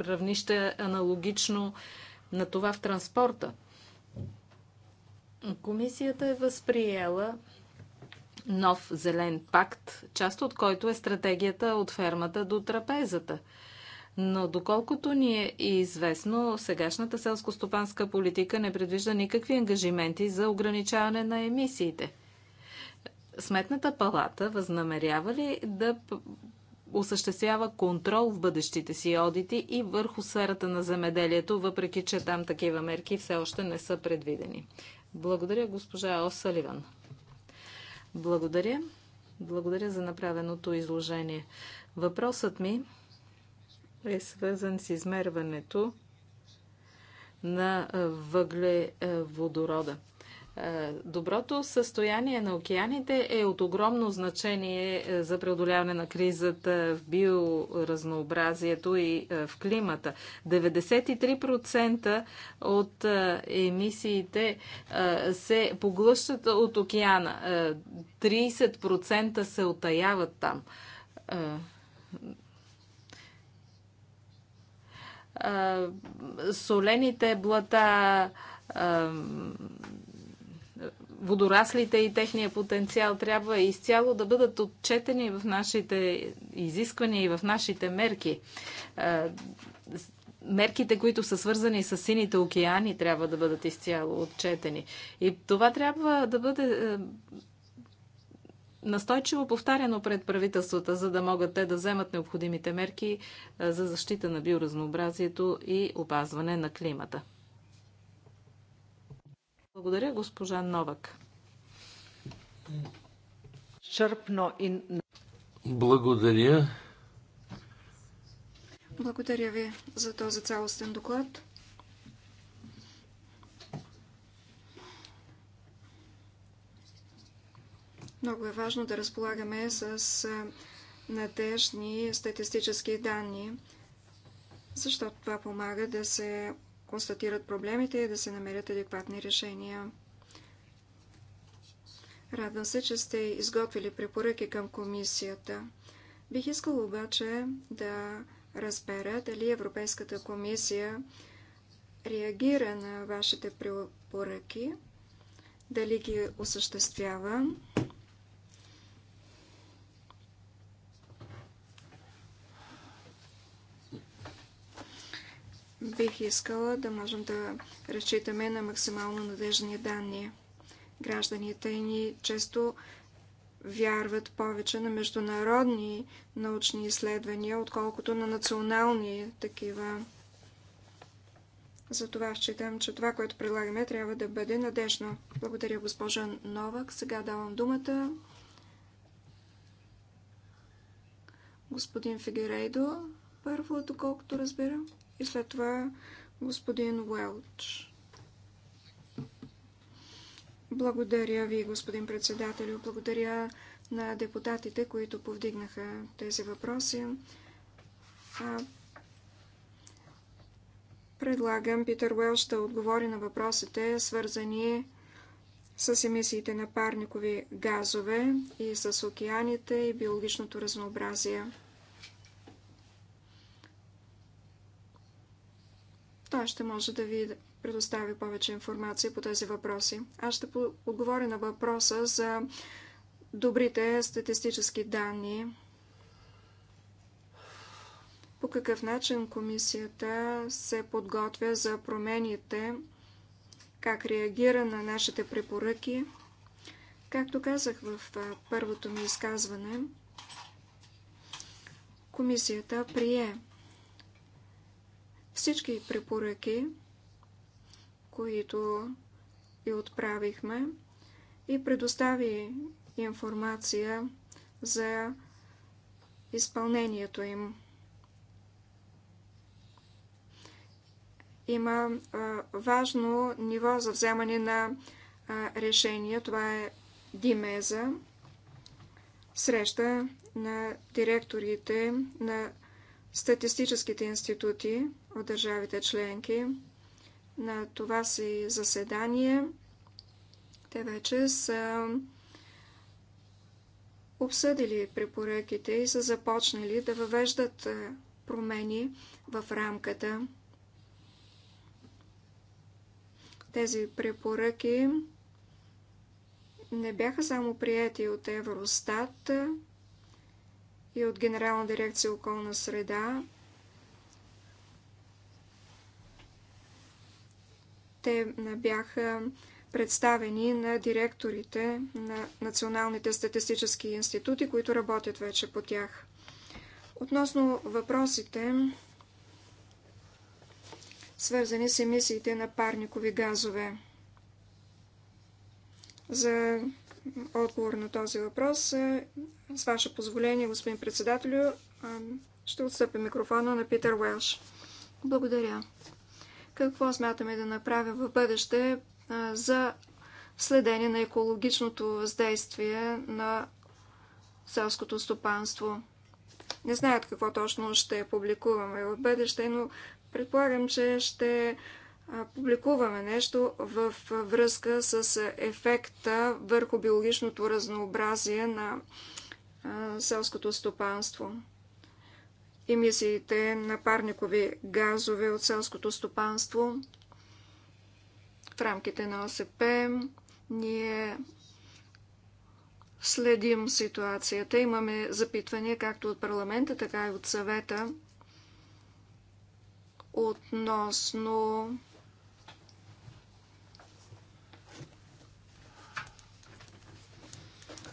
равнище аналогично на това в транспорта. Комисията е възприела нов зелен пакт, част от който е стратегията от фермата до трапезата – но доколкото ни е известно, сегашната селско-стопанска политика не предвижда никакви ангажименти за ограничаване на емисиите. Сметната палата възнамерява ли да осъществява контрол в бъдещите си одити и върху сферата на земеделието, въпреки че там такива мерки все още не са предвидени. Благодаря, госпожа Осаливан. Благодаря. Благодаря за направеното изложение. Въпросът ми е свързан с измерването на въглеводорода. Доброто състояние на океаните е от огромно значение за преодоляване на кризата в биоразнообразието и в климата. 93% от емисиите се поглъщат от океана. 30% се отаяват там солените блата, водораслите и техния потенциал трябва изцяло да бъдат отчетени в нашите изисквания и в нашите мерки. Мерките, които са свързани с сините океани, трябва да бъдат изцяло отчетени. И това трябва да бъде настойчиво повтаряно пред правителствата, за да могат те да вземат необходимите мерки е, за защита на биоразнообразието и опазване на климата. Благодаря, госпожа Новак. Благодаря. Благодаря ви за този цялостен доклад. Много е важно да разполагаме с надежни статистически данни, защото това помага да се констатират проблемите и да се намерят адекватни решения. Радвам се, че сте изготвили препоръки към комисията. Бих искал обаче да разбера дали Европейската комисия реагира на вашите препоръки, дали ги осъществява бих искала да можем да разчитаме на максимално надежни данни. Гражданите ни често вярват повече на международни научни изследвания, отколкото на национални такива. Затова считам, че това, което предлагаме, трябва да бъде надежно. Благодаря, госпожа Новак. Сега давам думата. Господин Фигерейдо, първо, доколкото разбирам и след това господин Уелч. Благодаря ви, господин председател, Благодаря на депутатите, които повдигнаха тези въпроси. Предлагам Питър Уелш да отговори на въпросите, свързани с емисиите на парникови газове и с океаните и биологичното разнообразие. Той ще може да ви предостави повече информация по тези въпроси. Аз ще отговоря на въпроса за добрите статистически данни. По какъв начин комисията се подготвя за промените, как реагира на нашите препоръки. Както казах в първото ми изказване, комисията прие всички препоръки, които и отправихме, и предостави информация за изпълнението им. Има а, важно ниво за вземане на а, решение. Това е Димеза, среща на директорите на статистическите институти от държавите членки. На това си заседание те вече са обсъдили препоръките и са започнали да въвеждат промени в рамката. Тези препоръки не бяха само прияти от Евростат и от Генерална дирекция околна среда, Те бяха представени на директорите на националните статистически институти, които работят вече по тях. Относно въпросите, свързани с емисиите на парникови газове. За отговор на този въпрос, е, с ваше позволение, господин председателю, ще отстъпя микрофона на Питър Уелш. Благодаря какво смятаме да направим в бъдеще за следение на екологичното въздействие на селското стопанство. Не знаят какво точно ще публикуваме в бъдеще, но предполагам, че ще публикуваме нещо в връзка с ефекта върху биологичното разнообразие на селското стопанство емисиите на парникови газове от селското стопанство. В рамките на ОСП ние следим ситуацията. Имаме запитвания както от парламента, така и от съвета относно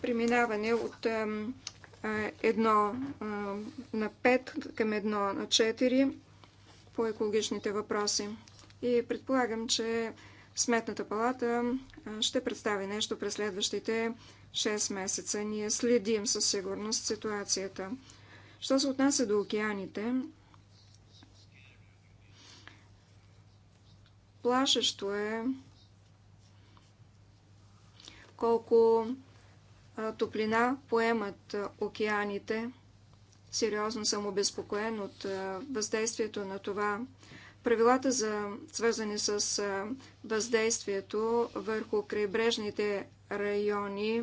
преминаване от едно на 5 към едно на 4 по екологичните въпроси. И предполагам, че Сметната палата ще представи нещо през следващите 6 месеца. Ние следим със сигурност ситуацията. Що се отнася до океаните, плашещо е колко топлина поемат океаните. Сериозно съм обезпокоен от въздействието на това. Правилата за свързани с въздействието върху крайбрежните райони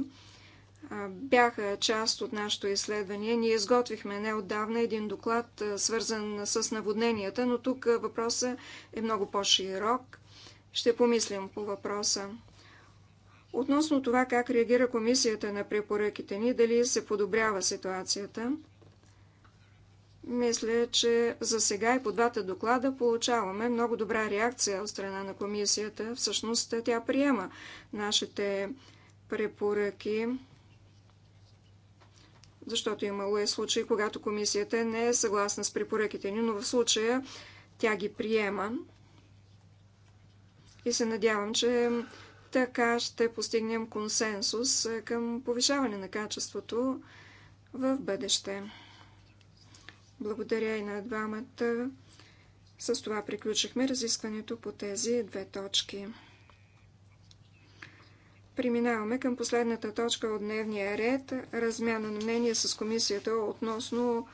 бяха част от нашето изследване. Ние изготвихме неотдавна един доклад, свързан с наводненията, но тук въпросът е много по-широк. Ще помислим по въпроса. Относно това как реагира комисията на препоръките ни, дали се подобрява ситуацията, мисля, че за сега и по двата доклада получаваме много добра реакция от страна на комисията. Всъщност тя приема нашите препоръки, защото имало е случаи, когато комисията не е съгласна с препоръките ни, но в случая тя ги приема. И се надявам, че така ще постигнем консенсус е, към повишаване на качеството в бъдеще. Благодаря и на двамата. С това приключихме разискването по тези две точки. Преминаваме към последната точка от дневния ред размяна на мнение с комисията относно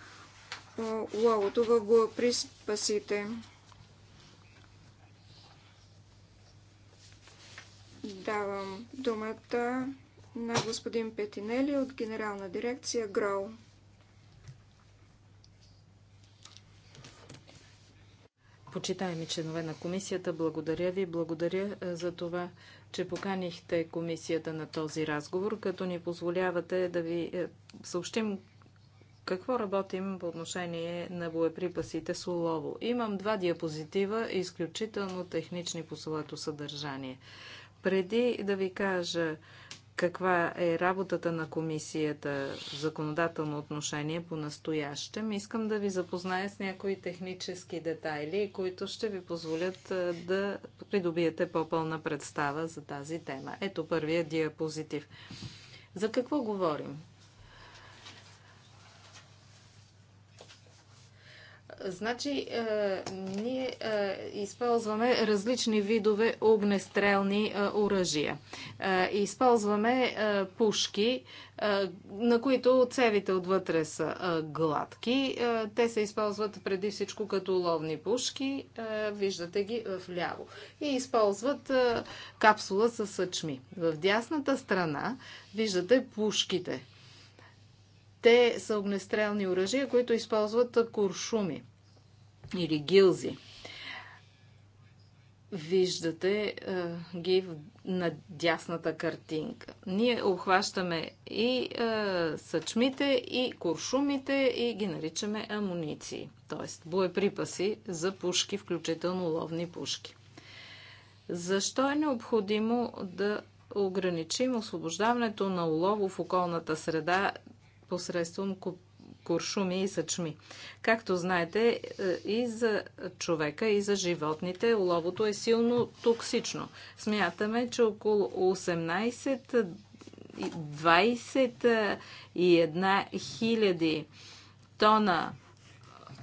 ловото в боеприпасите. Давам думата на господин Петинели от Генерална дирекция ГРОУ. Почитаеми членове на комисията, благодаря ви. Благодаря е, за това, че поканихте комисията на този разговор, като ни позволявате да ви е, съобщим какво работим по отношение на боеприпасите с улово. Имам два диапозитива, изключително технични по своето съдържание. Преди да ви кажа каква е работата на комисията в законодателно отношение по настоящем, искам да ви запозная с някои технически детайли, които ще ви позволят да придобиете по-пълна представа за тази тема. Ето първия диапозитив. За какво говорим? Значи, е, ние е, използваме различни видове огнестрелни е, оръжия. Е, използваме е, пушки, е, на които цевите отвътре са е, гладки. Е, те се използват преди всичко като ловни пушки. Е, виждате ги вляво. И използват е, капсула с съчми. В дясната страна виждате пушките те са огнестрелни оръжия, които използват куршуми или гилзи. Виждате е, ги на дясната картинка. Ние обхващаме и е, съчмите, и куршумите, и ги наричаме амуниции, т.е. боеприпаси за пушки, включително ловни пушки. Защо е необходимо да ограничим освобождаването на улово в околната среда посредством куршуми и съчми. Както знаете, е, и за човека, и за животните уловото е силно токсично. Смятаме, че около 18 21 е, е, хиляди тона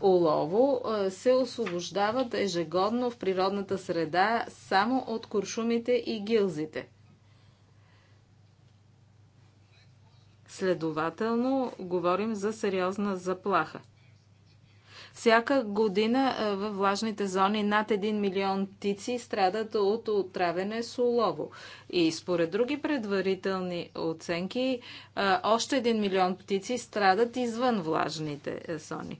олово се освобождават ежегодно в природната среда само от куршумите и гилзите. Следователно, говорим за сериозна заплаха. Всяка година е, в влажните зони над 1 милион птици страдат от отравяне с улово. И според други предварителни оценки, е, още 1 милион птици страдат извън влажните е, зони.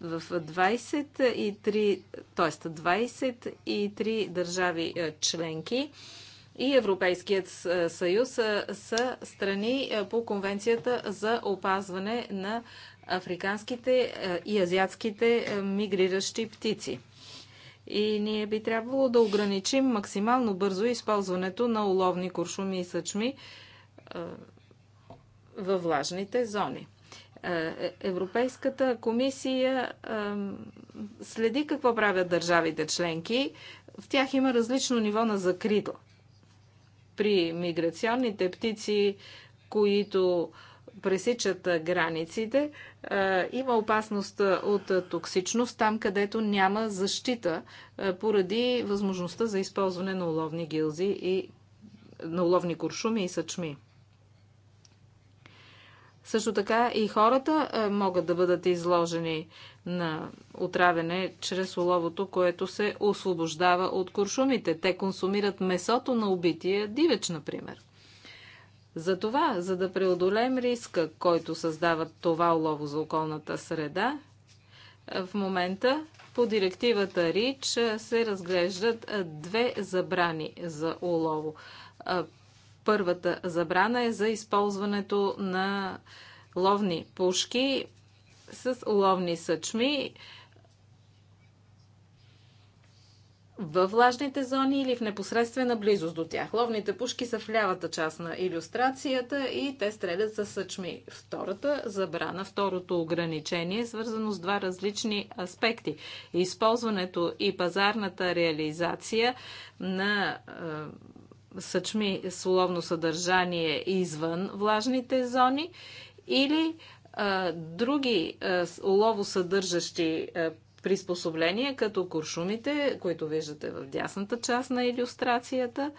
В 23, т.е. 23 държави членки и Европейският съюз са страни по Конвенцията за опазване на африканските и азиатските мигриращи птици. И ние би трябвало да ограничим максимално бързо използването на уловни куршуми и съчми във влажните зони. Е, Европейската комисия следи какво правят държавите членки. В тях има различно ниво на закрито при миграционните птици, които пресичат границите, има опасност от токсичност там, където няма защита поради възможността за използване на уловни гилзи и на уловни куршуми и съчми. Също така и хората е, могат да бъдат изложени на отравяне чрез оловото, което се освобождава от куршумите. Те консумират месото на убития дивеч, например. Затова, за да преодолеем риска, който създава това олово за околната среда, е, в момента по директивата РИЧ е, се разглеждат две забрани за олово. Първата забрана е за използването на ловни пушки с ловни съчми във влажните зони или в непосредствена близост до тях. Ловните пушки са в лявата част на иллюстрацията и те стрелят с съчми. Втората забрана, второто ограничение е свързано с два различни аспекти. Използването и пазарната реализация на е, съчми соловно съдържание извън влажните зони или а, други а, олово а, приспособления, като куршумите, които виждате в дясната част на иллюстрацията,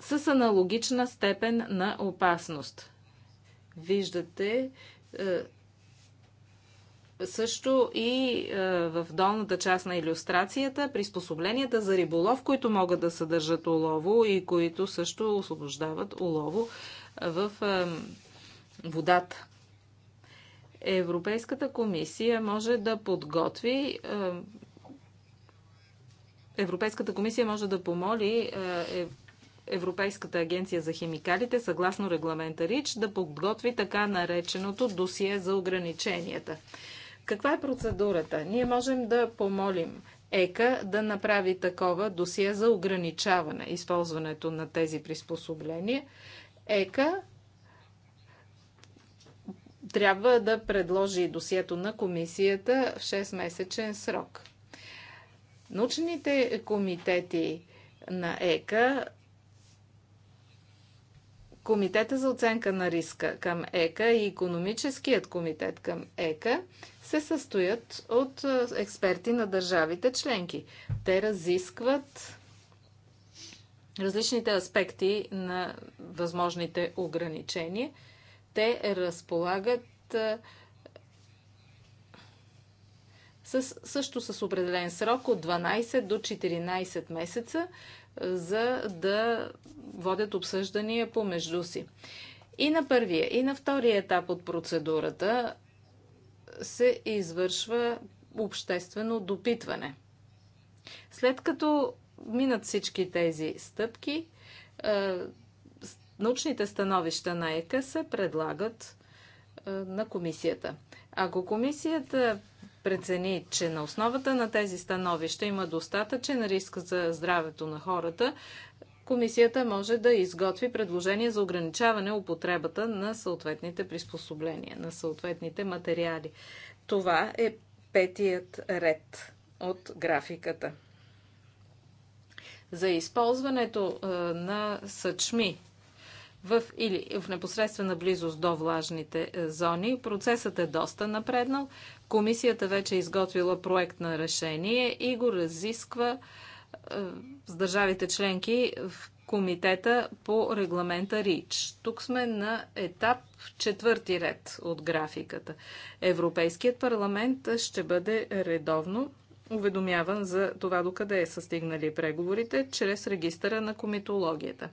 с аналогична степен на опасност. Виждате също и е, в долната част на иллюстрацията приспособленията за риболов, които могат да съдържат олово и които също освобождават олово е, в е, водата. Европейската комисия може да подготви Европейската комисия може да помоли Европейската агенция за химикалите, съгласно регламента РИЧ, да подготви така нареченото досие за ограниченията. Каква е процедурата? Ние можем да помолим ЕКА да направи такова досие за ограничаване използването на тези приспособления. ЕКА трябва да предложи досието на комисията в 6-месечен срок. Научните комитети на ЕКА Комитета за оценка на риска към ЕКА и економическият комитет към ЕКА се състоят от експерти на държавите членки. Те разискват различните аспекти на възможните ограничения. Те разполагат с, също с определен срок от 12 до 14 месеца, за да водят обсъждания помежду си. И на първия, и на втория етап от процедурата се извършва обществено допитване. След като минат всички тези стъпки, е, научните становища на ЕКА се предлагат е, на комисията. Ако комисията прецени, че на основата на тези становища има достатъчен риск за здравето на хората, комисията може да изготви предложение за ограничаване употребата на съответните приспособления, на съответните материали. Това е петият ред от графиката. За използването на съчми в или в непосредствена близост до влажните зони. Процесът е доста напреднал. Комисията вече е изготвила проект на решение и го разисква е, с държавите членки в комитета по регламента РИЧ. Тук сме на етап четвърти ред от графиката. Европейският парламент ще бъде редовно уведомяван за това докъде е състигнали преговорите чрез регистъра на комитологията.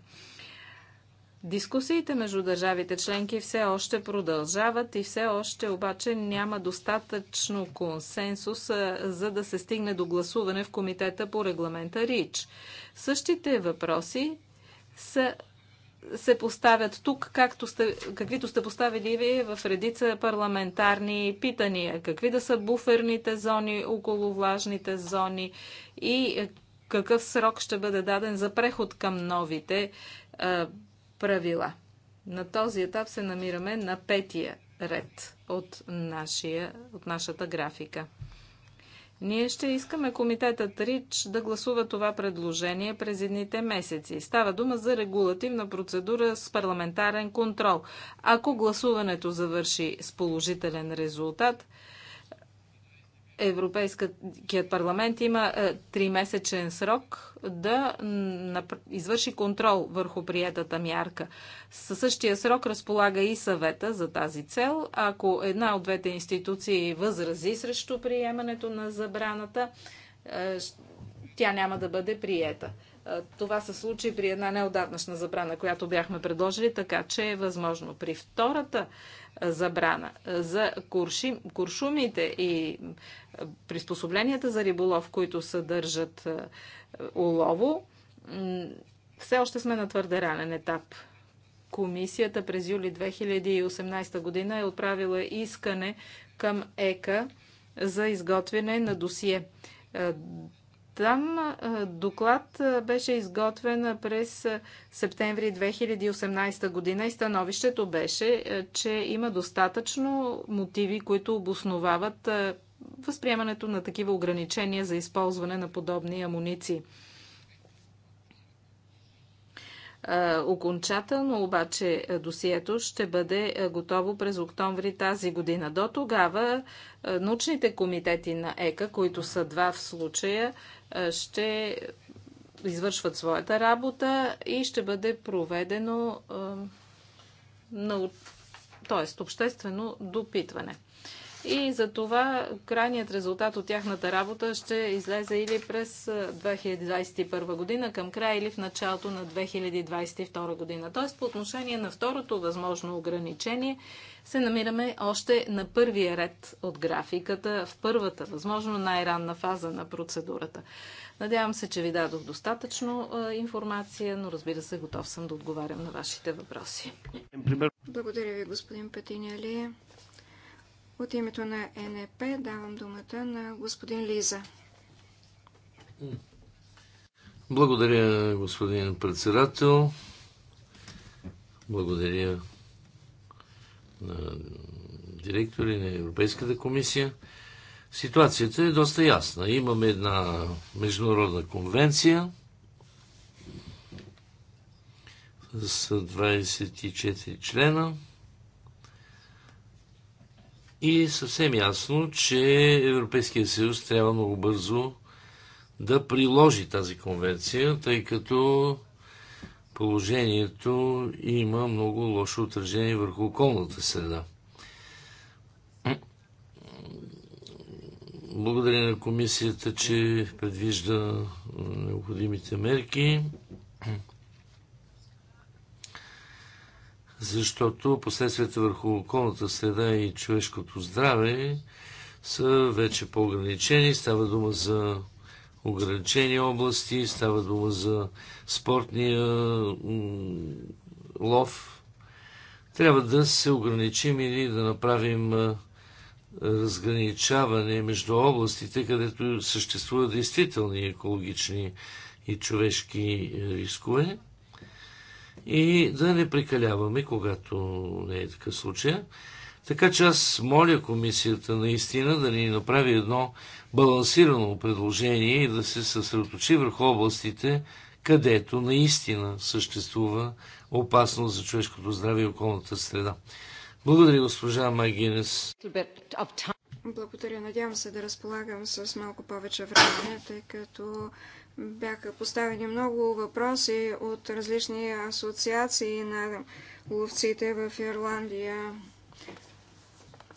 Дискусиите между държавите членки все още продължават и все още обаче няма достатъчно консенсус, за да се стигне до гласуване в комитета по регламента РИЧ. Същите въпроси са се поставят тук, както сте, каквито сте поставили вие в редица парламентарни питания. Какви да са буферните зони около влажните зони и какъв срок ще бъде даден за преход към новите а, правила. На този етап се намираме на петия ред от, нашия, от нашата графика. Ние ще искаме комитетът РИЧ да гласува това предложение през едните месеци. Става дума за регулативна процедура с парламентарен контрол. Ако гласуването завърши с положителен резултат, Европейският парламент има е, тримесечен срок да извърши контрол върху приетата мярка. Със същия срок разполага и съвета за тази цел. Ако една от двете институции възрази срещу приемането на забраната, е, тя няма да бъде приета. Е, това се случи при една неодавнашна забрана, която бяхме предложили, така че е възможно. При втората забрана. За куршумите и приспособленията за риболов, които съдържат олово, е, все още сме на твърде ранен етап. Комисията през юли 2018 година е отправила искане към ЕКА за изготвяне на досие. Е, там доклад беше изготвен през септември 2018 година и становището беше, че има достатъчно мотиви, които обосновават възприемането на такива ограничения за използване на подобни амуниции. Окончателно обаче досието ще бъде готово през октомври тази година. До тогава научните комитети на ЕКА, които са два в случая, ще извършват своята работа и ще бъде проведено т.е. обществено допитване и за това крайният резултат от тяхната работа ще излезе или през 2021 година към края или в началото на 2022 година. Т.е. по отношение на второто възможно ограничение се намираме още на първия ред от графиката, в първата, възможно най-ранна фаза на процедурата. Надявам се, че ви дадох достатъчно информация, но разбира се, готов съм да отговарям на вашите въпроси. Благодаря ви, господин Петиняли. От името на НЕП давам думата на господин Лиза. Благодаря, господин председател. Благодаря на директори на Европейската комисия. Ситуацията е доста ясна. Имаме една международна конвенция с 24 члена. И съвсем ясно, че Европейския съюз трябва много бързо да приложи тази конвенция, тъй като положението има много лошо отражение върху околната среда. Благодаря на комисията, че предвижда необходимите мерки. защото последствията върху околната среда и човешкото здраве са вече по-ограничени. Става дума за ограничени области, става дума за спортния лов. Трябва да се ограничим или да направим разграничаване между областите, където съществуват действителни екологични и човешки е, рискове и да не прекаляваме, когато не е такъв случай. Така че аз моля комисията наистина да ни направи едно балансирано предложение и да се съсредоточи върху областите, където наистина съществува опасност за човешкото здраве и околната среда. Благодаря, госпожа Магинес. Благодаря. Надявам се да разполагам с малко повече време, тъй като бяха поставени много въпроси от различни асоциации на ловците в Ирландия.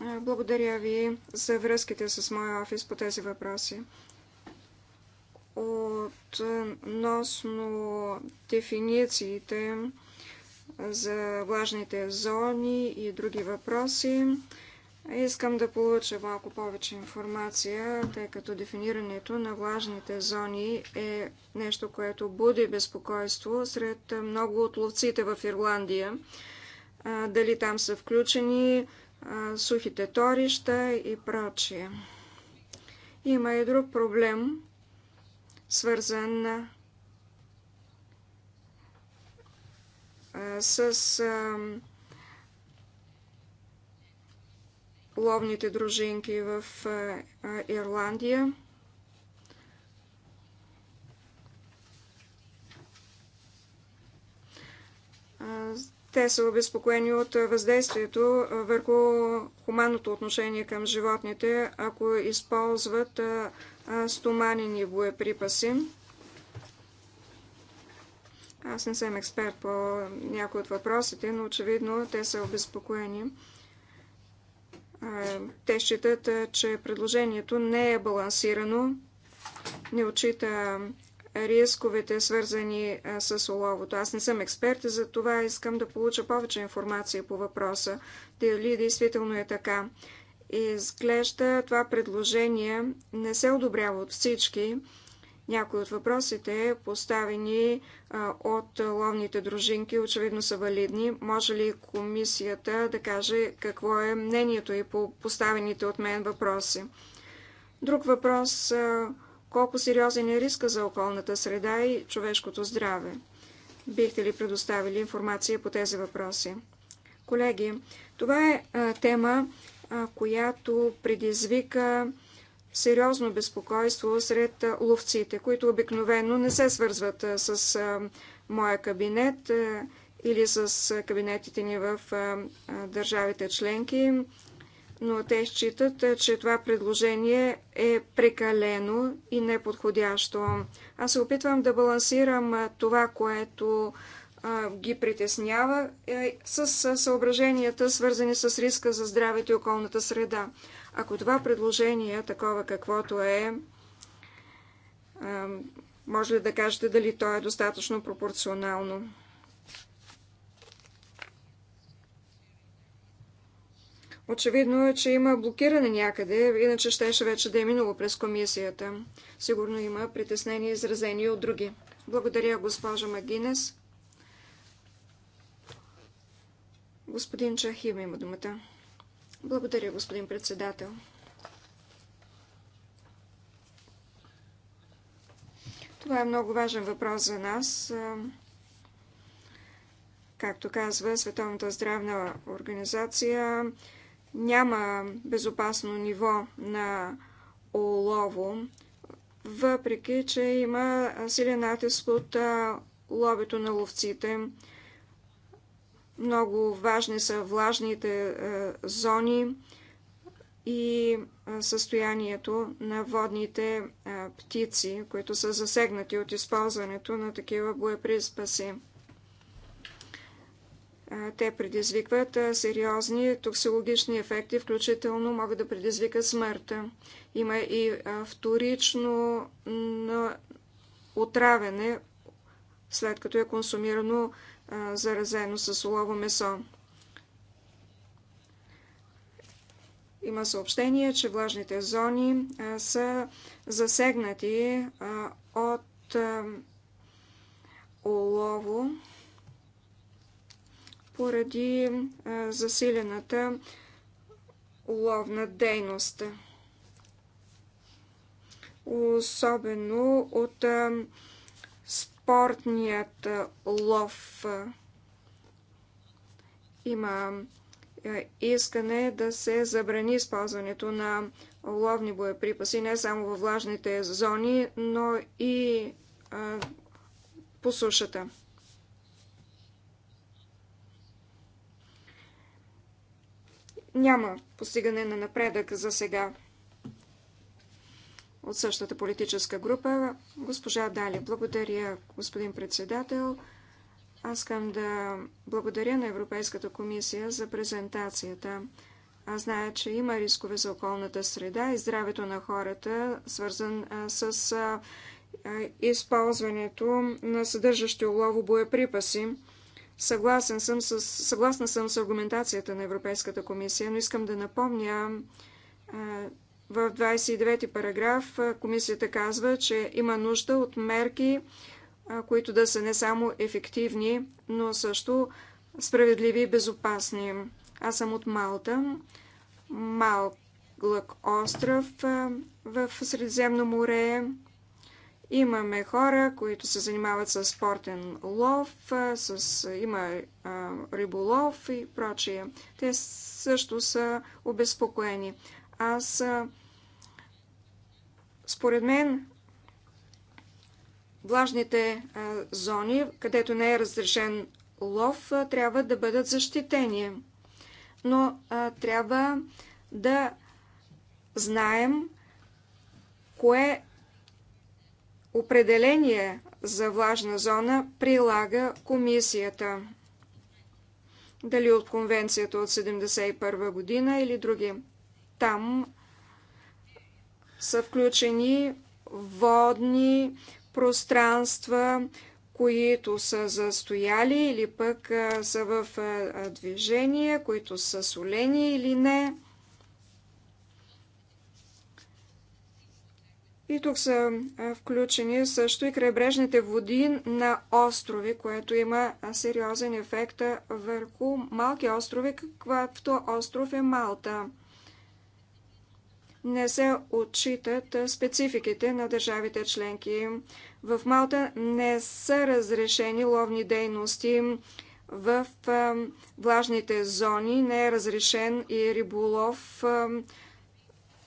Благодаря ви за връзките с моя офис по тези въпроси. Относно дефинициите за влажните зони и други въпроси, Искам да получа малко повече информация, тъй като дефинирането на влажните зони е нещо, което буди безпокойство сред много от ловците в Ирландия. Дали там са включени сухите торища и прочие. Има и друг проблем, свързан с ловните дружинки в Ирландия. Те са обезпокоени от въздействието върху хуманното отношение към животните, ако използват стоманени боеприпаси. Аз не съм експерт по някои от въпросите, но очевидно те са обезпокоени. Те считат, че предложението не е балансирано, не отчита рисковете, свързани с оловото. Аз не съм експерт и за това искам да получа повече информация по въпроса, дали действително е така. Изглежда това предложение не се одобрява от всички, някои от въпросите, поставени от ловните дружинки, очевидно са валидни. Може ли комисията да каже какво е мнението и по поставените от мен въпроси? Друг въпрос – колко сериозен е риска за околната среда и човешкото здраве? Бихте ли предоставили информация по тези въпроси? Колеги, това е тема, която предизвика сериозно безпокойство сред ловците, които обикновено не се свързват с моя кабинет или с кабинетите ни в държавите членки, но те считат, че това предложение е прекалено и неподходящо. Аз се опитвам да балансирам това, което ги притеснява е, с съображенията, свързани с риска за здравето и околната среда. Ако това предложение, е такова каквото е, може ли да кажете дали то е достатъчно пропорционално? Очевидно е, че има блокиране някъде, иначе щеше вече да е минало през комисията. Сигурно има притеснения изразени от други. Благодаря, госпожа Магинес. Господин Чахим има думата. Благодаря, господин председател. Това е много важен въпрос за нас. Както казва Световната здравна организация, няма безопасно ниво на олово, въпреки че има силен натиск от лобито на ловците. Много важни са влажните е, зони и е, състоянието на водните е, птици, които са засегнати от използването на такива боеприспаси. Те предизвикват сериозни токсилогични ефекти, включително могат да предизвикат смърт. Има и вторично отравяне, след като е консумирано заразено с олово месо. Има съобщение, че влажните зони са засегнати от олово поради засилената ловна дейност. Особено от спортният е, лов. Е, има е, искане да се забрани използването на ловни боеприпаси не само във влажните зони, но и по сушата. Няма постигане на напредък за сега от същата политическа група. Госпожа Дали, благодаря, господин председател. Аз искам да благодаря на Европейската комисия за презентацията. Аз зная, че има рискове за околната среда и здравето на хората, свързан с използването на съдържащи улово боеприпаси. Съгласен съм с, съгласна съм с аргументацията на Европейската комисия, но искам да напомня, в 29 параграф комисията казва, че има нужда от мерки, които да са не само ефективни, но също справедливи и безопасни. Аз съм от Малта, малък остров в Средиземно море. Имаме хора, които се занимават с спортен лов, с, има риболов и прочие. Те също са обезпокоени. Аз, според мен, влажните зони, където не е разрешен лов, трябва да бъдат защитени. Но а, трябва да знаем кое определение за влажна зона прилага комисията. Дали от конвенцията от 1971 година или други. Там са включени водни пространства, които са застояли или пък са в движение, които са солени или не. И тук са включени също и крайбрежните води на острови, което има сериозен ефект върху малки острови, каквато остров е Малта не се отчитат спецификите на държавите членки. В Малта не са разрешени ловни дейности в влажните зони, не е разрешен и риболов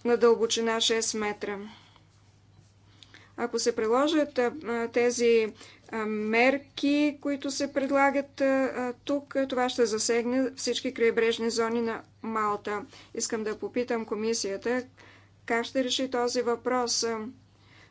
на дълбочина 6 метра. Ако се приложат тези мерки, които се предлагат тук, това ще засегне всички крайбрежни зони на Малта. Искам да попитам комисията как ще реши този въпрос,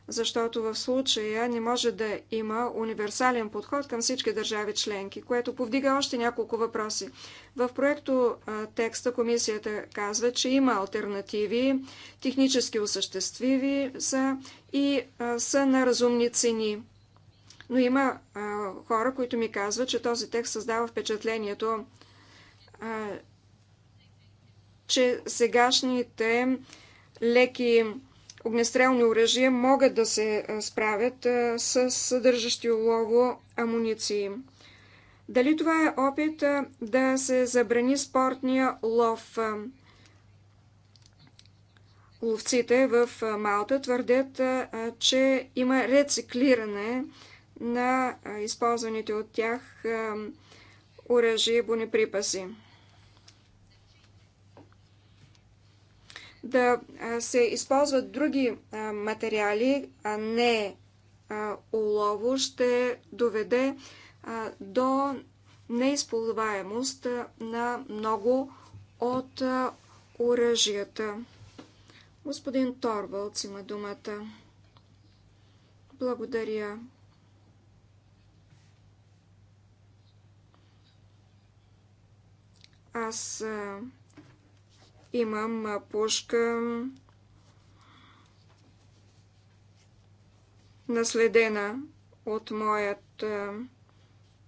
защото в случая не може да има универсален подход към всички държави членки, което повдига още няколко въпроси. В проекто текста комисията казва, че има альтернативи, технически осъществиви са и са на разумни цени. Но има хора, които ми казват, че този текст създава впечатлението, че сегашните леки огнестрелни оръжия могат да се справят с съдържащи улово амуниции. Дали това е опит да се забрани спортния лов? Ловците в Малта твърдят, че има рециклиране на използваните от тях оръжия и бонеприпаси. да се използват други материали, а не олово, ще доведе до неизползваемост на много от оръжията. Господин Торвалц има думата. Благодаря. Аз Имам пушка, наследена от моят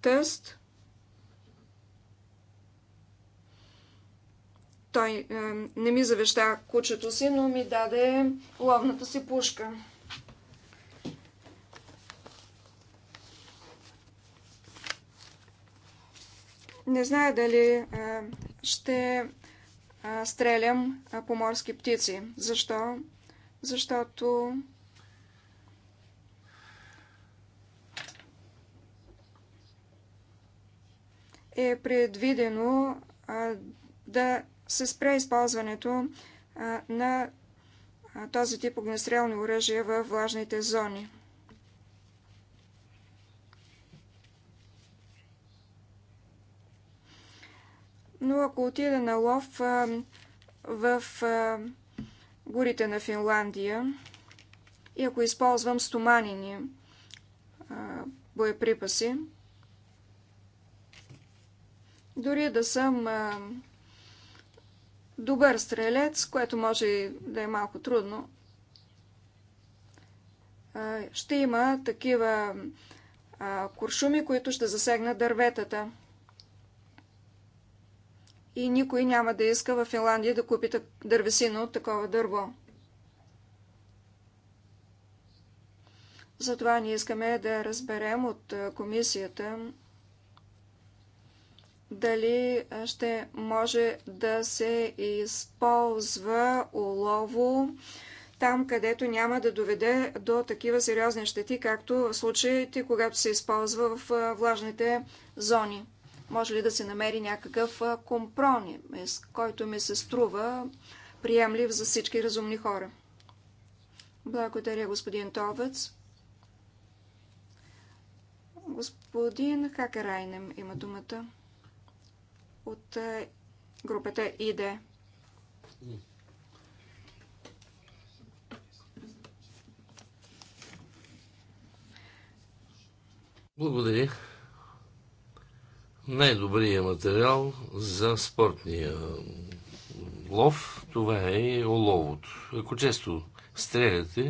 тъст. Той не ми завеща кучето си, но ми даде ловната си пушка. Не зная дали ще стрелям по морски птици. Защо? Защото е предвидено а, да се спре използването а, на а, този тип огнестрелни оръжия в влажните зони. но ако отида на лов в горите на Финландия и ако използвам стоманени боеприпаси, дори да съм добър стрелец, което може да е малко трудно, ще има такива куршуми, които ще засегнат дърветата и никой няма да иска в Финландия да купи дървесина от такова дърво. Затова ние искаме да разберем от комисията дали ще може да се използва олово там, където няма да доведе до такива сериозни щети, както в случаите, когато се използва в влажните зони може ли да се намери някакъв компромис, който ми се струва приемлив за всички разумни хора. Благодаря, господин Товец. Господин Хакерайнем има думата от групата ИД. Благодаря най-добрия е материал за спортния лов, това е оловото. Ако често стреляте,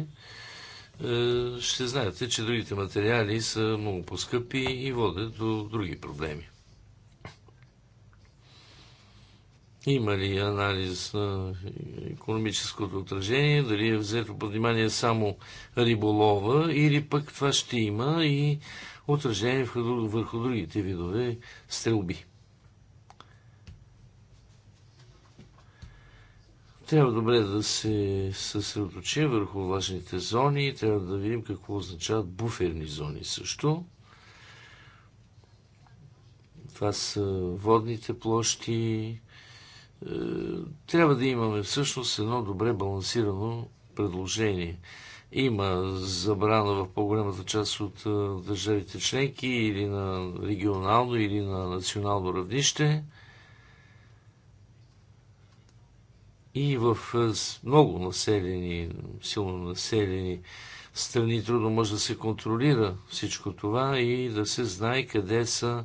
е, ще знаете, че другите материали са много по-скъпи и водят до други проблеми. Има ли анализ на економическото отражение, дали е взето под внимание само риболова или пък това ще има и отражение върху другите видове стрелби. Трябва добре да се съсредоточим върху влажните зони. Трябва да видим какво означават буферни зони също. Това са водните площи. Е, трябва да имаме всъщност едно добре балансирано предложение. Има забрана в по-голямата част от държавите членки или на регионално, или на национално равнище. И в много населени, силно населени страни трудно може да се контролира всичко това и да се знае къде са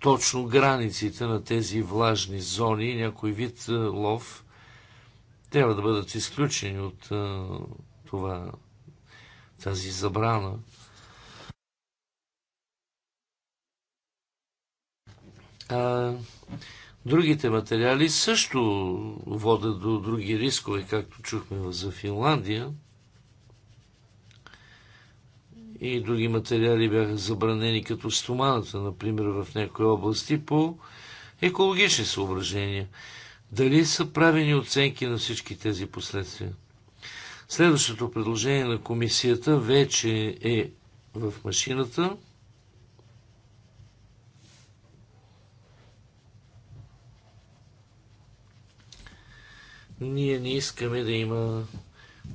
точно границите на тези влажни зони. Някой вид лов трябва да бъдат изключени от това тази забрана. А, другите материали също водят до други рискове, както чухме за Финландия. И други материали бяха забранени, като стоманата, например, в някои области по екологични съображения. Дали са правени оценки на всички тези последствия? Следващото предложение на комисията вече е в машината. Ние не искаме да има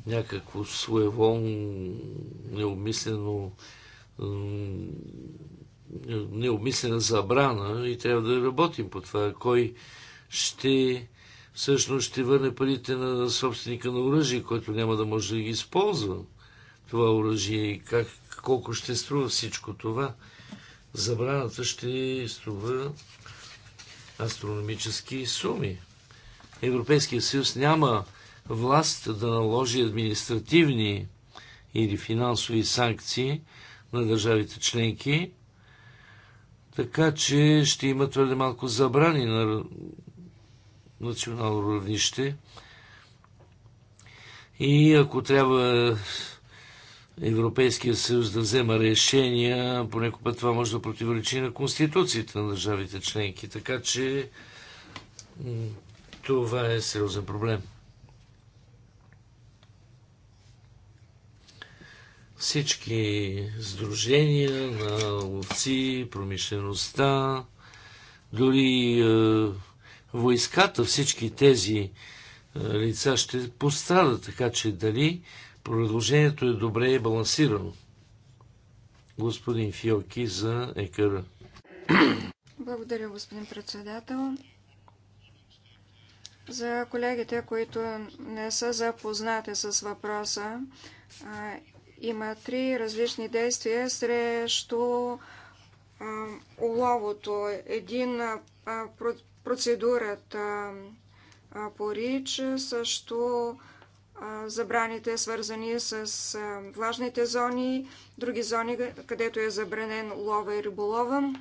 някакво своеволно, необмислено необмислена забрана и трябва да работим по това. Кой ще всъщност ще върне парите на собственика на оръжие, който няма да може да ги използва това оръжие и как, колко ще струва всичко това. Забраната ще струва астрономически суми. Европейския съюз няма власт да наложи административни или финансови санкции на държавите членки, така че ще има твърде малко забрани на национално равнище. И ако трябва Европейския съюз да взема решения, понеко път това може да противоречи на Конституцията на държавите членки. Така че това е сериозен проблем. Всички сдружения на ловци, промишлеността, дори е, войската, всички тези е, лица ще пострадат, така че дали продължението е добре и балансирано. Господин Фиоки за екара. Благодаря, господин председател. За колегите, които не са запознати с въпроса, е, има три различни действия срещу е, уловото. Един процедурата по РИЧ, също забраните свързани с влажните зони, други зони, където е забранен лова и риболова.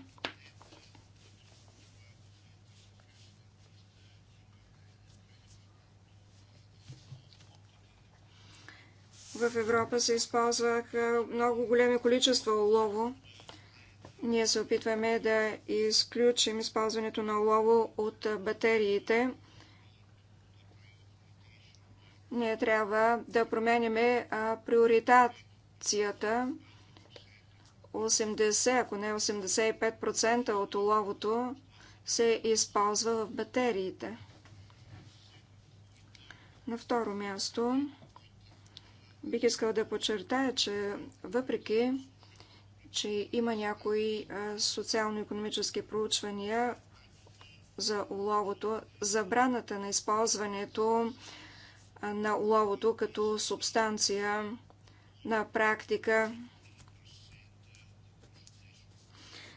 В Европа се използваха много големи количества олово ние се опитваме да изключим използването на олово от батериите. Ние трябва да променяме приоритацията. 80, ако не 85% от оловото се използва в батериите. На второ място бих искал да подчертая, че въпреки че има някои социално-економически проучвания за уловото. Забраната на използването на уловото като субстанция на практика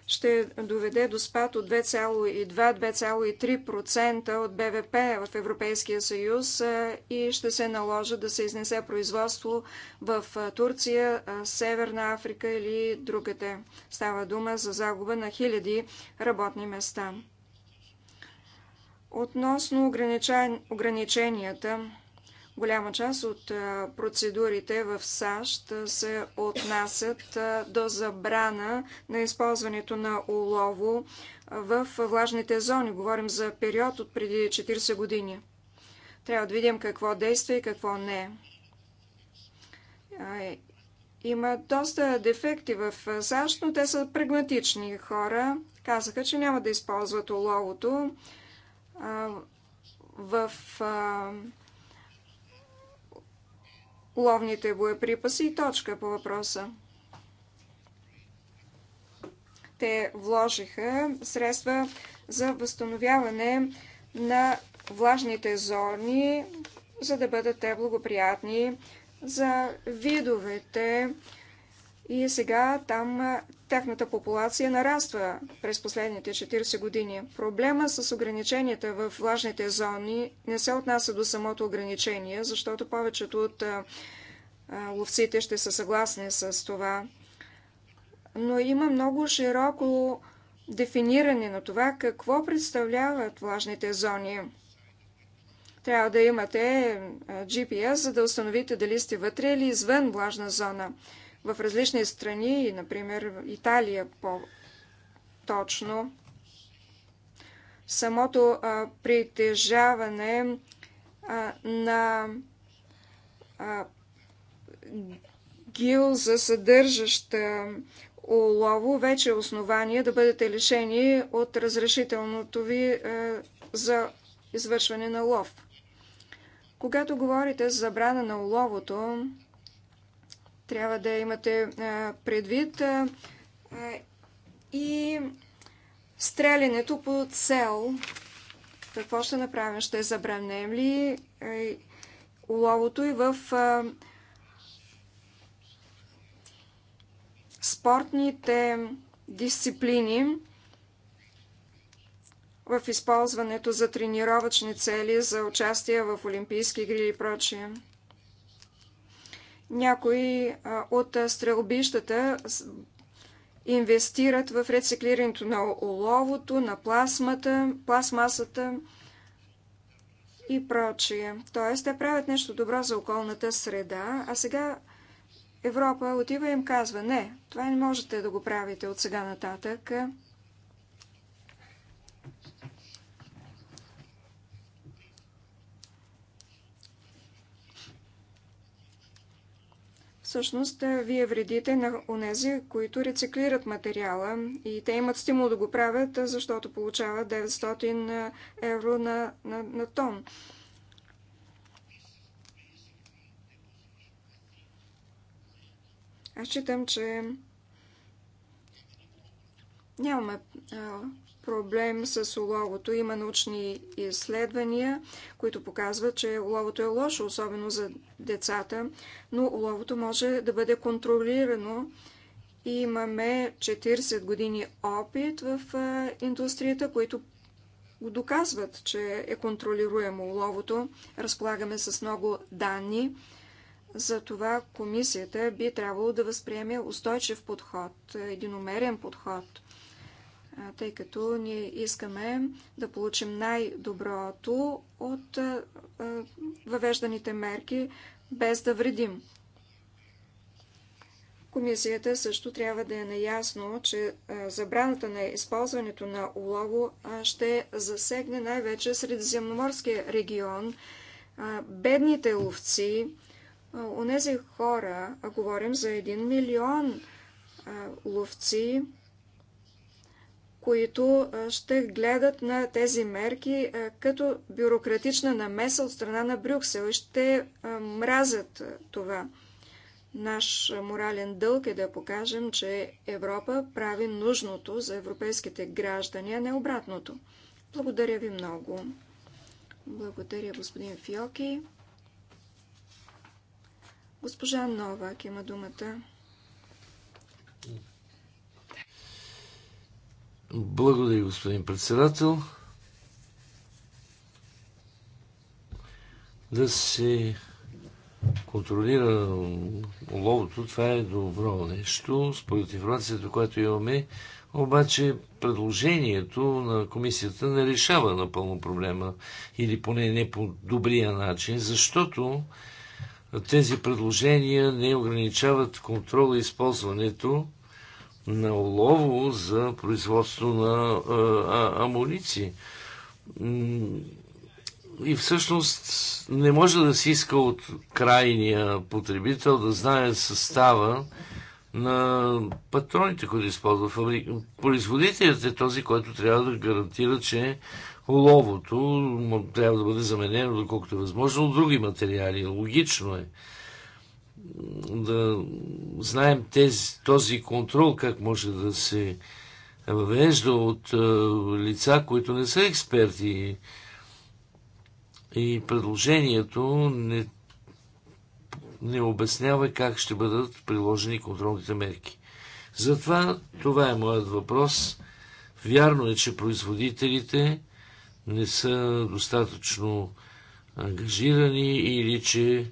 ще доведе до спад от 2,2-2,3% от БВП в Европейския съюз и ще се наложи да се изнесе производство в Турция, Северна Африка или другата. Става дума за загуба на хиляди работни места. Относно ограниченията, Голяма част от процедурите в САЩ се отнасят до забрана на използването на улово в влажните зони. Говорим за период от преди 40 години. Трябва да видим какво действа и какво не. Има доста дефекти в САЩ, но те са прагматични хора. Казаха, че няма да използват оловото в ловните боеприпаси и точка по въпроса. Те вложиха средства за възстановяване на влажните зони, за да бъдат те благоприятни за видовете. И сега там Тяхната популация нараства през последните 40 години. Проблема с ограниченията в влажните зони не се отнася до самото ограничение, защото повечето от ловците ще са съгласни с това. Но има много широко дефиниране на това какво представляват влажните зони. Трябва да имате GPS, за да установите дали сте вътре или извън влажна зона в различни страни, например Италия по-точно, самото а, притежаване а, на а, гилза, съдържаща улово вече е основание да бъдете лишени от разрешителното ви а, за извършване на лов. Когато говорите за забрана на уловото, трябва да имате предвид и стрелянето по цел. Какво ще направим? Ще забранем ли уловото и в спортните дисциплини в използването за тренировъчни цели, за участие в Олимпийски игри и прочие. Някои от стрелбищата инвестират в рециклирането на оловото, на пластмата, пластмасата и прочие. Тоест, те правят нещо добро за околната среда, а сега Европа отива и им казва, не, това не можете да го правите от сега нататък. всъщност вие вредите на онези, които рециклират материала и те имат стимул да го правят, защото получават 900 евро на, на, на тон. Аз считам, че нямаме проблем с уловото. Има научни изследвания, които показват, че уловото е лошо, особено за децата, но уловото може да бъде контролирано. имаме 40 години опит в индустрията, които доказват, че е контролируемо уловото. Разполагаме с много данни. Затова комисията би трябвало да възприеме устойчив подход, единомерен подход – тъй като ние искаме да получим най-доброто от въвежданите мерки, без да вредим. Комисията също трябва да е наясно, че забраната на използването на улово ще засегне най-вече Средиземноморския регион, бедните ловци, нези хора, а говорим за един милион ловци, които ще гледат на тези мерки като бюрократична намеса от страна на Брюксел и ще мразят това. Наш морален дълг е да покажем, че Европа прави нужното за европейските граждани, а не обратното. Благодаря ви много. Благодаря, господин Фиоки. Госпожа Новак има думата. Благодаря, господин председател. Да се контролира ловото, това е добро нещо, според информацията, която имаме. Обаче предложението на комисията не решава напълно проблема или поне не по добрия начин, защото тези предложения не ограничават контрола и използването на олово за производство на а, амуници. И всъщност не може да се иска от крайния потребител да знае състава на патроните, които използва фабрика. Производителят е този, който трябва да гарантира, че оловото трябва да бъде заменено, доколкото е възможно, от други материали. Логично е да знаем тези, този контрол, как може да се въвежда от е, лица, които не са експерти. И предложението не, не обяснява как ще бъдат приложени контролните мерки. Затова това е моят въпрос. Вярно е, че производителите не са достатъчно ангажирани или че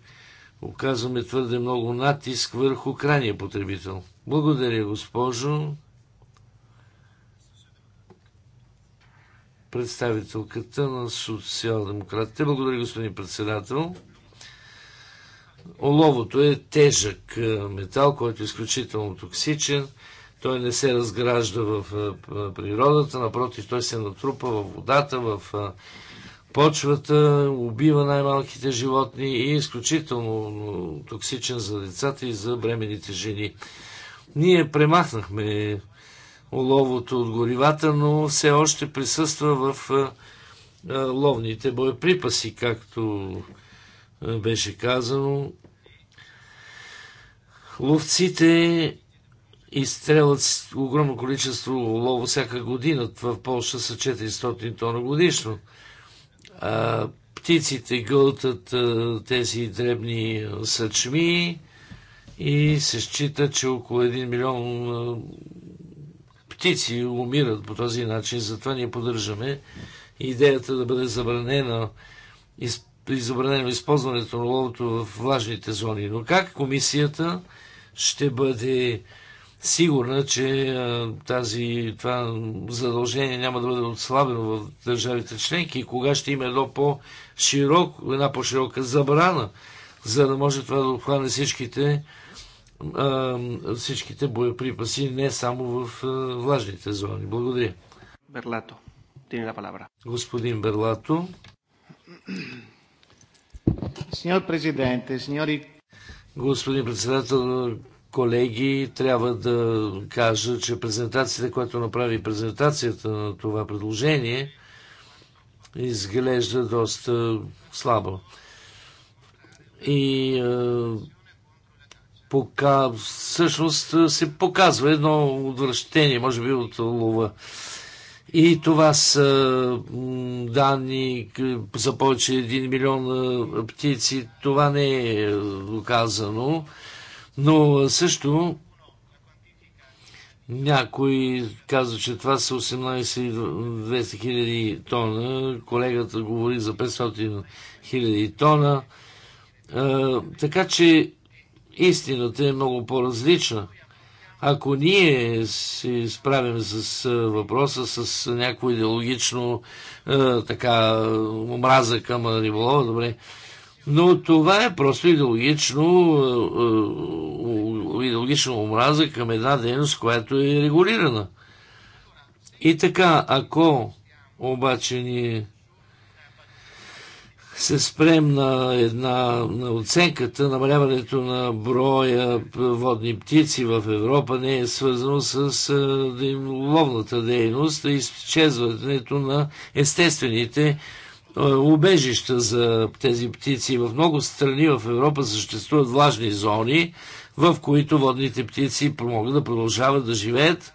оказваме твърде много натиск върху крайния потребител. Благодаря, госпожо. Представителката на социал-демократите. Благодаря, господин председател. Оловото е тежък е, метал, който е изключително токсичен. Той не се разгражда в е, природата, напротив, той се натрупа в водата, в е, почвата убива най-малките животни и е изключително токсичен за децата и за бременните жени. Ние премахнахме оловото от горивата, но все още присъства в ловните боеприпаси, както беше казано. Ловците изстрелят огромно количество лово всяка година. В Польша са 400 тона годишно. А, птиците гълтат тези дребни съчми и се счита, че около 1 милион птици умират по този начин. Затова ние поддържаме идеята да бъде забранено, из, забранено използването на ловото в влажните зони. Но как комисията ще бъде сигурна, че тази, това задължение няма да бъде отслабено в държавите членки и кога ще има едно по-широк, една по-широка забрана, за да може това да обхване всичките, всичките боеприпаси, не само в влажните зони. Благодаря. Берлато. ти la palabra. Господин Берлато. Сеньор президенте, сеньори... Господин председател, колеги, трябва да кажа, че презентацията, която направи презентацията на това предложение, изглежда доста слабо. И е, пока, всъщност е, се показва едно отвращение, може би от лова. И това са данни за повече 1 милион е, птици. Това не е доказано. Но също някой казва, че това са 18-200 хиляди тона. Колегата говори за 500 хиляди тона. А, така че истината е много по-различна. Ако ние се справим с въпроса с някакво идеологично а, така омраза към риболова, добре, но това е просто идеологично, е, е, е, идеологична омраза към една дейност, която е регулирана. И така, ако обаче ни се спрем на една на оценката, намаляването на броя водни птици в Европа не е свързано с ловната дейност, а изчезването на естествените е, убежища за тези птици. В много страни в Европа съществуват влажни зони, в които водните птици могат да продължават да живеят,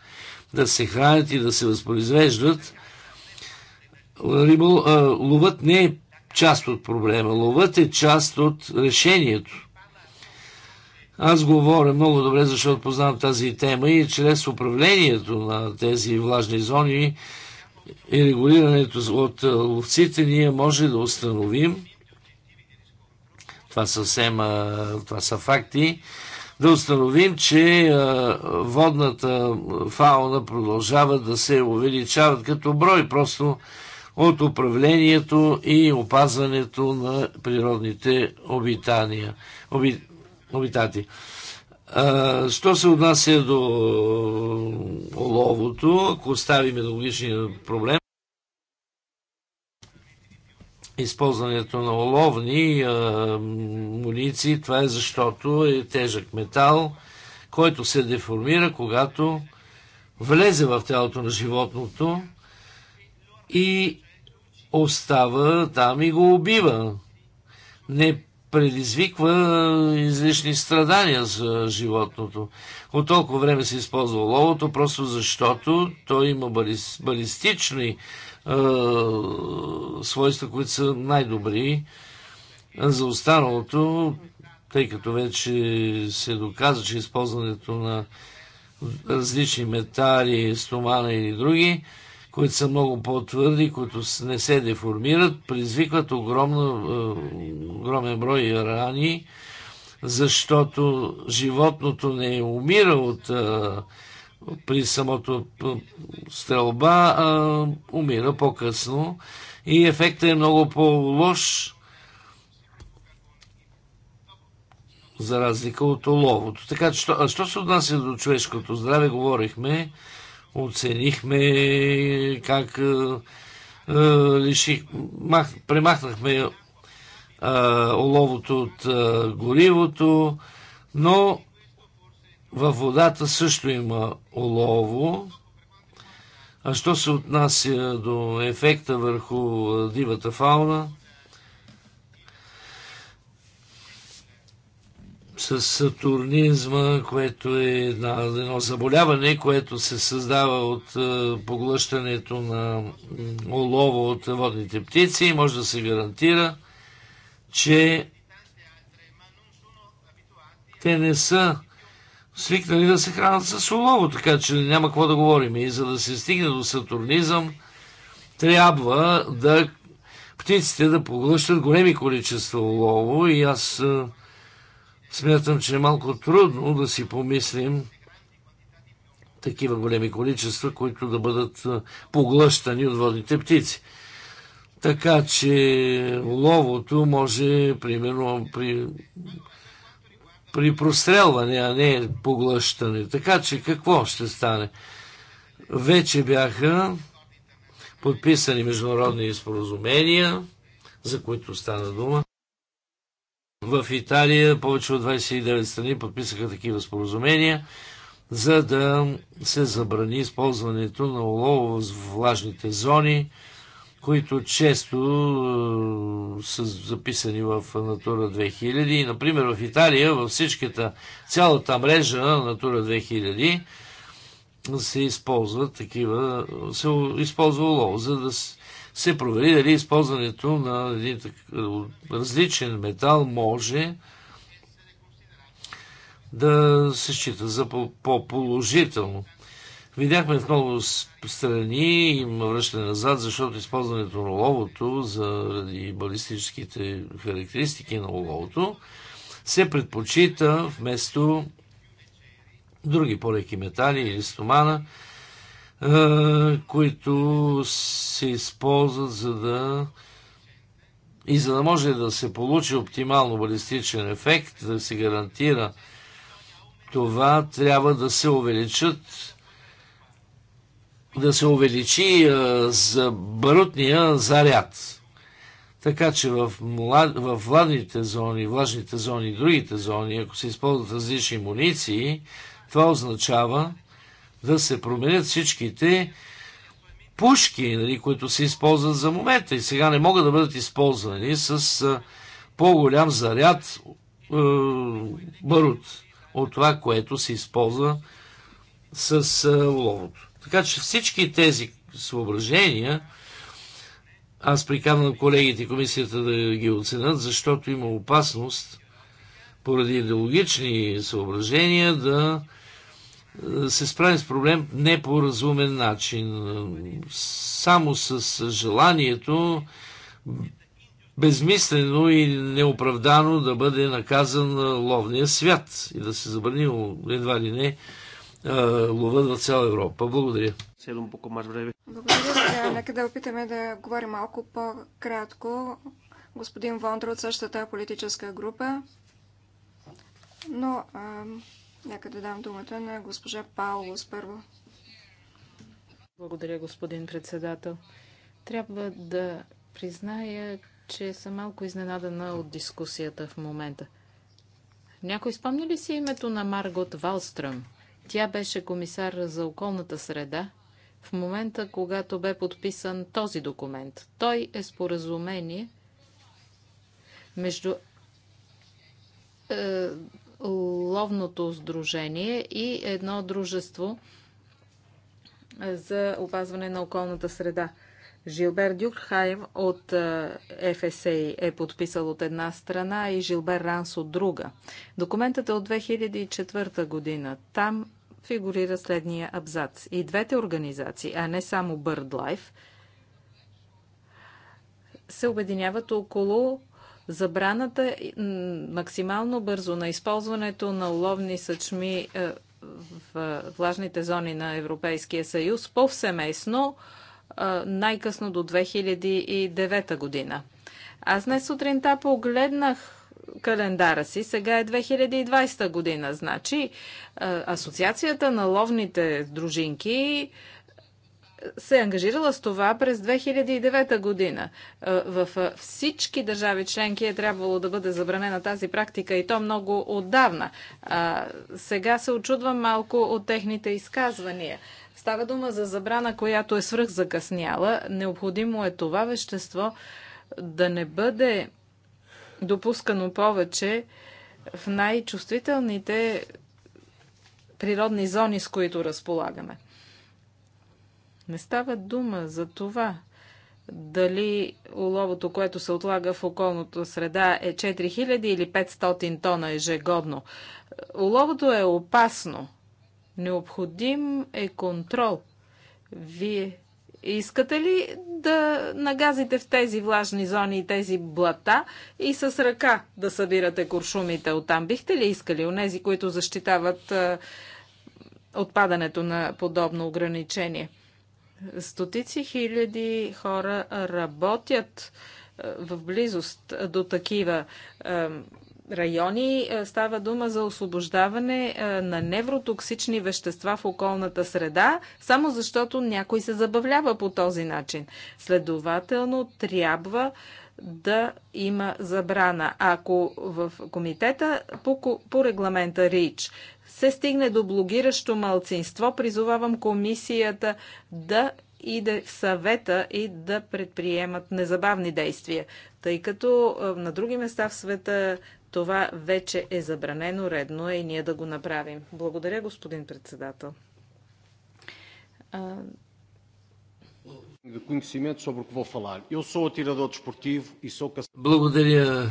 да се хранят и да се възпроизвеждат. Е, ловът не е част от проблема. Ловът е част от решението. Аз говоря много добре, защото познавам тази тема и чрез управлението на тези влажни зони и регулирането от е, ловците, ние може да установим, това, съвсем, е, това са факти, да установим, че е, водната фауна продължава да се увеличават като брой, просто от управлението и опазването на природните обитания, оби, обитати. А, що се отнася до оловото, е, ако оставим едногодишния проблем, използването на оловни а, е, муниции, това е защото е тежък метал, който се деформира, когато влезе в тялото на животното и остава там и го убива. Не предизвиква е, излишни страдания за животното. От толкова време се използва ловото, просто защото то има балис, балистични е, свойства, които са най-добри за останалото, тъй като вече се доказва, че използването на различни метали, стомана или други, които са много по-твърди, които не се деформират, предизвикват огромно, е, огромен брой рани, защото животното не е умира от е, при самото стрелба а, умира по-късно и ефектът е много по-лош за разлика от оловото. Така че, що, що се отнася до човешкото здраве, говорихме, оценихме как лиших, мах, премахнахме а, оловото от а, горивото, но във водата също има олово. А що се отнася до ефекта върху дивата фауна, с сатурнизма, което е една, едно заболяване, което се създава от е, поглъщането на олово от водните птици и може да се гарантира, че те не са свикнали да се хранят с олово, така че няма какво да говорим. И за да се стигне до сатурнизъм, трябва да птиците да поглъщат големи количества олово и аз е, Смятам, че е малко трудно да си помислим такива големи количества, които да бъдат поглъщани от водните птици. Така че ловото може, примерно, при, при прострелване, а не поглъщане. Така че какво ще стане? Вече бяха подписани международни споразумения, за които стана дума. В Италия повече от 29 страни подписаха такива споразумения, за да се забрани използването на олово в влажните зони, които често е, са записани в Натура 2000. И, например, в Италия, във всичката, цялата мрежа на Натура 2000 се използва такива, се използва олово, за да се се провери дали използването на един различен метал може да се счита за по-положително. Видяхме в много страни има връщане назад, защото използването на оловото заради балистическите характеристики на оловото се предпочита вместо други по-леки метали или стомана, които се използват за да и за да може да се получи оптимално балистичен ефект, да се гарантира това, трябва да се увеличат да се увеличи а, за брутния заряд. Така че в, млад, в владните зони, влажните зони и другите зони, ако се използват различни муниции, това означава, да се променят всичките пушки, нали, които се използват за момента и сега не могат да бъдат използвани с по-голям заряд е, барут от това, което се използва с е, ловото. Така че всички тези съображения аз приканвам колегите комисията да ги оценят, защото има опасност поради идеологични съображения да се справим с проблем не по разумен начин. Само с желанието безмислено и неоправдано да бъде наказан ловния свят и да се забрани едва ли не ловът в цяла Европа. Благодаря. Благодаря. Сега нека да опитаме да говорим малко по-кратко. Господин Вондро от същата политическа група. Но Нека да дам думата на госпожа Паулос първо. Благодаря, господин председател. Трябва да призная, че съм малко изненадана от дискусията в момента. Някой спомня ли си името на Маргот Валстръм? Тя беше комисар за околната среда в момента, когато бе подписан този документ. Той е споразумение между е, ловното сдружение и едно дружество за опазване на околната среда. Жилбер Дюкхайм от ФСА е подписал от една страна и Жилбер Ранс от друга. Документът е от 2004 година. Там фигурира следния абзац. И двете организации, а не само BirdLife, се обединяват около Забраната максимално бързо на използването на уловни съчми е, в е, влажните зони на Европейския съюз повсеместно е, най-късно до 2009 година. Аз днес сутринта погледнах календара си. Сега е 2020 година. Значи, Асоциацията на ловните дружинки се е ангажирала с това през 2009 година. Е, в е, всички държави членки е трябвало да бъде забранена тази практика и то много отдавна. Е, сега се очудвам малко от техните изказвания. Става дума за забрана, която е свръхзакъсняла. Необходимо е това вещество да не бъде допускано повече в най-чувствителните природни зони, с които разполагаме. Не става дума за това дали уловото, което се отлага в околната среда е 4000 или 500 тона ежегодно. Уловото е опасно. Необходим е контрол. Вие искате ли да нагазите в тези влажни зони и тези блата и с ръка да събирате куршумите оттам? Бихте ли искали у нези, които защитават отпадането на подобно ограничение? Стотици хиляди хора работят е, в близост до такива е, райони. Е, става дума за освобождаване на невротоксични вещества в околната среда, само защото някой се забавлява по този начин. Следователно, трябва да има забрана. Ако в комитета по, по регламента РИЧ се стигне до блогиращо малцинство, призовавам комисията да и да съвета и да предприемат незабавни действия, тъй като е, на други места в света това вече е забранено, редно е и ние да го направим. Благодаря, господин председател. Благодаря,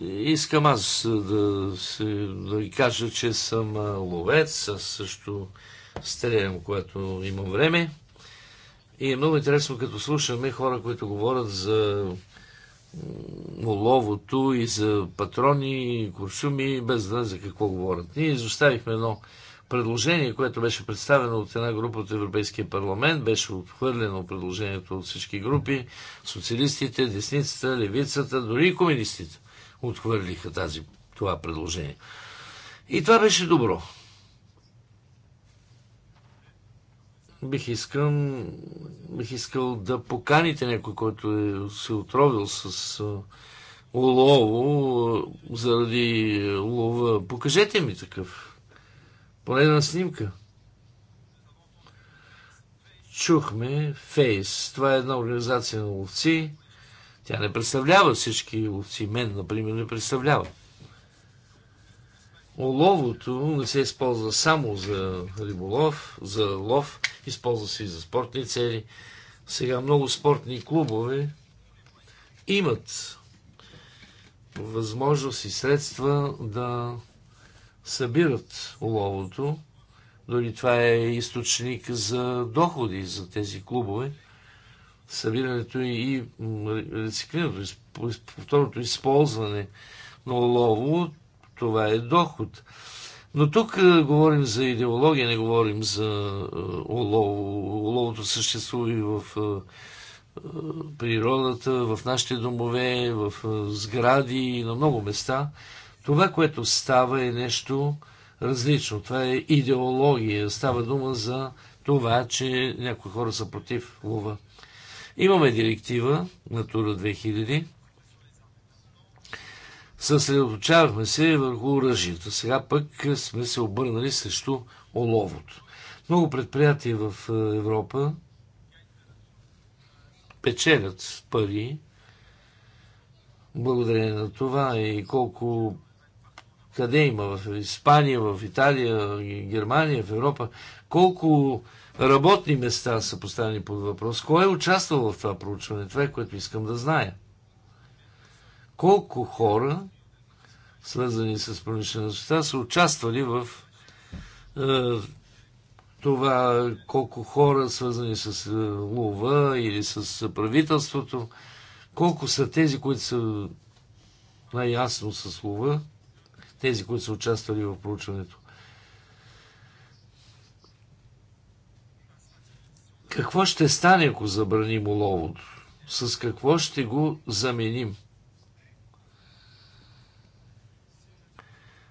Искам аз да, се, да кажа, че съм ловец, аз също стрелям, когато имам време. И е много интересно, като слушаме хора, които говорят за ловото и за патрони, и без да за какво говорят. Ние изоставихме едно предложение, което беше представено от една група от Европейския парламент, беше отхвърлено предложението от всички групи, социалистите, десницата, левицата, дори и комунистите отхвърлиха тази, това предложение. И това беше добро. Бих, искам, бих искал да поканите някой, който е, се отровил с улово заради лова. Покажете ми такъв. Поне една снимка. Чухме Фейс. Това е една организация на ловци. Тя не представлява всички овци. Мен, например, не представлява. Оловото не се използва само за риболов, за лов, използва се и за спортни цели. Сега много спортни клубове имат възможност и средства да събират оловото. Дори това е източник за доходи за тези клубове събирането и рециклирането, повторното използване на олово, това е доход. Но тук е, говорим за идеология, не говорим за е, олово. Оловото съществува и в е, природата, в нашите домове, в сгради и на много места. Това, което става е нещо различно. Това е идеология. Става дума за това, че някои хора са против лова. Имаме директива Натура 2000. Съсредоточавахме се върху оръжията. Сега пък сме се обърнали срещу оловото. Много предприятия в е, Европа печелят пари благодарение на това и колко къде има в Испания, в Италия, Германия, в Европа, колко работни места са поставени под въпрос. Кой е участвал в това проучване? Това е което искам да зная. Колко хора, свързани с промишлеността, са участвали в е, това, колко хора, свързани с е, лова или с правителството, колко са тези, които са най-ясно с лова, тези, които са участвали в проучването. Какво ще стане, ако забраним уловото? С какво ще го заменим?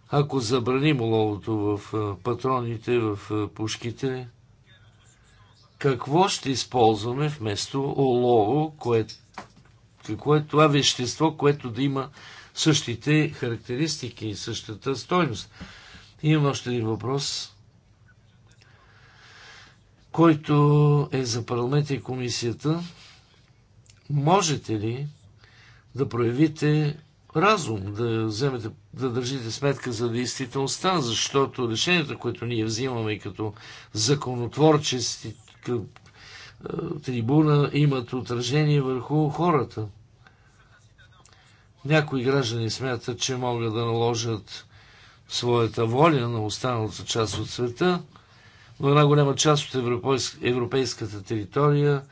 Ако забраним уловото в патроните, в пушките, какво ще използваме вместо олово, какво е това вещество, което да има същите характеристики и същата стойност. имам още един въпрос който е за парламента и комисията, можете ли да проявите разум, да, вземете, да държите сметка за действителността, защото решенията, които ние взимаме като законотворчески е, трибуна, имат отражение върху хората. Някои граждани смятат, че могат да наложат своята воля на останалата част от света – но една голяма част от европейската територия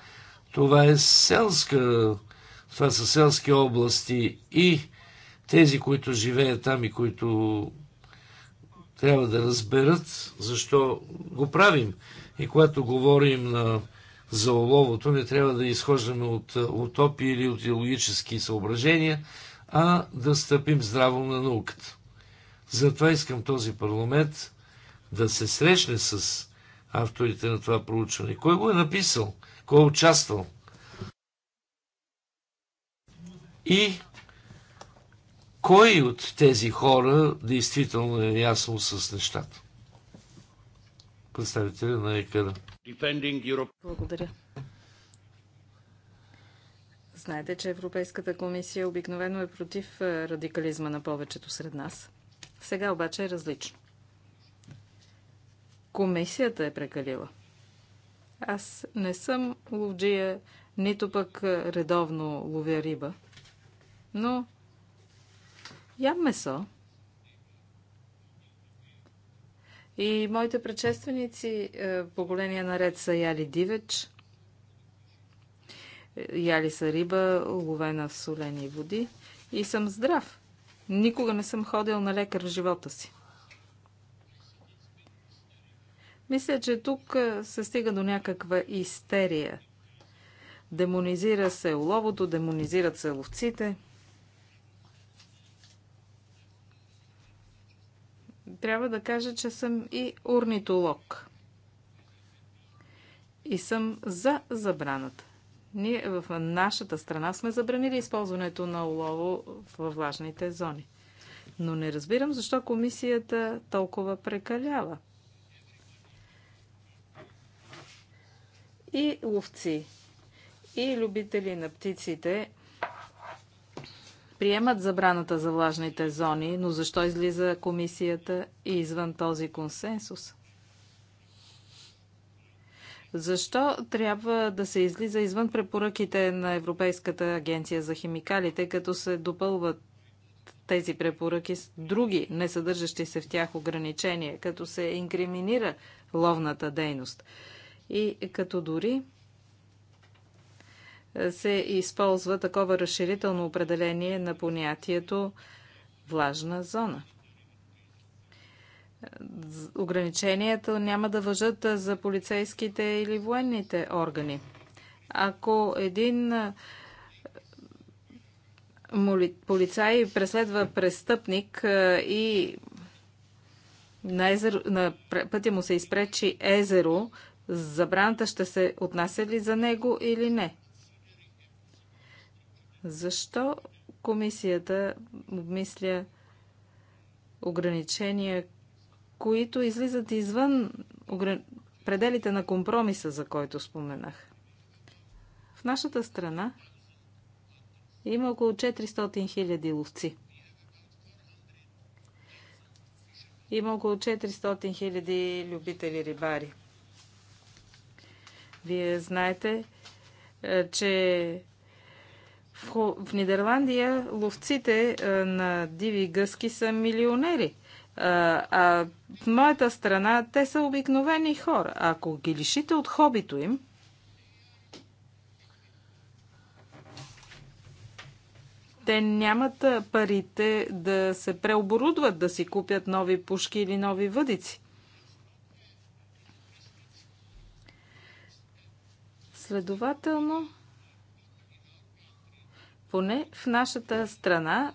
това е селска, това са селски области и тези, които живеят там и които трябва да разберат защо го правим. И когато говорим на, за оловото, не трябва да изхождаме от утопии или от идеологически съображения, а да стъпим здраво на науката. Затова искам този парламент да се срещне с авторите на това проучване? Кой го е написал? Кой е участвал? И кой от тези хора действително е ясно с нещата? Представителя на ЕКР. Благодаря. Знаете, че Европейската комисия обикновено е против радикализма на повечето сред нас. Сега обаче е различно комисията е прекалила. Аз не съм ловджия, нито пък редовно ловя риба. Но ям месо. И моите предшественици по големия наред са яли дивеч, яли са риба, ловена в солени води и съм здрав. Никога не съм ходил на лекар в живота си. Мисля, че тук се стига до някаква истерия. Демонизира се уловото, демонизират се ловците. Трябва да кажа, че съм и орнитолог. И съм за забраната. Ние в нашата страна сме забранили използването на улово във влажните зони. Но не разбирам защо комисията толкова прекалява. и ловци и любители на птиците приемат забраната за влажните зони, но защо излиза комисията и извън този консенсус? Защо трябва да се излиза извън препоръките на Европейската агенция за химикалите, като се допълват тези препоръки с други, не съдържащи се в тях ограничения, като се инкриминира ловната дейност? и като дори се използва такова разширително определение на понятието влажна зона. Ограниченията няма да въжат за полицейските или военните органи. Ако един полицай преследва престъпник и на, пътя му се изпречи езеро, забраната ще се отнася ли за него или не. Защо комисията обмисля ограничения, които излизат извън пределите на компромиса, за който споменах? В нашата страна има около 400 хиляди ловци. Има около 400 хиляди любители рибари. Вие знаете, е, че в Нидерландия ловците е, на диви гъски са милионери. Е, а в моята страна те са обикновени хора. Ако ги лишите от хобито им, те нямат парите да се преоборудват, да си купят нови пушки или нови въдици. Следователно, поне в нашата страна,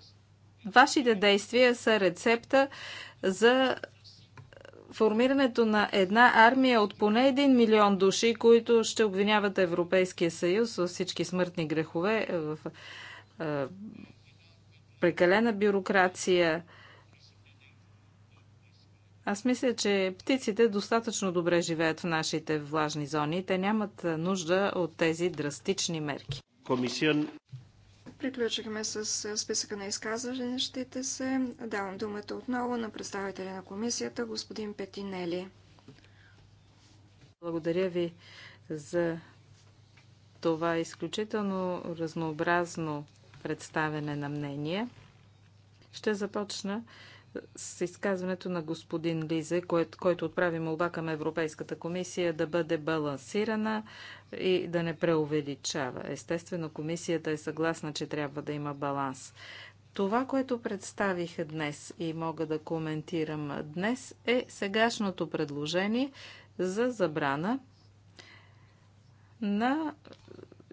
вашите действия са рецепта за формирането на една армия от поне 1 милион души, които ще обвиняват Европейския съюз във всички смъртни грехове, в прекалена бюрокрация, аз мисля, че птиците достатъчно добре живеят в нашите влажни зони. Те нямат нужда от тези драстични мерки. Комисион. Приключихме с е, списъка на изказващите се. Давам думата отново на представителя на комисията, господин Петинели. Благодаря ви за това изключително разнообразно представене на мнение. Ще започна с изказването на господин Лизе, който, който отправи молба към Европейската комисия да бъде балансирана и да не преувеличава. Естествено, комисията е съгласна, че трябва да има баланс. Това, което представих днес и мога да коментирам днес, е сегашното предложение за забрана на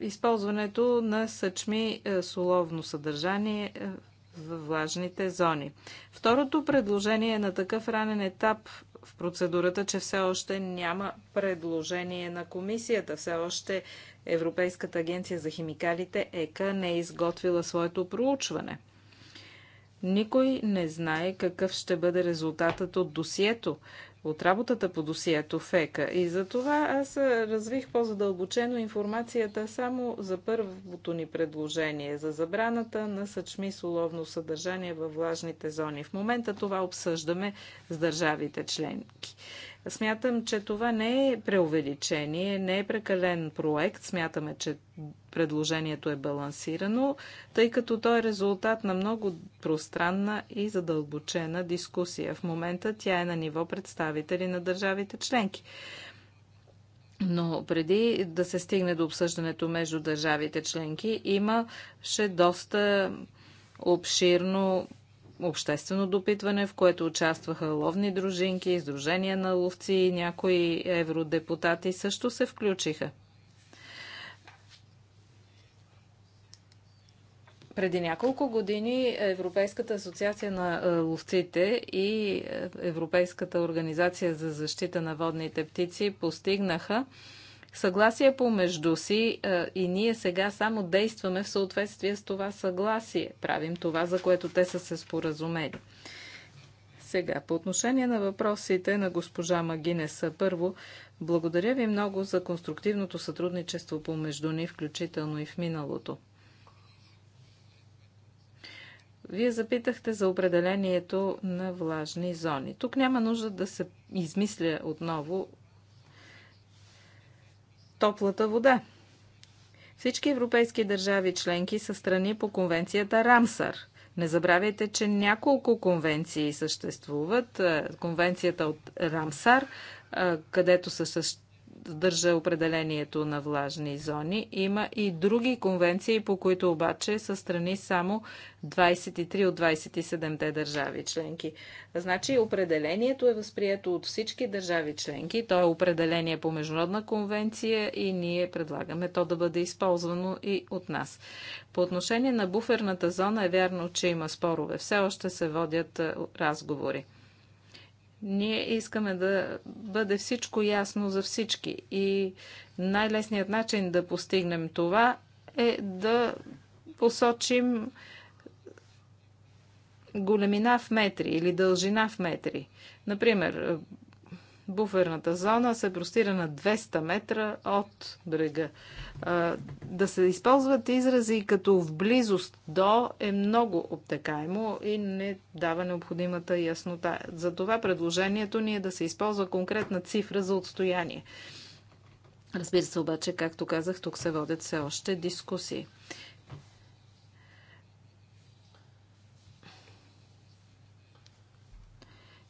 използването на съчми е, соловно съдържание е, във влажните зони. Второто предложение е на такъв ранен етап в процедурата, че все още няма предложение на комисията. Все още Европейската агенция за химикалите ЕКА не е изготвила своето проучване. Никой не знае какъв ще бъде резултатът от досието, от работата по досието ФЕКА. И за това аз развих по-задълбочено информацията само за първото ни предложение за забраната на съчми с уловно съдържание във влажните зони. В момента това обсъждаме с държавите членки. Смятам, че това не е преувеличение, не е прекален проект. Смятаме, че предложението е балансирано, тъй като то е резултат на много пространна и задълбочена дискусия. В момента тя е на ниво представители на държавите членки. Но преди да се стигне до обсъждането между държавите членки, имаше доста обширно обществено допитване, в което участваха ловни дружинки, издружения на ловци и някои евродепутати също се включиха. Преди няколко години Европейската асоциация на е, ловците и е, Европейската организация за защита на водните птици постигнаха съгласие помежду си и ние сега само действаме в съответствие с това съгласие. Правим това, за което те са се споразумели. Сега, по отношение на въпросите на госпожа Магинеса, първо, благодаря ви много за конструктивното сътрудничество помежду ни, включително и в миналото. Вие запитахте за определението на влажни зони. Тук няма нужда да се измисля отново топлата вода. Всички европейски държави членки са страни по конвенцията Рамсар. Не забравяйте, че няколко конвенции съществуват. Конвенцията от Рамсар, където са съществуват съдържа определението на влажни зони. Има и други конвенции, по които обаче са страни само 23 от 27-те държави членки. Значи определението е възприето от всички държави членки. То е определение по международна конвенция и ние предлагаме то да бъде използвано и от нас. По отношение на буферната зона е вярно, че има спорове. Все още се водят разговори. Ние искаме да бъде всичко ясно за всички и най-лесният начин да постигнем това е да посочим големина в метри или дължина в метри. Например, буферната зона се простира на 200 метра от брега. Да се използват изрази като в близост до е много обтекаемо и не дава необходимата яснота. За това предложението ни е да се използва конкретна цифра за отстояние. Разбира се обаче, както казах, тук се водят все още дискусии.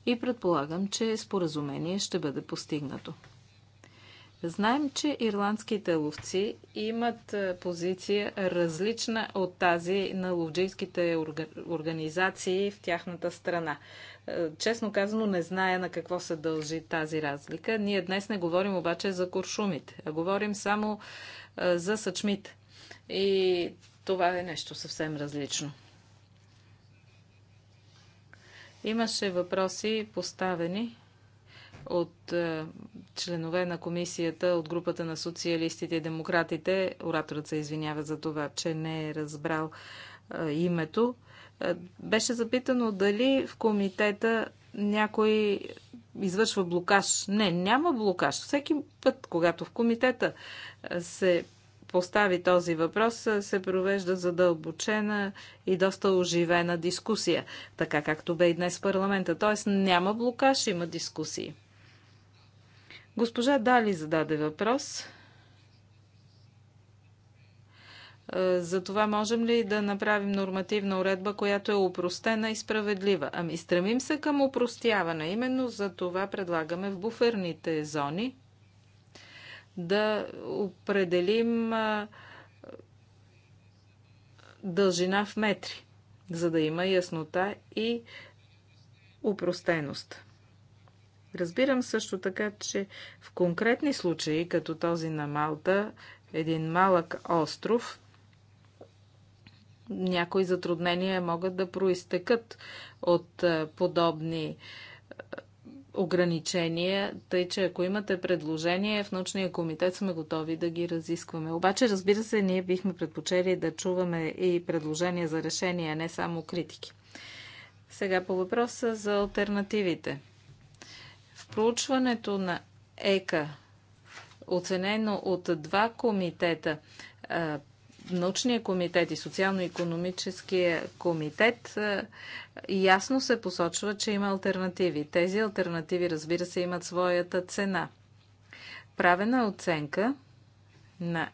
и предполагам, че споразумение ще бъде постигнато. Знаем, че ирландските ловци имат е, позиция различна от тази на ловджийските организации в тяхната страна. Е, честно казано, не зная на какво се дължи тази разлика. Ние днес не говорим обаче за куршумите, а говорим само е, за съчмите. И това е нещо съвсем различно. Имаше въпроси поставени от е, членове на комисията от групата на социалистите и демократите. Ораторът се извинява за това, че не е разбрал е, името. Е, беше запитано дали в комитета някой извършва блокаж. Не, няма блокаж. Всеки път, когато в комитета се постави този въпрос, се провежда задълбочена и доста оживена дискусия, така както бе и днес в парламента. Тоест няма блокаж, има дискусии. Госпожа Дали зададе въпрос. За това можем ли да направим нормативна уредба, която е упростена и справедлива? Ами стремим се към упростяване. Именно за това предлагаме в буферните зони да определим дължина в метри, за да има яснота и упростеност. Разбирам също така, че в конкретни случаи, като този на Малта, един малък остров, някои затруднения могат да проистекат от подобни ограничения, тъй че ако имате предложение, в научния комитет сме готови да ги разискваме. Обаче, разбира се, ние бихме предпочели да чуваме и предложения за решения, не само критики. Сега по въпроса за альтернативите. В проучването на ЕКА, оценено от два комитета, научния комитет и социално-економическия комитет е, ясно се посочва, че има альтернативи. Тези альтернативи, разбира се, имат своята цена. Правена е оценка на,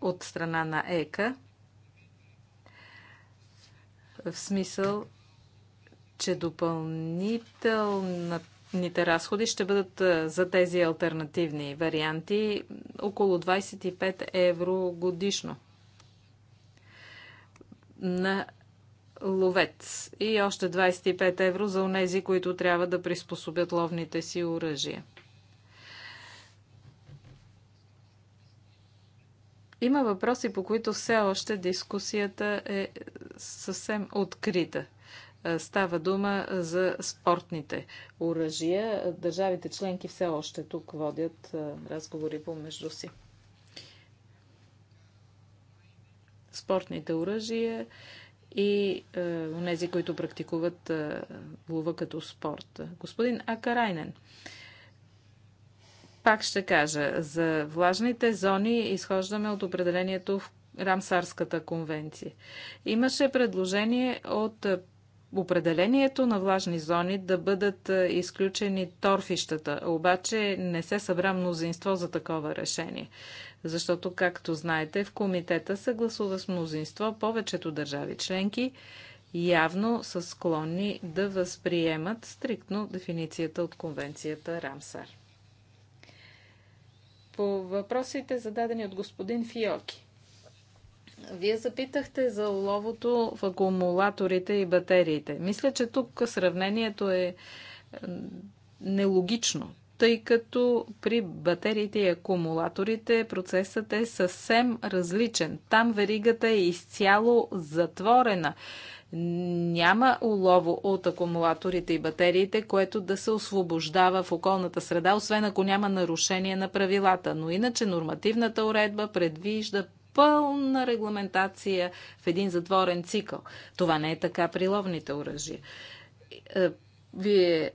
от страна на ЕКА в смисъл, че допълнителната разходи ще бъдат е, за тези альтернативни варианти около 25 евро годишно на ловец и още 25 евро за онези, които трябва да приспособят ловните си оръжия. Има въпроси, по които все още дискусията е съвсем открита. Е, става дума за спортните оръжия. Държавите членки все още тук водят е, разговори помежду си. спортните оръжия и тези, е, които практикуват е, лова като спорт. Господин Акарайнен, пак ще кажа, за влажните зони изхождаме от определението в Рамсарската конвенция. Имаше предложение от определението на влажни зони да бъдат изключени торфищата. Обаче не се събра мнозинство за такова решение. Защото, както знаете, в комитета се гласува с мнозинство повечето държави членки явно са склонни да възприемат стриктно дефиницията от конвенцията Рамсар. По въпросите зададени от господин Фиоки. Вие запитахте за ловото в акумулаторите и батериите. Мисля, че тук сравнението е, е нелогично, тъй като при батериите и акумулаторите процесът е съвсем различен. Там веригата е изцяло затворена. Няма улово от акумулаторите и батериите, което да се освобождава в околната среда, освен ако няма нарушение на правилата. Но иначе нормативната уредба предвижда пълна регламентация в един затворен цикъл. Това не е така при ловните оръжия. Е, вие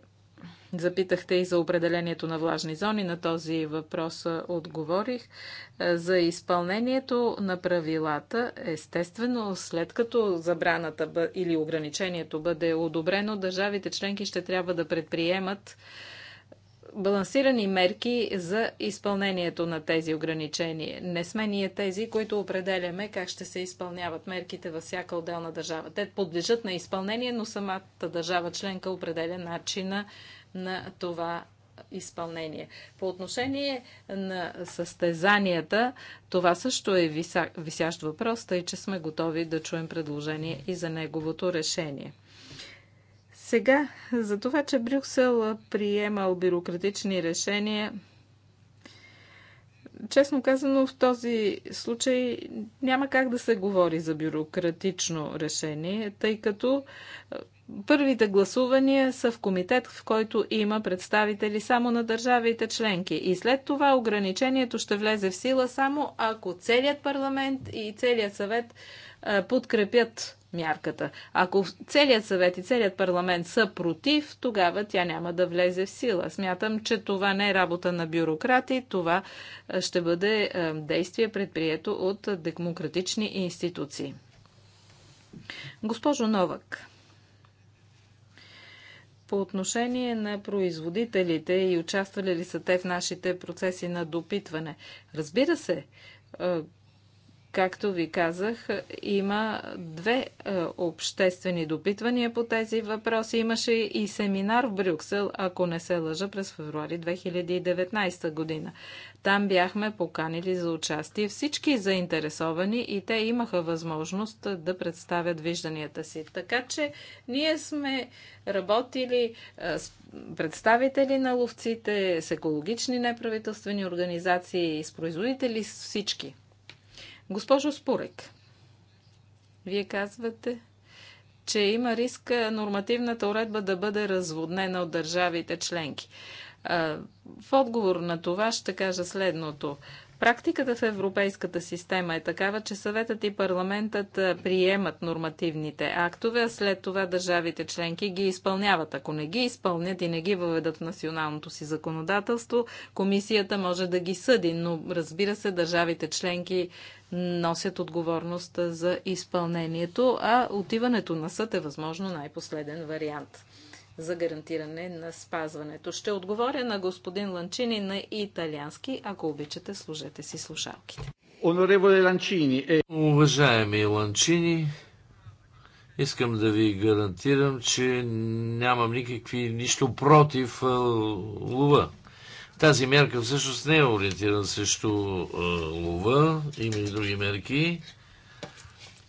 запитахте и за определението на влажни зони. На този въпрос е, отговорих. Е, за изпълнението на правилата, естествено, след като забраната или ограничението бъде одобрено, държавите членки ще трябва да предприемат балансирани мерки за изпълнението на тези ограничения. Не сме ние тези, които определяме как ще се изпълняват мерките във всяка отделна държава. Те подлежат на изпълнение, но самата държава членка определя начина на това изпълнение. По отношение на състезанията, това също е висящ въпрос, тъй че сме готови да чуем предложение и за неговото решение. Сега, за това, че Брюксел приемал бюрократични решения, честно казано, в този случай няма как да се говори за бюрократично решение, тъй като е, първите гласувания са в комитет, в който има представители само на държавите членки. И след това ограничението ще влезе в сила само ако целият парламент и целият съвет е, подкрепят мярката. Ако целият съвет и целият парламент са против, тогава тя няма да влезе в сила. Смятам, че това не е работа на бюрократи, това ще бъде действие предприето от демократични институции. Госпожо Новак, по отношение на производителите и участвали ли са те в нашите процеси на допитване? Разбира се, Както ви казах, има две е, обществени допитвания по тези въпроси. Имаше и семинар в Брюксел, ако не се лъжа, през февруари 2019 година. Там бяхме поканили за участие всички заинтересовани и те имаха възможност да представят вижданията си. Така че ние сме работили е, с представители на ловците, с екологични неправителствени организации, с производители, с всички. Госпожо Спурек, вие казвате, че има риск нормативната уредба да бъде разводнена от държавите членки. В отговор на това ще кажа следното. Практиката в европейската система е такава, че съветът и парламентът приемат нормативните актове, а след това държавите членки ги изпълняват. Ако не ги изпълнят и не ги въведат в националното си законодателство, комисията може да ги съди, но разбира се, държавите членки носят отговорност за изпълнението, а отиването на съд е възможно най-последен вариант за гарантиране на спазването. Ще отговоря на господин Ланчини на италиански. Ако обичате, служете си слушалките. Ланчини е... Уважаеми Ланчини, искам да ви гарантирам, че нямам никакви нищо против е, лова. Тази мерка всъщност не е ориентирана срещу е, лова, има и други мерки,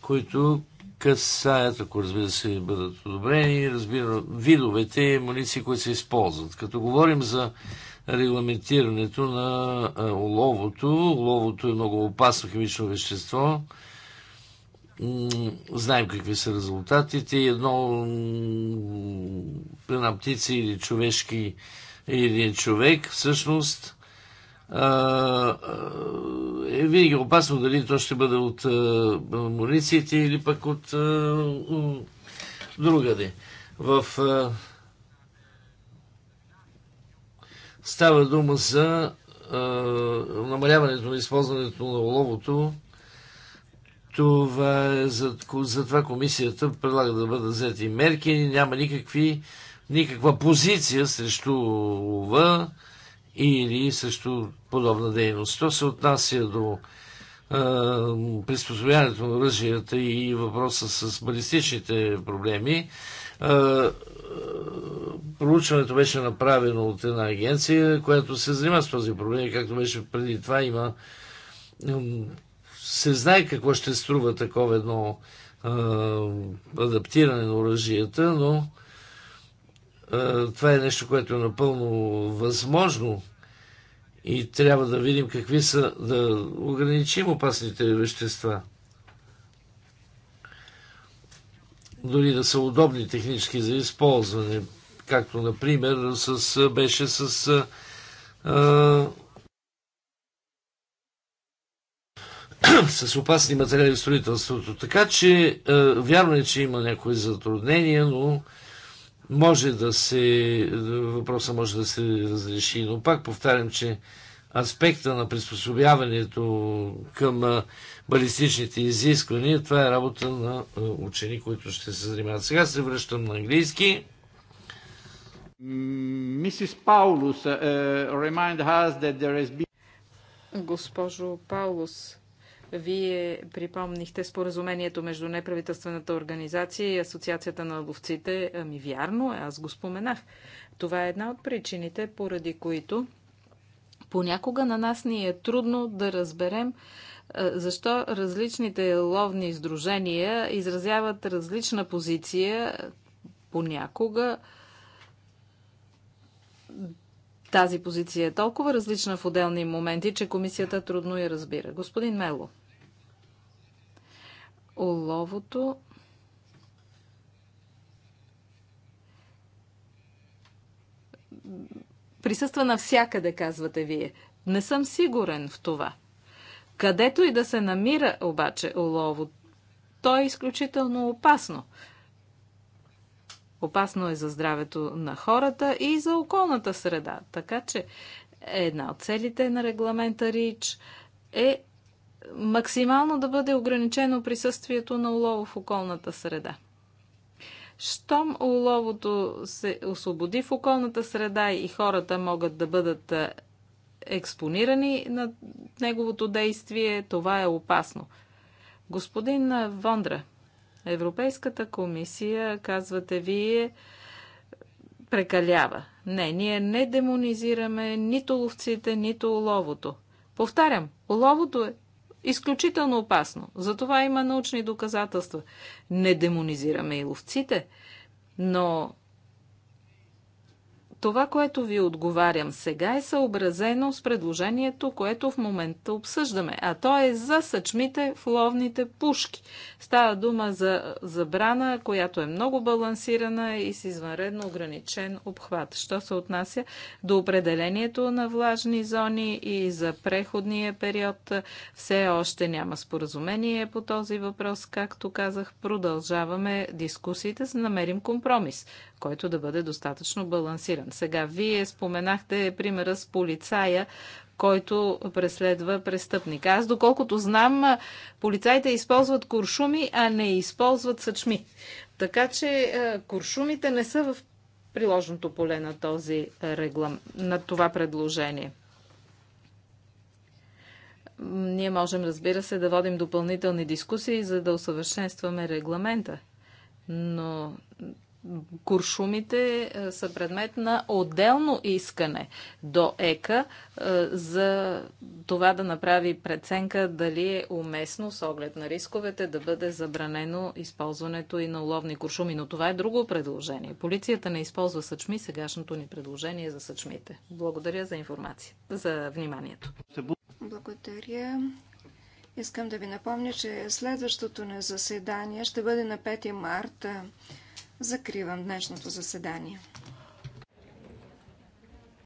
които касаят, ако разбира се бъдат одобрени, разбира, видовете муниции, които се използват. Като говорим за регламентирането на оловото, оловото е много опасно химично вещество, знаем какви са резултатите. Едно една птица или човешки или човек всъщност е винаги е опасно дали то ще бъде от мунициите или пък от другаде. В става дума за а, намаляването на използването на оловото. Това е за, за това комисията предлага да бъдат взети мерки. Няма никакви, никаква позиция срещу лова или срещу подобна дейност. То се отнася до приспособяването на оръжията и въпроса с балистичните проблеми. Проучването беше направено от една агенция, която се занимава с този проблем, както беше преди това. Има се знае какво ще струва такова едно адаптиране на оръжията, но това е нещо, което е напълно възможно и трябва да видим какви са, да ограничим опасните вещества. Дори да са удобни технически за използване, както например с, беше с а, с опасни материали в строителството. Така че вярно е, че има някои затруднения, но може да се, въпроса може да се разреши, но пак повтарям, че аспекта на приспособяването към балистичните изисквания, това е работа на учени, които ще се занимават. Сега се връщам на английски. Мисис Паулус, uh, remind us that there has Госпожо Паулус, вие припомнихте споразумението между неправителствената организация и Асоциацията на ловците. Ами вярно, аз го споменах. Това е една от причините, поради които понякога на нас ни е трудно да разберем защо различните ловни издружения изразяват различна позиция понякога тази позиция е толкова различна в отделни моменти, че комисията трудно я разбира. Господин Мело оловото присъства навсякъде, казвате вие. Не съм сигурен в това. Където и да се намира обаче олово, то е изключително опасно. Опасно е за здравето на хората и за околната среда. Така че една от целите на регламента РИЧ е максимално да бъде ограничено присъствието на улово в околната среда. Щом уловото се освободи в околната среда и хората могат да бъдат експонирани на неговото действие, това е опасно. Господин Вондра, Европейската комисия, казвате вие, прекалява. Не, ние не демонизираме нито ловците, нито уловото. Повтарям, уловото е Изключително опасно. За това има научни доказателства. Не демонизираме и ловците, но това, което ви отговарям сега е съобразено с предложението, което в момента обсъждаме, а то е за съчмите в ловните пушки. Става дума за забрана, която е много балансирана и с извънредно ограничен обхват. Що се отнася до определението на влажни зони и за преходния период, все още няма споразумение по този въпрос. Както казах, продължаваме дискусиите, за да намерим компромис който да бъде достатъчно балансиран. Сега, вие споменахте примера с полицая, който преследва престъпника. Аз, доколкото знам, полицаите използват куршуми, а не използват съчми. Така че е, куршумите не са в приложното поле на този реглам, на това предложение. Ние можем, разбира се, да водим допълнителни дискусии, за да усъвършенстваме регламента. Но куршумите е, са предмет на отделно искане до ЕКА е, за това да направи преценка дали е уместно с оглед на рисковете да бъде забранено използването и на уловни куршуми. Но това е друго предложение. Полицията не използва съчми, сегашното ни предложение е за съчмите. Благодаря за информация, за вниманието. Благодаря. Искам да ви напомня, че следващото на заседание ще бъде на 5 марта. Закривам днешното заседание.